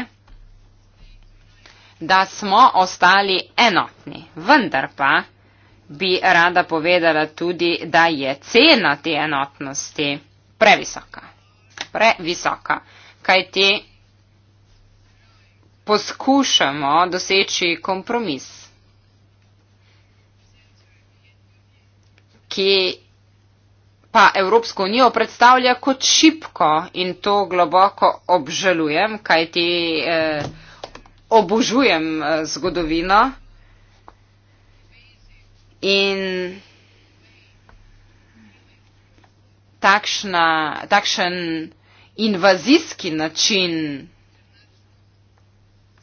[SPEAKER 2] da smo ostali enotni. Vendar pa bi rada povedala tudi, da je cena te enotnosti previsoka. Previsoka. Kaj ti poskušamo doseči kompromis, ki pa Evropsko unijo predstavlja kot šipko in to globoko obžalujem, kaj ti eh, obožujem eh, zgodovino. In takšna, takšen invazijski način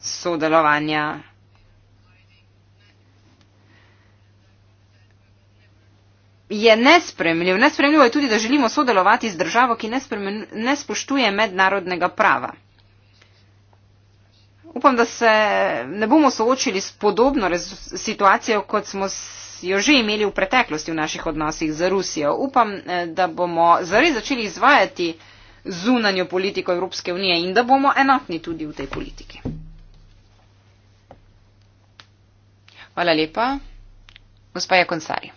[SPEAKER 2] sodelovanja je nespremljiv. Nespremljivo je tudi, da želimo sodelovati z državo, ki ne spoštuje mednarodnega prava. Upam, da se ne bomo soočili s podobno situacijo, kot smo jo že imeli v preteklosti v naših odnosih z Rusijo. Upam, eh, da bomo zares začeli izvajati zunanjo politiko Evropske unije in da bomo enotni tudi v tej politiki. Hvala lepa. Gospa Jakonsari.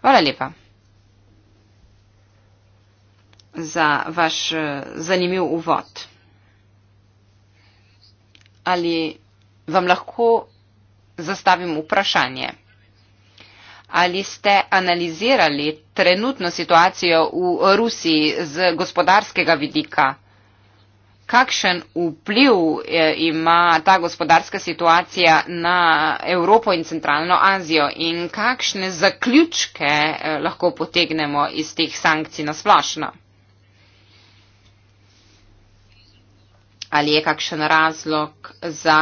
[SPEAKER 2] Hvala lepa za vaš eh, zanimiv uvod. Ali vam lahko zastavim vprašanje. Ali ste analizirali trenutno situacijo v Rusiji z gospodarskega vidika? Kakšen vpliv eh, ima ta gospodarska situacija na Evropo in Centralno Azijo in kakšne zaključke eh, lahko potegnemo iz teh sankcij na splošno? Ali je kakšen razlog za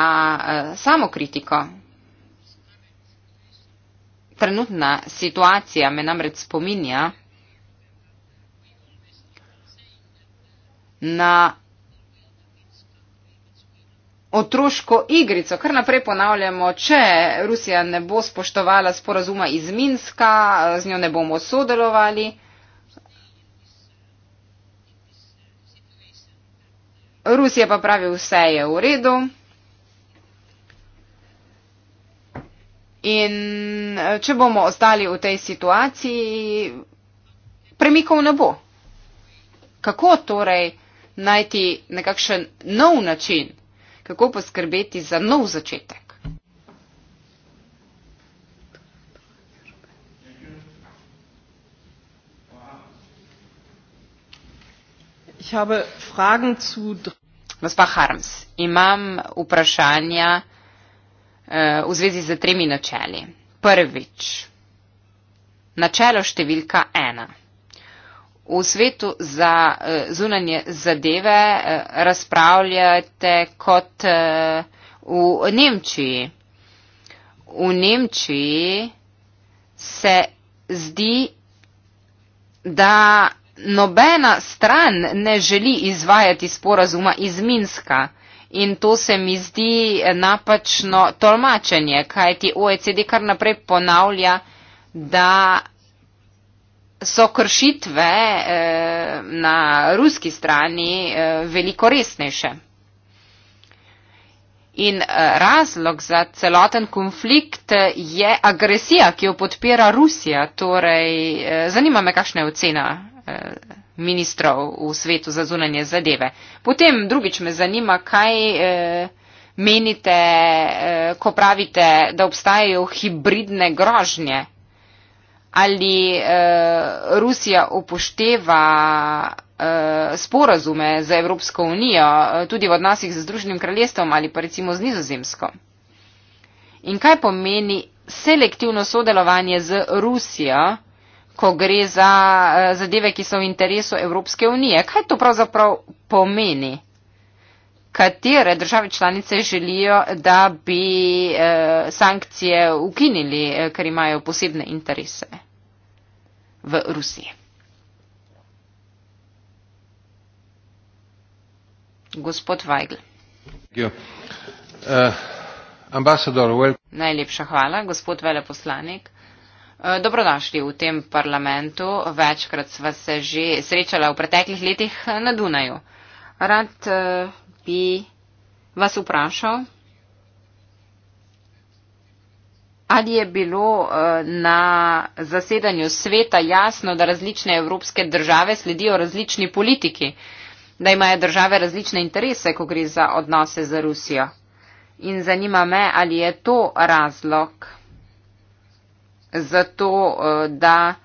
[SPEAKER 2] eh, samokritiko? Trenutna situacija me namreč spominja na otroško igrico. Kar naprej ponavljamo, če Rusija ne bo spoštovala sporazuma iz Minska, z njo ne bomo sodelovali. Rusija pa pravi, vse je v redu. In eh, če bomo ostali v tej situaciji, premikov ne bo. Kako torej najti nekakšen nov način, kako poskrbeti za nov začetek? Gospa Harms, imam vprašanja v zvezi z tremi načeli. Prvič, načelo številka ena. V svetu za eh, zunanje zadeve eh, razpravljate kot eh, v Nemčiji. V Nemčiji se zdi, da nobena stran ne želi izvajati sporazuma iz Minska. In to se mi zdi napačno tolmačenje, kajti OECD kar naprej ponavlja, da so kršitve eh, na ruski strani eh, veliko resnejše. In eh, razlog za celoten konflikt je agresija, ki jo podpira Rusija. Torej, zanima me, kakšna je ocena ministrov v svetu za zunanje zadeve. Potem drugič me zanima, kaj e, menite, e, ko pravite, da obstajajo hibridne grožnje. Ali e, Rusija upošteva e, sporazume za Evropsko unijo tudi v odnosih z Združenim kraljestvom ali pa recimo z Nizozemsko? In kaj pomeni selektivno sodelovanje z Rusijo ko gre za eh, zadeve, ki so v interesu Evropske unije. Kaj to pravzaprav pomeni? Katere države članice želijo, da bi eh, sankcije ukinili, eh, ker imajo posebne interese v Rusiji? Gospod Weigl. Uh, Najlepša hvala, gospod veleposlanik. Eh, dobrodošli v tem parlamentu. Večkrat sva se že srečala v preteklih letih eh, na Dunaju. Rad eh, bi vas vprašal, ali je bilo na zasedanju sveta jasno, da različne evropske države sledijo različni politiki, da imajo države različne interese, ko gre za odnose z Rusijo. In zanima me, ali je to razlog, zato eh, da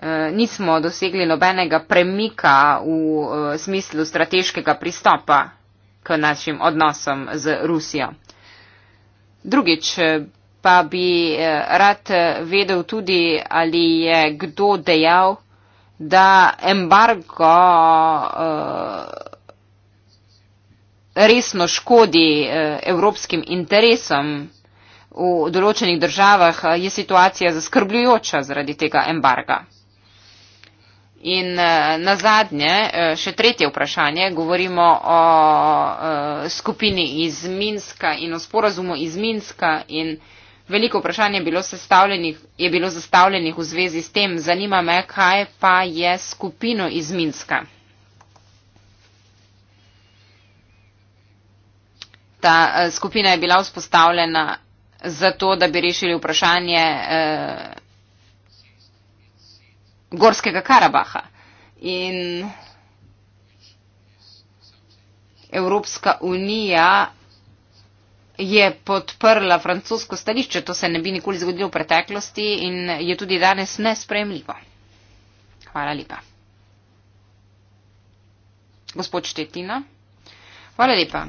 [SPEAKER 2] eh, nismo dosegli nobenega premika v eh, smislu strateškega pristopa k našim odnosom z Rusijo. Drugič, pa bi rad vedel tudi, ali je kdo dejal, da embargo resno škodi evropskim interesom v določenih državah eh, je situacija zaskrbljujoča zaradi tega embarga. In eh, na zadnje, eh, še tretje vprašanje, govorimo o skupini iz Minska in o sporazumu iz Minska in veliko vprašanje je bilo, je bilo zastavljenih v zvezi s tem. Zanima me, kaj pa je skupino iz Minska. Ta skupina je bila vzpostavljena zato, da bi rešili vprašanje eh, Gorskega Karabaha. In Evropska unija je podprla francosko stališče, to se ne bi nikoli zgodilo v preteklosti in je tudi danes nespremljivo. Hvala lepa. Gospod Štetina. Hvala lepa.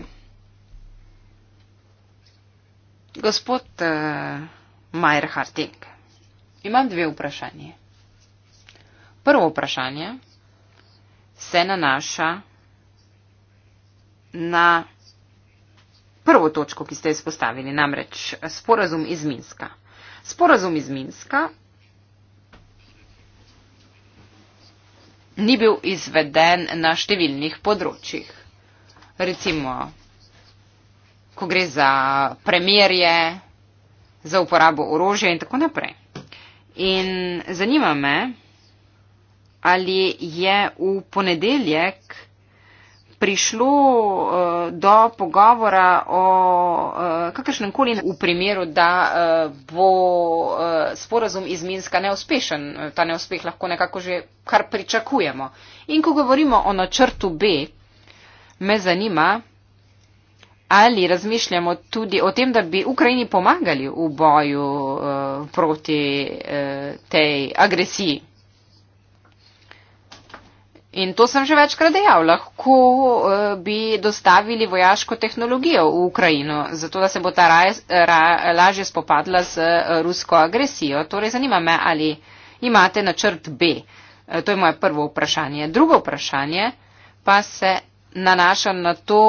[SPEAKER 2] Gospod uh, Majer Harting, imam dve vprašanje. Prvo vprašanje se nanaša na prvo točko, ki ste izpostavili, namreč sporazum iz Minska. Sporazum iz Minska ni bil izveden na številnih področjih. Recimo ko gre za premirje, za uporabo orožja in tako naprej. In zanima me, ali je v ponedeljek prišlo uh, do pogovora o uh, eh, kakršnem koli v primeru, da uh, bo uh, sporazum iz Minska neuspešen. Ta neuspeh lahko nekako že kar pričakujemo. In ko govorimo o načrtu B, me zanima, ali razmišljamo tudi o tem, da bi Ukrajini pomagali v boju uh, proti uh, tej agresiji. In to sem že večkrat dejal, lahko uh, bi dostavili vojaško tehnologijo v Ukrajino, zato da se bo ta raj, ra, lažje spopadla z uh, rusko agresijo. Torej zanima me, ali imate načrt B. Uh, to je moje prvo vprašanje. Drugo vprašanje pa se nanaša na to,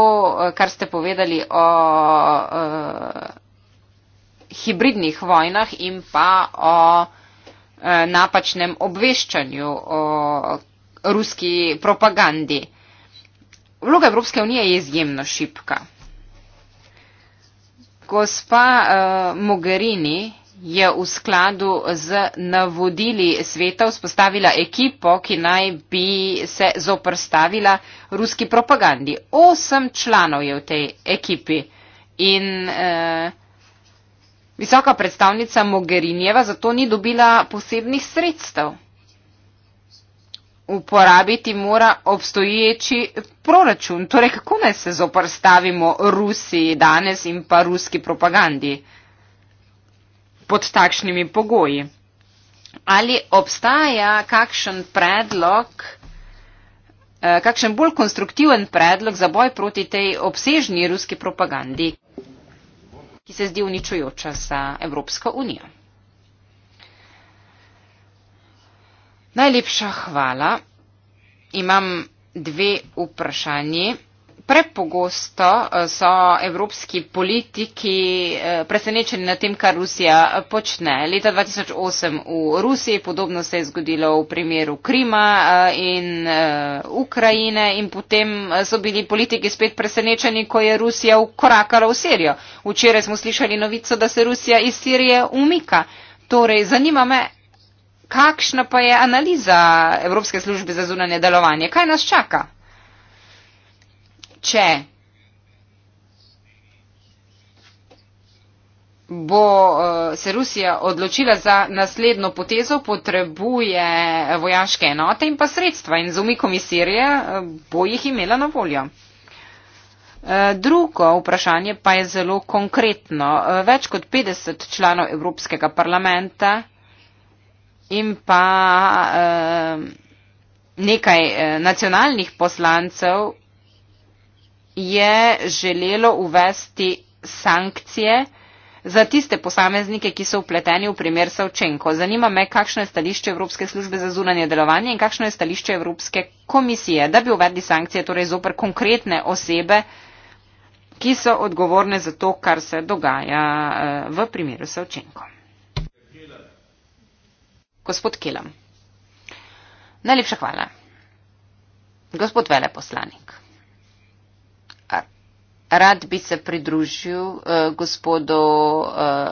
[SPEAKER 2] kar ste povedali o uh, hibridnih vojnah in pa o uh, napačnem obveščanju, o ruski propagandi. Vloga Evropske unije je izjemno šipka. Gospa uh, Mogherini, je v skladu z navodili sveta vzpostavila ekipo, ki naj bi se zoprstavila ruski propagandi. Osem članov je v tej ekipi in eh, visoka predstavnica Mogherinjeva zato ni dobila posebnih sredstev. Uporabiti mora obstoječi proračun. Torej, kako naj se zoprstavimo Rusiji danes in pa ruski propagandi? pod takšnimi pogoji. Ali obstaja kakšen predlog, eh, kakšen bolj konstruktiven predlog za boj proti tej obsežni ruski propagandi, ki se zdi uničujoča za Evropsko unijo? Najlepša hvala. Imam dve vprašanje. Prepogosto eh, so evropski politiki eh, presenečeni na tem, kar Rusija počne. Leta 2008 v Rusiji, podobno se je zgodilo v primeru Krima eh, in Ukrajine in potem so bili politiki spet presenečeni, ko je Rusija ukorakala v Sirijo. Včeraj smo slišali novico, da se Rusija iz Sirije umika. Torej, zanima me, kakšna pa je analiza Evropske službe za zunanje delovanje? Kaj nas čaka? če bo eh, se Rusija odločila za naslednjo potezo, potrebuje eh, vojaške enote in pa sredstva in z umikom iz Sirije eh, bo jih imela na voljo. Drugo vprašanje pa je zelo konkretno. Več kot 50 članov Evropskega parlamenta in pa nekaj nacionalnih poslancev je želelo uvesti sankcije za tiste posameznike, ki so vpleteni v primer Savčenko. Zanima me, kakšno je stališče Evropske službe za zunanje delovanje in kakšno je stališče Evropske komisije, da bi uvedli sankcije torej zoper konkretne osebe, ki so odgovorne za to, kar se dogaja eh, v primeru Savčenko. Gospod Kelam, najlepša hvala. Gospod veleposlanik rad bi se pridružil uh, gospodu uh,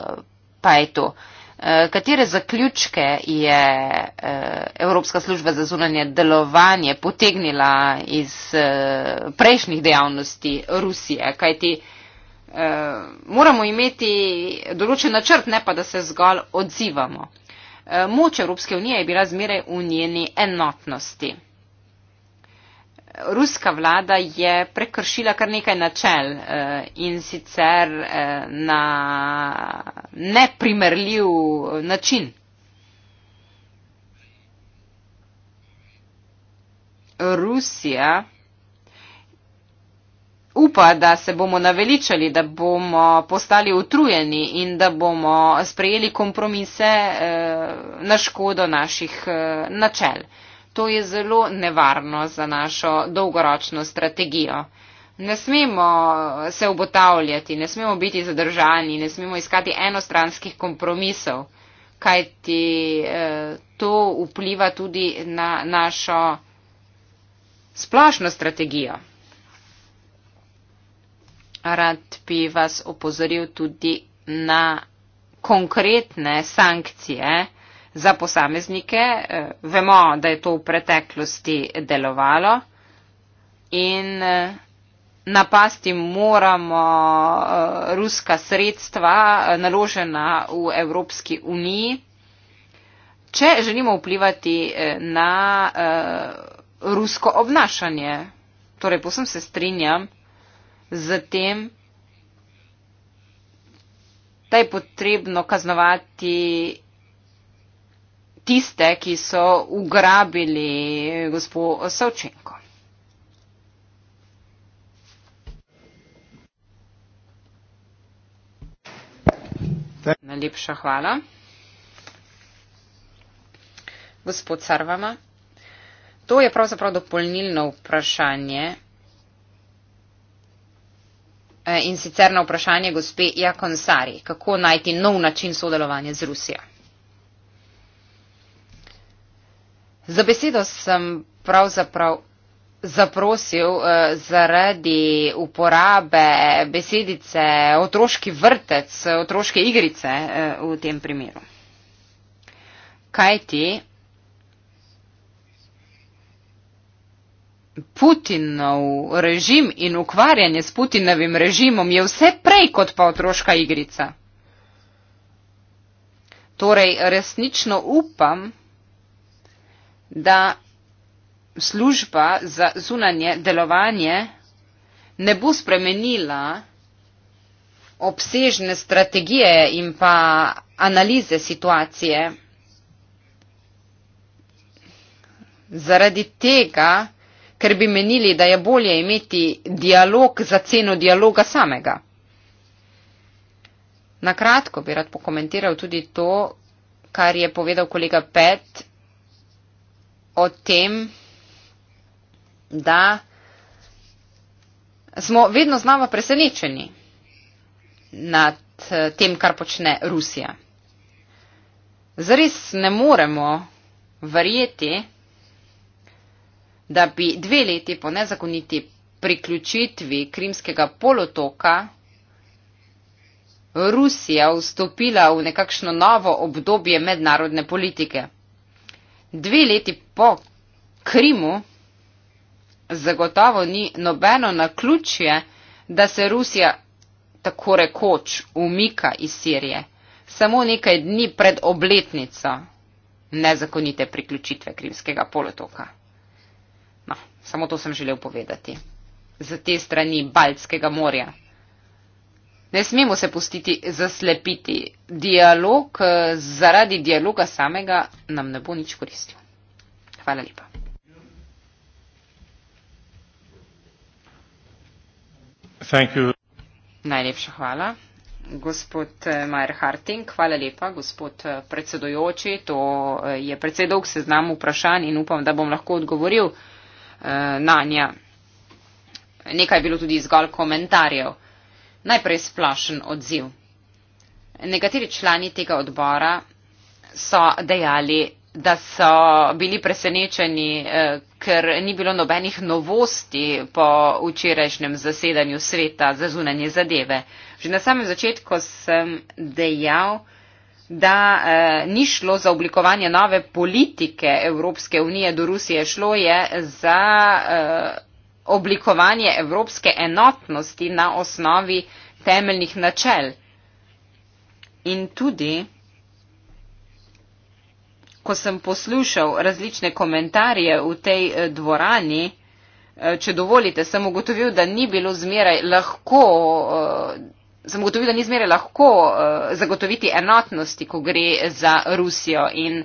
[SPEAKER 2] Pajtu. Uh, katere zaključke je uh, Evropska služba za zunanje delovanje potegnila iz uh, prejšnjih dejavnosti Rusije? Kajti uh, moramo imeti določen načrt, ne pa da se zgolj odzivamo. Moč Evropske unije je bila zmeraj v njeni enotnosti ruska vlada je prekršila kar nekaj načel eh, in sicer eh, na neprimerljiv način. Rusija upa, da se bomo naveličali, da bomo postali utrujeni in da bomo sprejeli kompromise eh, na škodo naših načel. To je zelo nevarno za našo dolgoročno strategijo. Ne smemo se obotavljati, ne smemo biti zadržani, ne smemo iskati enostranskih kompromisov, kajti eh, to vpliva tudi na našo splošno strategijo. Rad bi vas opozoril tudi na konkretne sankcije, za posameznike, eh, vemo, da je to v preteklosti delovalo in eh, napasti moramo eh, ruska sredstva naložena v Evropski uniji, če želimo vplivati na rusko obnašanje. Torej, posem se strinjam z tem, da je potrebno kaznovati tiste, ki so ugrabili gospo Savčenko. Najlepša hvala. Gospod Sarvama, to je pravzaprav dopolnilno vprašanje. Eh, in sicer na vprašanje gospe Jakonsari, kako najti nov način sodelovanja z Rusijo. Za besedo sem pravzaprav zaprosil eh, zaradi uporabe besedice otroški vrtec, eh, otroške igrice eh, v tem primeru. Kaj ti? Putinov režim in ukvarjanje s Putinovim režimom je vse prej kot pa otroška igrica. Torej, resnično upam, da služba za zunanje delovanje ne bo spremenila obsežne strategije in pa analize situacije. Zaradi tega, ker bi menili, da je bolje imeti dialog za ceno dialoga samega. Na kratko bi rad pokomentiral tudi to, kar je povedal kolega Pet o tem, da smo vedno znova presenečeni nad eh, tem, kar počne Rusija. Zares ne moremo verjeti, da bi dve leti po nezakoniti priključitvi Krimskega polotoka Rusija vstopila v nekakšno novo obdobje mednarodne politike dve leti po Krimu, zagotovo ni nobeno na ključje, da se Rusija tako rekoč umika iz Sirije, samo nekaj dni pred obletnico nezakonite priključitve Krimskega polotoka. No, samo to sem želel povedati. Za te strani Baltskega morja. Ne smemo se pustiti zaslepiti. Dialog eh, zaradi dialoga samega nam ne bo nič koristil. Hvala lepa. Najlepša hvala. Gospod eh, Majer Harting, hvala lepa, gospod eh, predsedojoči. To je predsej dolg seznam vprašanj in upam, da bom lahko odgovoril na nja. Nekaj je bilo tudi zgolj komentarjev. Najprej splošen odziv. Nekateri člani tega odbora so dejali, da so bili presenečeni, eh, ker ni bilo nobenih novosti po včerajšnjem zasedanju sveta za zunanje zadeve. Že na samem začetku sem dejal, da eh, ni šlo za oblikovanje nove politike Evropske unije do Rusije, šlo je za eh, oblikovanje evropske enotnosti na osnovi temeljnih načel. In tudi, ko sem poslušal različne komentarje v tej eh, dvorani, eh, če dovolite, sem ugotovil, da ni bilo zmeraj lahko, eh, sem ugotovil, da ni zmeraj lahko zagotoviti enotnosti, ko gre za Rusijo. In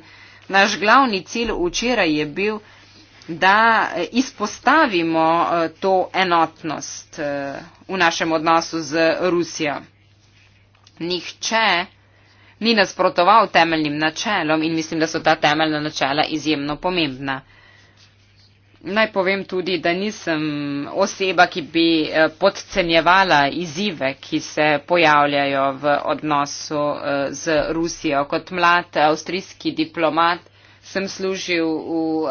[SPEAKER 2] naš glavni cilj včeraj je bil, da eh, izpostavimo eh, to enotnost eh, v našem odnosu z Rusijo. Nihče ni nasprotoval temeljnim načelom in mislim, da so ta temeljna načela izjemno pomembna. Naj povem tudi, da nisem oseba, ki bi podcenjevala izzive, ki se pojavljajo v odnosu z Rusijo. Kot mlad avstrijski diplomat sem služil v uh,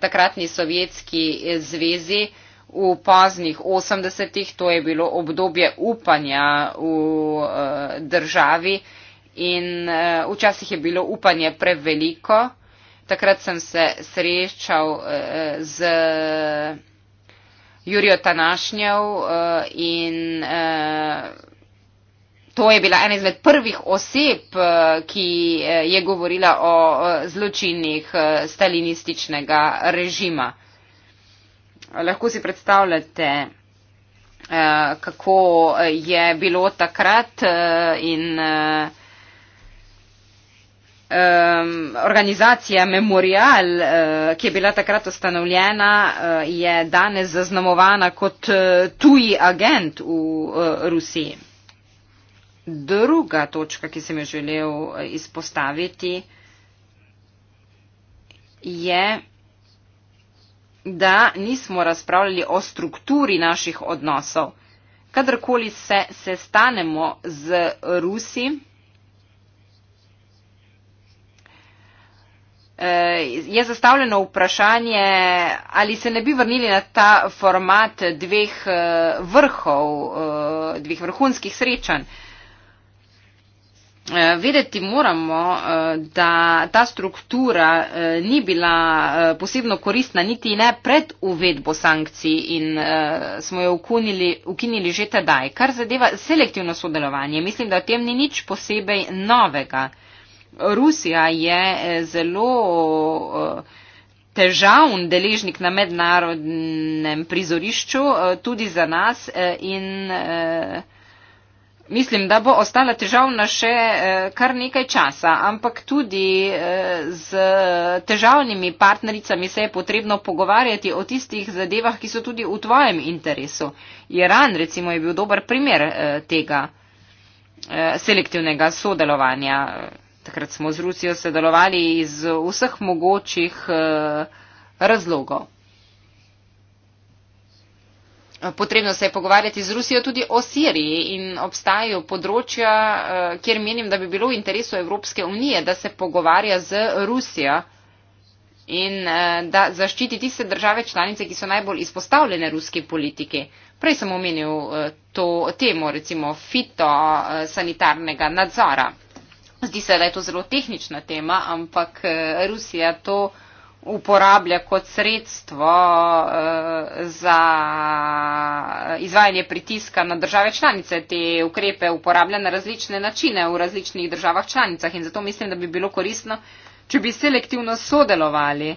[SPEAKER 2] takratni Sovjetski zvezi v poznih 80-ih, to je bilo obdobje upanja v uh, državi in uh, včasih je bilo upanje preveliko. Takrat sem se srečal uh, z Jurijo Tanašnjev uh, in uh, To je bila ena izmed prvih oseb, eh, ki eh, je govorila o zločinih eh, stalinističnega režima. Lahko si predstavljate, kako je bilo takrat in organizacija Memorial, ki je bila takrat ustanovljena, je danes zaznamovana kot tuji agent v Rusiji. Druga točka, ki sem jo želel eh, izpostaviti, je, da nismo razpravljali o strukturi naših odnosov. Kadarkoli se sestanemo z Rusi, eh, je zastavljeno vprašanje, ali se ne bi vrnili na ta format dveh eh, vrhov, dveh vrhunskih srečanj. Eh, vedeti moramo, eh, da ta struktura eh, ni bila posebno koristna niti ne pred uvedbo sankcij in smo jo ukunili, ukinili že tedaj. Kar zadeva selektivno sodelovanje, mislim, da v tem ni nič posebej novega. Rusija je zelo težavn deležnik na mednarodnem prizorišču, tudi za nas in mislim, da bo ostala težavna še eh, kar nekaj časa, ampak tudi eh, z težavnimi partnericami se je potrebno pogovarjati o tistih zadevah, ki so tudi v tvojem interesu. Iran recimo je bil dober primer eh, tega selektivnega sodelovanja. Takrat smo z Rusijo sodelovali iz vseh mogočih razlogov. Potrebno se je pogovarjati z Rusijo tudi o Siriji in obstajajo področja, eh, kjer menim, da bi bilo v interesu Evropske unije, da se pogovarja z Rusijo in eh, da zaščiti tiste države članice, ki so najbolj izpostavljene ruski politiki. Prej sem omenil eh, to temo, recimo fitosanitarnega nadzora. Zdi se, da je to zelo tehnična tema, ampak Rusija to uporablja kot sredstvo eh, za izvajanje pritiska na države članice. Te ukrepe uporablja na različne načine v različnih državah članicah in zato mislim, da bi bilo koristno, če bi selektivno sodelovali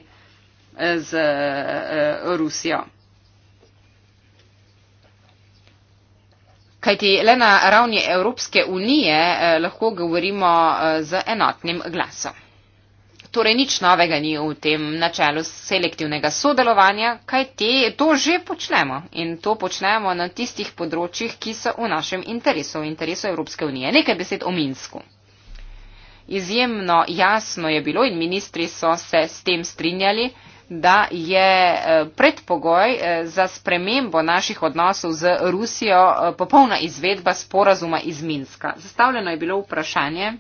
[SPEAKER 2] eh, z eh, Rusijo. Kajti le na ravni Evropske unije lahko govorimo z enotnim glasom torej nič novega ni v tem načelu selektivnega sodelovanja, kaj te to že počnemo in to počnemo na tistih področjih, ki so v našem interesu, v interesu Evropske unije. Nekaj besed o Minsku. Izjemno jasno je bilo in ministri so se s tem strinjali, da je eh, predpogoj eh, za spremembo naših odnosov z Rusijo eh, popolna izvedba sporazuma iz Minska. Zastavljeno je bilo vprašanje,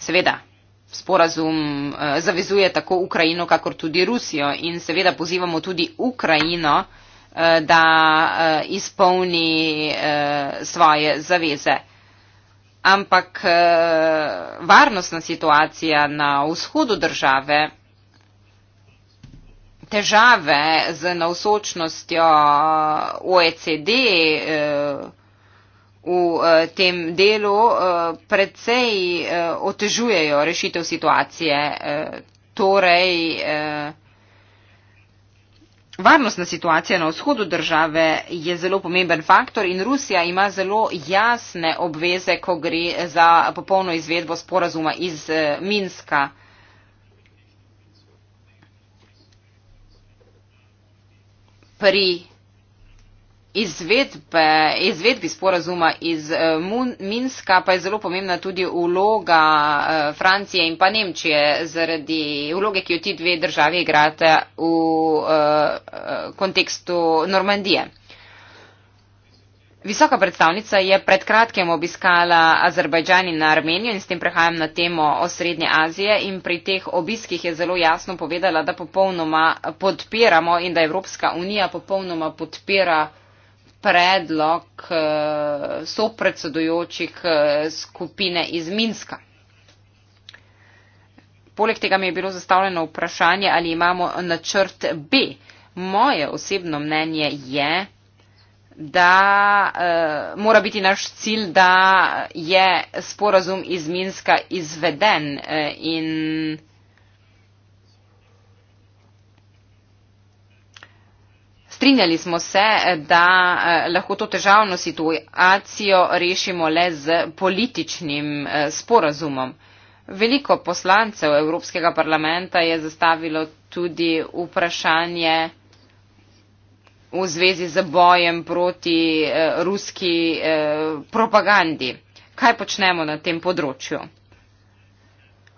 [SPEAKER 2] Seveda, sporazum eh, zavezuje tako Ukrajino, kakor tudi Rusijo in seveda pozivamo tudi Ukrajino, eh, da eh, izpolni svoje zaveze. Ampak varnostna situacija na vzhodu države, težave z navsočnostjo OECD, v eh, tem delu eh, predvsej eh, otežujejo rešitev situacije. Torej, varnostna situacija na vzhodu države je zelo pomemben faktor in Rusija ima zelo jasne obveze, ko gre za popolno izvedbo sporazuma iz Minska. Pri izvedbe, izvedbi sporazuma iz eh, Minska pa je zelo pomembna tudi uloga eh, Francije in pa Nemčije zaradi uloge, ki jo ti dve države igrate v eh, kontekstu Normandije. Visoka predstavnica je pred kratkem obiskala Azerbajdžan in Armenijo in s tem prehajam na temo o Srednje Azije in pri teh obiskih je zelo jasno povedala, da popolnoma podpiramo in da Evropska unija popolnoma podpira predlog eh, sopredsedujočih eh, skupine iz Minska. Poleg tega mi je bilo zastavljeno vprašanje, ali imamo načrt B. Moje osebno mnenje je, da e, mora biti naš cilj, da je sporazum iz Minska izveden e, in strinjali smo se, eh, da eh, lahko to težavno situacijo rešimo le z političnim eh, sporazumom. Veliko poslancev Evropskega parlamenta je zastavilo tudi vprašanje v zvezi z bojem proti ruski propagandi. Kaj počnemo na tem področju?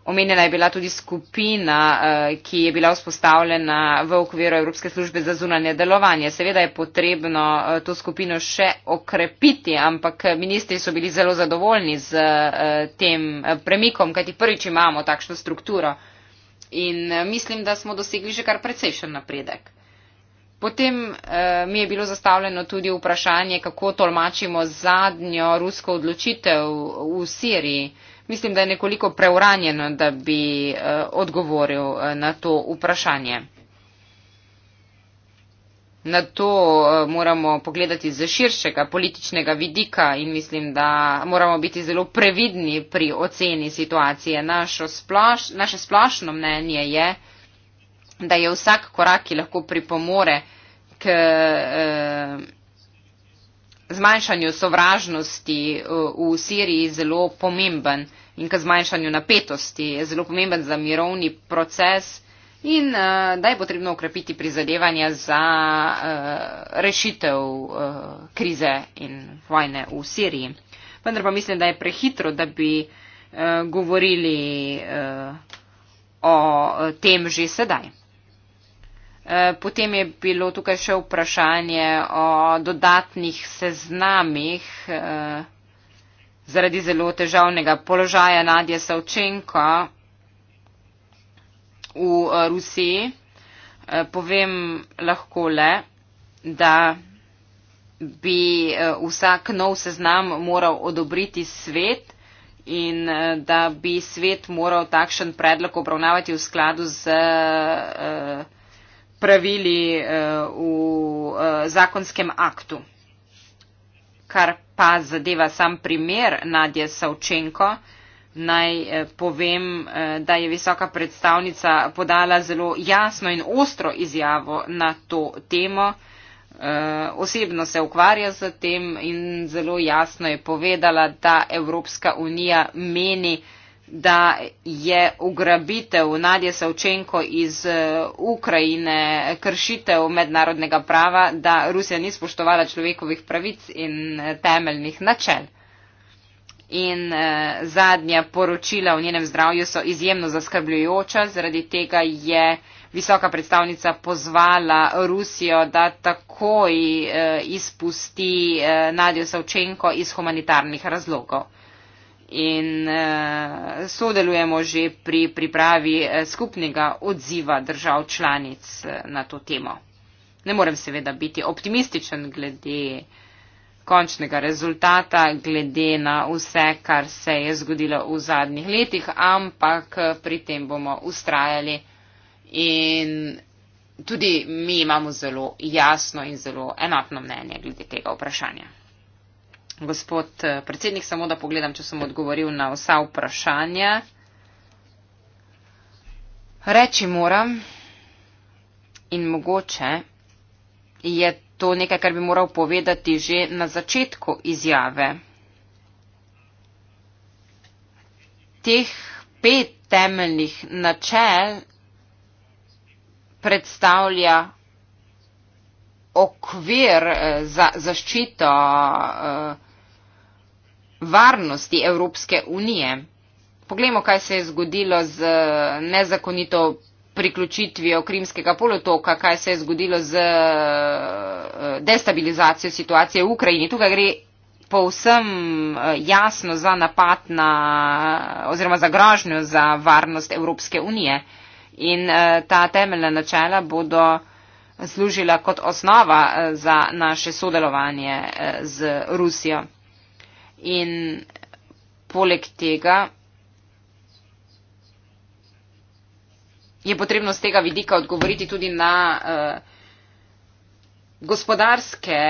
[SPEAKER 2] Omenjena je bila tudi skupina, eh, ki je bila vzpostavljena v okviru Evropske službe za zunanje delovanje. Seveda je potrebno eh, to skupino še okrepiti, ampak ministri so bili zelo zadovoljni z eh, tem premikom, kajti prvič imamo takšno strukturo. In mislim, da smo dosegli že kar precejšen napredek. Potem eh, mi je bilo zastavljeno tudi vprašanje, kako tolmačimo zadnjo rusko odločitev v Siriji. Eh, mislim, da je nekoliko preuranjeno, da bi eh, odgovoril eh, na to vprašanje. Na to eh, moramo pogledati z širšega političnega vidika in mislim, da moramo biti zelo previdni pri oceni situacije. Naše, splaš, naše splošno mnenje je, da je vsak korak, ki lahko pripomore k. Eh, zmanjšanju sovražnosti eh, v Siriji zelo pomemben in k zmanjšanju napetosti je zelo pomemben za mirovni proces in eh, da je potrebno ukrepiti prizadevanja za eh, rešitev krize in vojne v Siriji. Vendar pa mislim, da je prehitro, da bi govorili o tem že sedaj. Eh, potem je bilo tukaj še vprašanje o dodatnih seznamih eh, zaradi zelo težavnega položaja Nadje Savčenko v eh, Rusiji. Povem lahko le, da bi vsak nov seznam moral odobriti svet in da bi svet moral takšen predlog obravnavati v skladu z. Uh, pravili uh, v uh, zakonskem aktu. Kar pa zadeva sam primer Nadje Savčenko, naj uh, povem, uh, da je visoka predstavnica podala zelo jasno in ostro izjavo na to temo. Uh, osebno se ukvarja z tem in zelo jasno je povedala, da Evropska unija meni, uh, da je ugrabitev Nadje Savčenko iz eh, Ukrajine kršitev mednarodnega prava, da Rusija ni spoštovala človekovih pravic in eh, temeljnih načel. In eh, zadnja poročila o njenem zdravju so izjemno zaskrbljujoča, zaradi tega je visoka predstavnica pozvala Rusijo, da takoj eh, izpusti eh, Nadjo Savčenko iz humanitarnih razlogov in eh, sodelujemo že pri pripravi eh, skupnega odziva držav članic eh, na to temo. Ne morem seveda biti optimističen glede končnega rezultata, glede na vse, kar se je zgodilo v zadnjih letih, ampak pri tem bomo ustrajali in tudi mi imamo zelo jasno in zelo enotno mnenje glede tega vprašanja. Gospod eh, predsednik, samo da pogledam, če sem odgovoril na vsa vprašanja. Reči moram in mogoče je to nekaj, kar bi moral povedati že na začetku izjave. Teh pet temeljnih načel predstavlja okvir eh, za zaščito eh, varnosti Evropske unije. Poglejmo, kaj se je zgodilo z nezakonito priključitvijo Krimskega polotoka, kaj se je zgodilo z eh, destabilizacijo situacije v Ukrajini. Tukaj gre povsem eh, jasno za napad na oziroma za grožnjo za varnost Evropske unije. In eh, ta temeljna načela bodo služila kot osnova za naše sodelovanje z Rusijo. In poleg tega je potrebno z tega vidika odgovoriti tudi na uh, gospodarske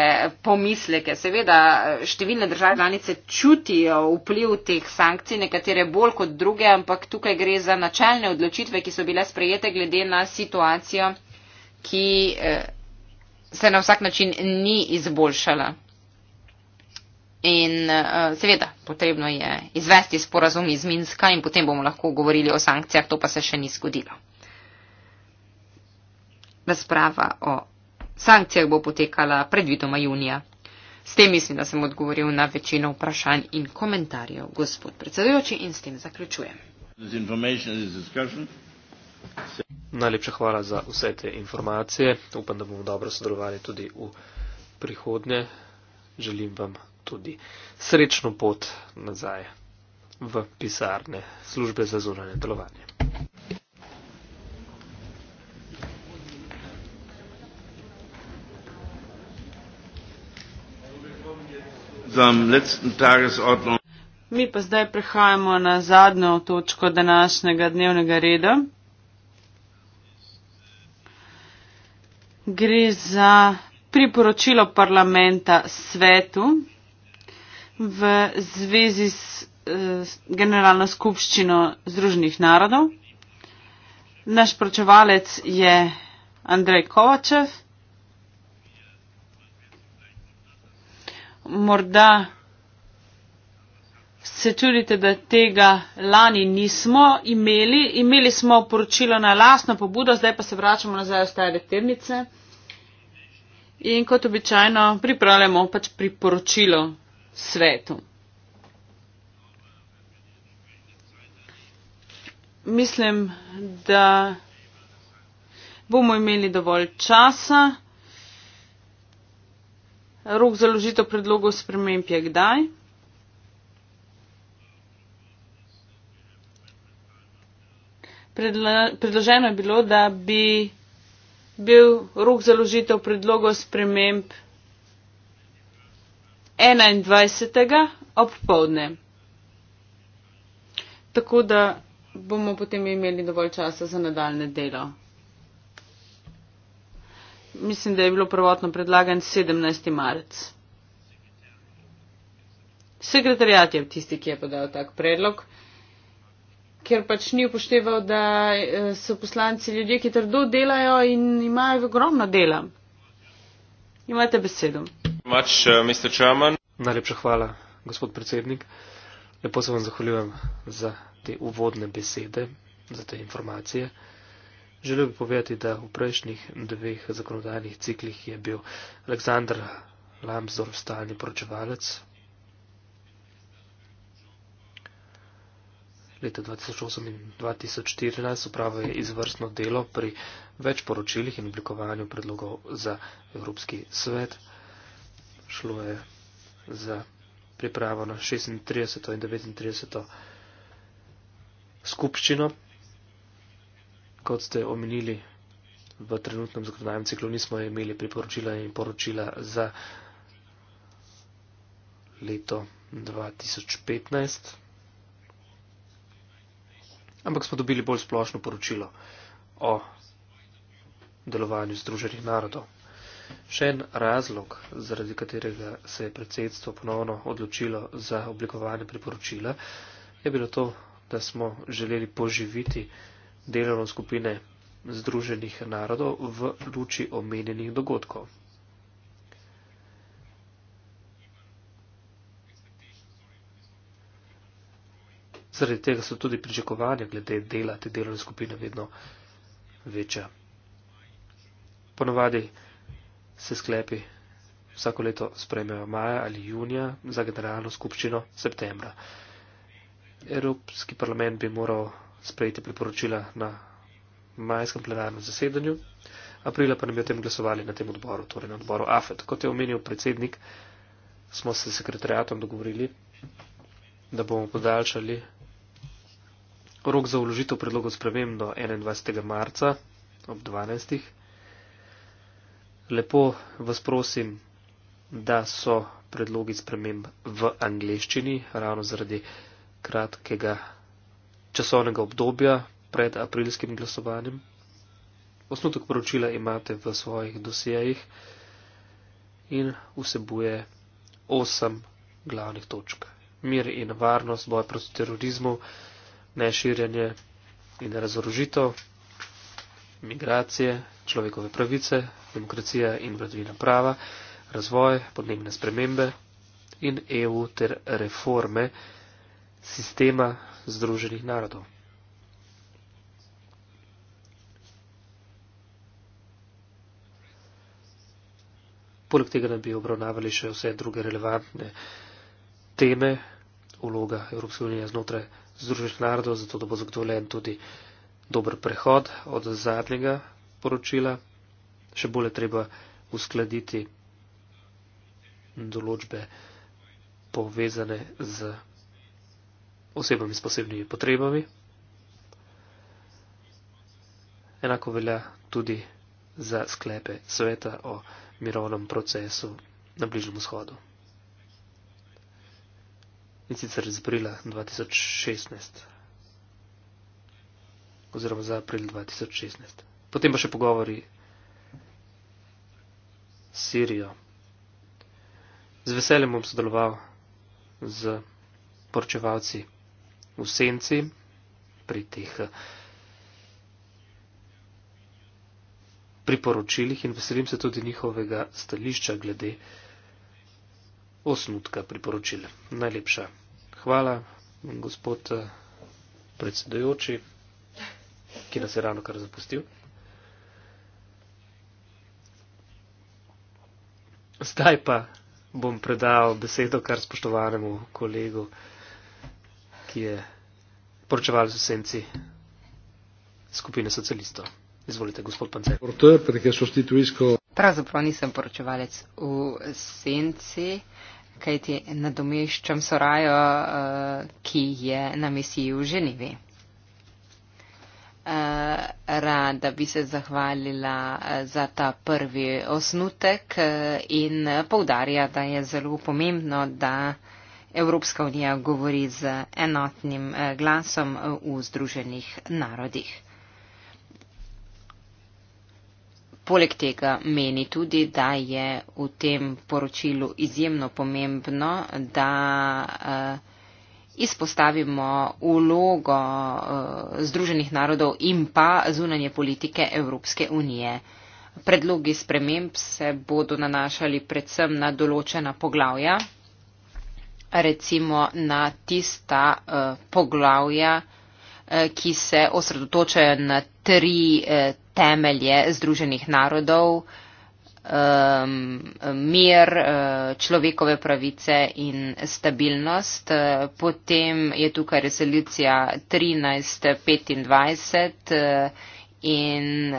[SPEAKER 2] pomisleke. Seveda eh, številne države članice čutijo vpliv teh sankcij, nekatere bolj kot druge, ampak tukaj gre za načelne odločitve, ki so bile sprejete glede na situacijo, ki uh, se na vsak način ni izboljšala. In uh, seveda, potrebno je izvesti sporazum iz Minska in potem bomo lahko govorili o sankcijah, to pa se še ni zgodilo. Razprava o sankcijah bo potekala predvidoma junija. S tem mislim, da sem odgovoril na večino vprašanj in komentarjev, gospod predsedujoči, in s tem zaključujem.
[SPEAKER 4] Najlepša hvala za vse te informacije. Upam, da bomo dobro sodelovali tudi v prihodnje. Želim vam tudi srečno pot nazaj v pisarne službe za zunanje delovanje.
[SPEAKER 5] Mi pa zdaj prehajamo na zadnjo točko današnjega dnevnega reda. Gre za priporočilo parlamenta svetu v zvezi eh, s Generalno skupščino Združenih narodov. Naš pročevalec je Andrej Kovačev. Morda se čudite, da tega lani nismo imeli. Imeli smo poročilo na lasno pobudo, zdaj pa se vračamo nazaj v stare tirnice. In kot običajno pripravljamo pač priporočilo svetu. Mislim, da bomo imeli dovolj časa. Rok založitev predlogov sprememb je kdaj? Predla, predloženo je bilo, da bi bil rok založitev predlogov sprememb enaindvajset ob povdne. Tako da bomo potem imeli dovolj časa za nadaljne delo. Mislim, da je bilo prvotno predlagan 17. marec. Sekretarjat je tisti, ki je podal tak predlog, ker pač ni upošteval, da eh, so poslanci ljudje, ki trdo delajo in imajo ogromno dela. Imate
[SPEAKER 4] besedo much, uh, Mr. Chairman. Najlepša hvala, gospod predsednik. Lepo se vam zahvaljujem za te uvodne besede, za te informacije. Želel bi povedati, da v prejšnjih dveh zakonodajnih ciklih je bil Aleksandr Lambsdorf stalni poročevalec. Leta 2008 in 2014 upravo je izvrstno delo pri več poročilih in oblikovanju predlogov za Evropski svet šlo je za pripravo na 36. in 39. skupščino. Kot ste omenili, v trenutnem zakonodajnem ciklu nismo imeli priporočila in poročila za leto 2015, ampak smo dobili bolj splošno poročilo o delovanju Združenih narodov. Še en razlog, zaradi katerega se je predsedstvo ponovno odločilo za oblikovanje priporočila, je bilo to, da smo želeli poživiti delovno skupine Združenih narodov v luči omenjenih dogodkov. Zaradi tega so tudi pričakovanja glede dela te delovne skupine vedno večja. Ponovadi se sklepi vsako leto sprejmejo maja ali junija za generalno skupščino septembra. Evropski parlament bi moral sprejeti priporočila na majskem plenarnem zasedanju, aprila pa ne bi o tem glasovali na tem odboru, torej na odboru AFET. Kot je omenil predsednik, smo se s sekretariatom dogovorili, da bomo podaljšali rok za uložitev predlogov sprememb do 21. marca ob 12 lepo vas prosim, da so predlogi sprememb v angleščini, ravno zaradi kratkega časovnega obdobja pred aprilskim glasovanjem. Osnutek poročila imate v svojih dosijajih in vsebuje osem glavnih točk. Mir in varnost, boj proti terorizmu, neširjanje in razorožitev, migracije, človekove pravice, demokracija in vladavina prava, razvoj, podnebne spremembe in EU ter reforme sistema Združenih narodov. Poleg tega nam bi obravnavali še vse druge relevantne teme, vloga Evropske unije znotraj Združenih narodov, zato da bo zagotovljen tudi dober prehod od zadnjega poročila, še bolje treba uskladiti določbe povezane z osebami s posebnimi potrebami. Enako velja tudi za sklepe sveta o mirovnem procesu na Bližnjem vzhodu. In sicer iz aprila 2016. Oziroma za april 2016 potem pa še pogovori s Sirijo. Z veseljem bom sodeloval z poročevalci v senci pri teh eh, priporočilih in veselim se tudi njihovega stališča glede osnutka priporočil. Najlepša hvala, gospod eh, predsedujoči, ki nas je ravno kar zapustil. Zdaj pa bom predal besedo kar spoštovanemu kolegu, ki je poročeval z vsemci skupine socialistov. Izvolite, gospod Pancek.
[SPEAKER 2] Pravzaprav nisem poročevalec v senci, kajti nadomeščam Sorajo, eh, ki je na misiji v Ženevi rada bi se zahvalila eh, za ta prvi osnutek eh, in povdarja, da je zelo pomembno, da Evropska unija govori z enotnim eh, glasom v Združenih narodih. Poleg tega meni tudi, da je v tem poročilu izjemno pomembno, da uh, izpostavimo ulogo eh, Združenih narodov in pa zunanje politike Evropske unije. Predlogi sprememb se bodo nanašali predvsem na določena poglavja, recimo na tista eh, poglavja, eh, ki se osredotočajo na tri temelje Združenih narodov, um, mir, uh, človekove pravice in stabilnost. Uh, potem je tukaj resolucija 1325 uh, in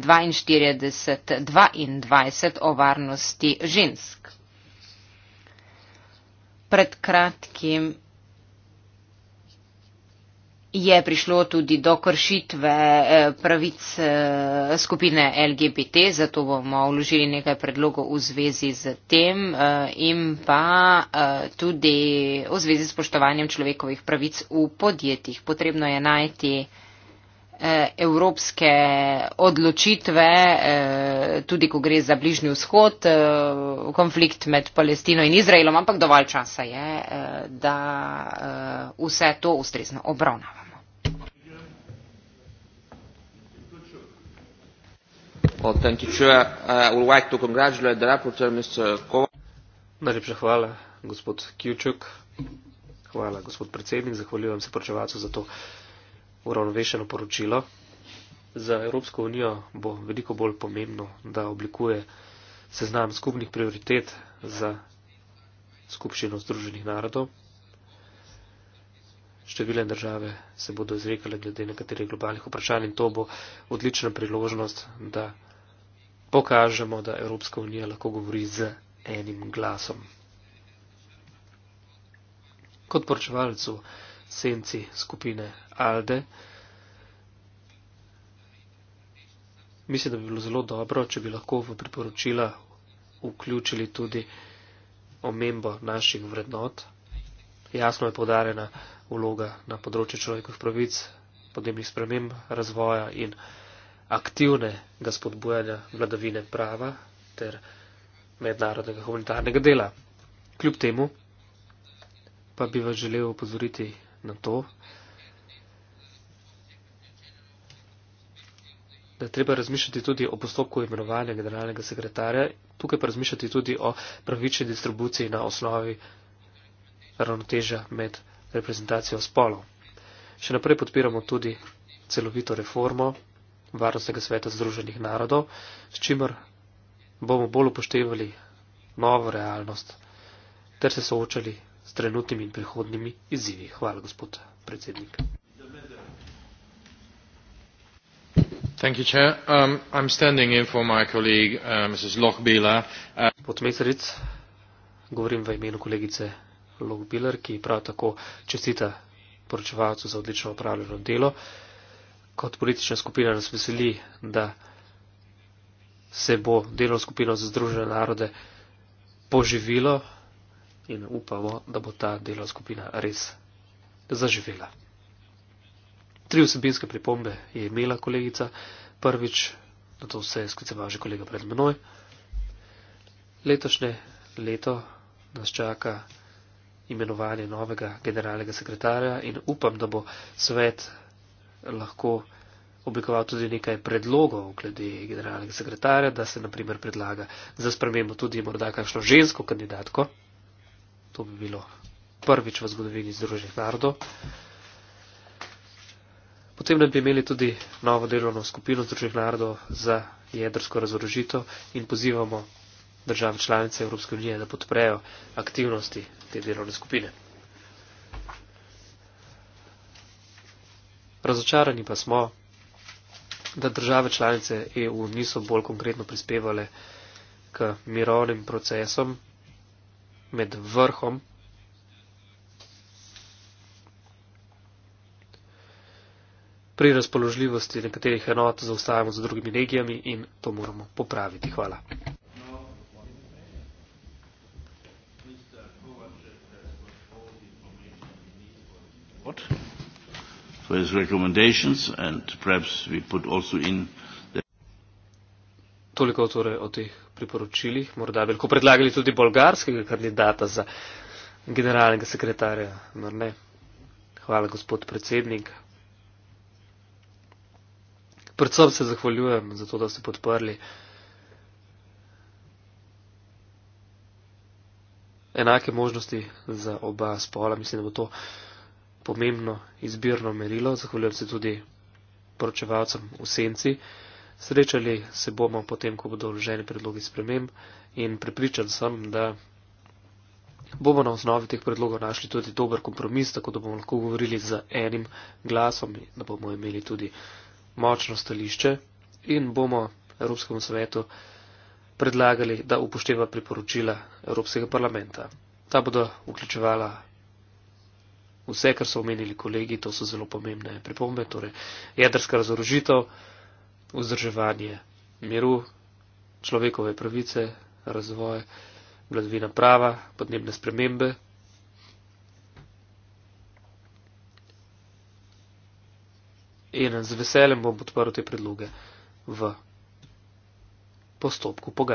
[SPEAKER 2] 4222 o varnosti žensk. Pred kratkim je prišlo tudi do kršitve eh, pravic eh, skupine LGBT, zato bomo vložili nekaj predlogov v zvezi z tem eh, in pa tudi v zvezi s poštovanjem človekovih pravic v podjetjih. Potrebno je najti Eh, evropske odločitve, eh, tudi ko gre za bližnji vzhod, eh, konflikt med Palestino in Izraelom, ampak dovolj časa je, da vse to ustrezno obravnavamo.
[SPEAKER 4] Uh, Najlepša hvala, gospod Kjučuk. Hvala, gospod predsednik. Zahvaljujem se poročevalcu za to uravnovešeno poročilo. Za Evropsko unijo bo veliko bolj pomembno, da oblikuje seznam skupnih prioritet za skupščino Združenih narodov. Številne države se bodo izrekale glede nekaterih globalnih vprašanj in to bo odlična priložnost, da pokažemo, da Evropska unija lahko govori z enim glasom. Kot poročevalcu senci skupine ALDE. Mislim, da bi bilo zelo dobro, če bi lahko v priporočila vključili tudi omembo naših vrednot. Jasno je podarjena vloga na področju človekovih pravic, podnebnih sprememb, razvoja in aktivnega spodbujanja vladavine prava ter mednarodnega humanitarnega dela. Kljub temu pa bi vas želel opozoriti na to, da je treba razmišljati tudi o postopku imenovanja generalnega sekretarja, tukaj pa razmišljati tudi o pravični distribuciji na osnovi ravnoteža med reprezentacijo spolov. Še naprej podpiramo tudi celovito reformo Varnostnega sveta Združenih narodov, s čimer bomo bolj upoštevali novo realnost ter se soočali s trenutnimi in prihodnimi izzivi. Hvala, gospod predsednik. Um, uh, uh, gospod Mesaric, govorim v imenu kolegice Lohbiler, ki prav tako čestita poročevalcu za odlično opravljeno delo. Kot politična skupina nas veseli, da se bo delo skupino za združene narode poživilo in upamo, da bo ta delo skupina res zaživela. Tri vsebinske pripombe je imela kolegica. Prvič, na to se je skliceval že kolega pred menoj. Letošnje leto nas čaka imenovanje novega generalnega sekretarja in upam, da bo svet lahko oblikoval tudi nekaj predlogov glede generalnega sekretarja, da se naprimer predlaga za spremembo tudi morda kakšno žensko kandidatko. To bi bilo prvič v zgodovini Združenih narodov. Potem naj bi imeli tudi novo delovno skupino Združenih narodov za jedrsko razorožitev in pozivamo države članice Evropske unije, da podprejo aktivnosti te delovne skupine. Razočarani pa smo, da države članice EU niso bolj konkretno prispevale k mirovnim procesom med vrhom pri razpoložljivosti nekaterih enot zaostajamo z drugimi regijami in to moramo popraviti. Hvala. Toliko torej o teh priporočilih. Morda bi lahko predlagali tudi bolgarskega kandidata za generalnega sekretarja. Hvala, gospod predsednik predvsem se zahvaljujem za to, da ste podprli. Enake možnosti za oba spola, mislim, da bo to pomembno izbirno merilo. Zahvaljujem se tudi poročevalcem v senci. Srečali se bomo potem, ko bodo vloženi predlogi sprememb in prepričan sem, da bomo na osnovi teh predlogov našli tudi dober kompromis, tako da bomo lahko govorili z enim glasom, da bomo imeli tudi močno stališče in bomo Evropskemu svetu predlagali, da upošteva priporočila Evropskega parlamenta. Ta bodo vključevala vse, kar so omenili kolegi, to so zelo pomembne pripombe, torej jedrska razorožitev, vzdrževanje miru, človekove pravice, razvoj, vladavina prava, podnebne spremembe. in z veseljem bom podprl te predloge v postopku pogajanja.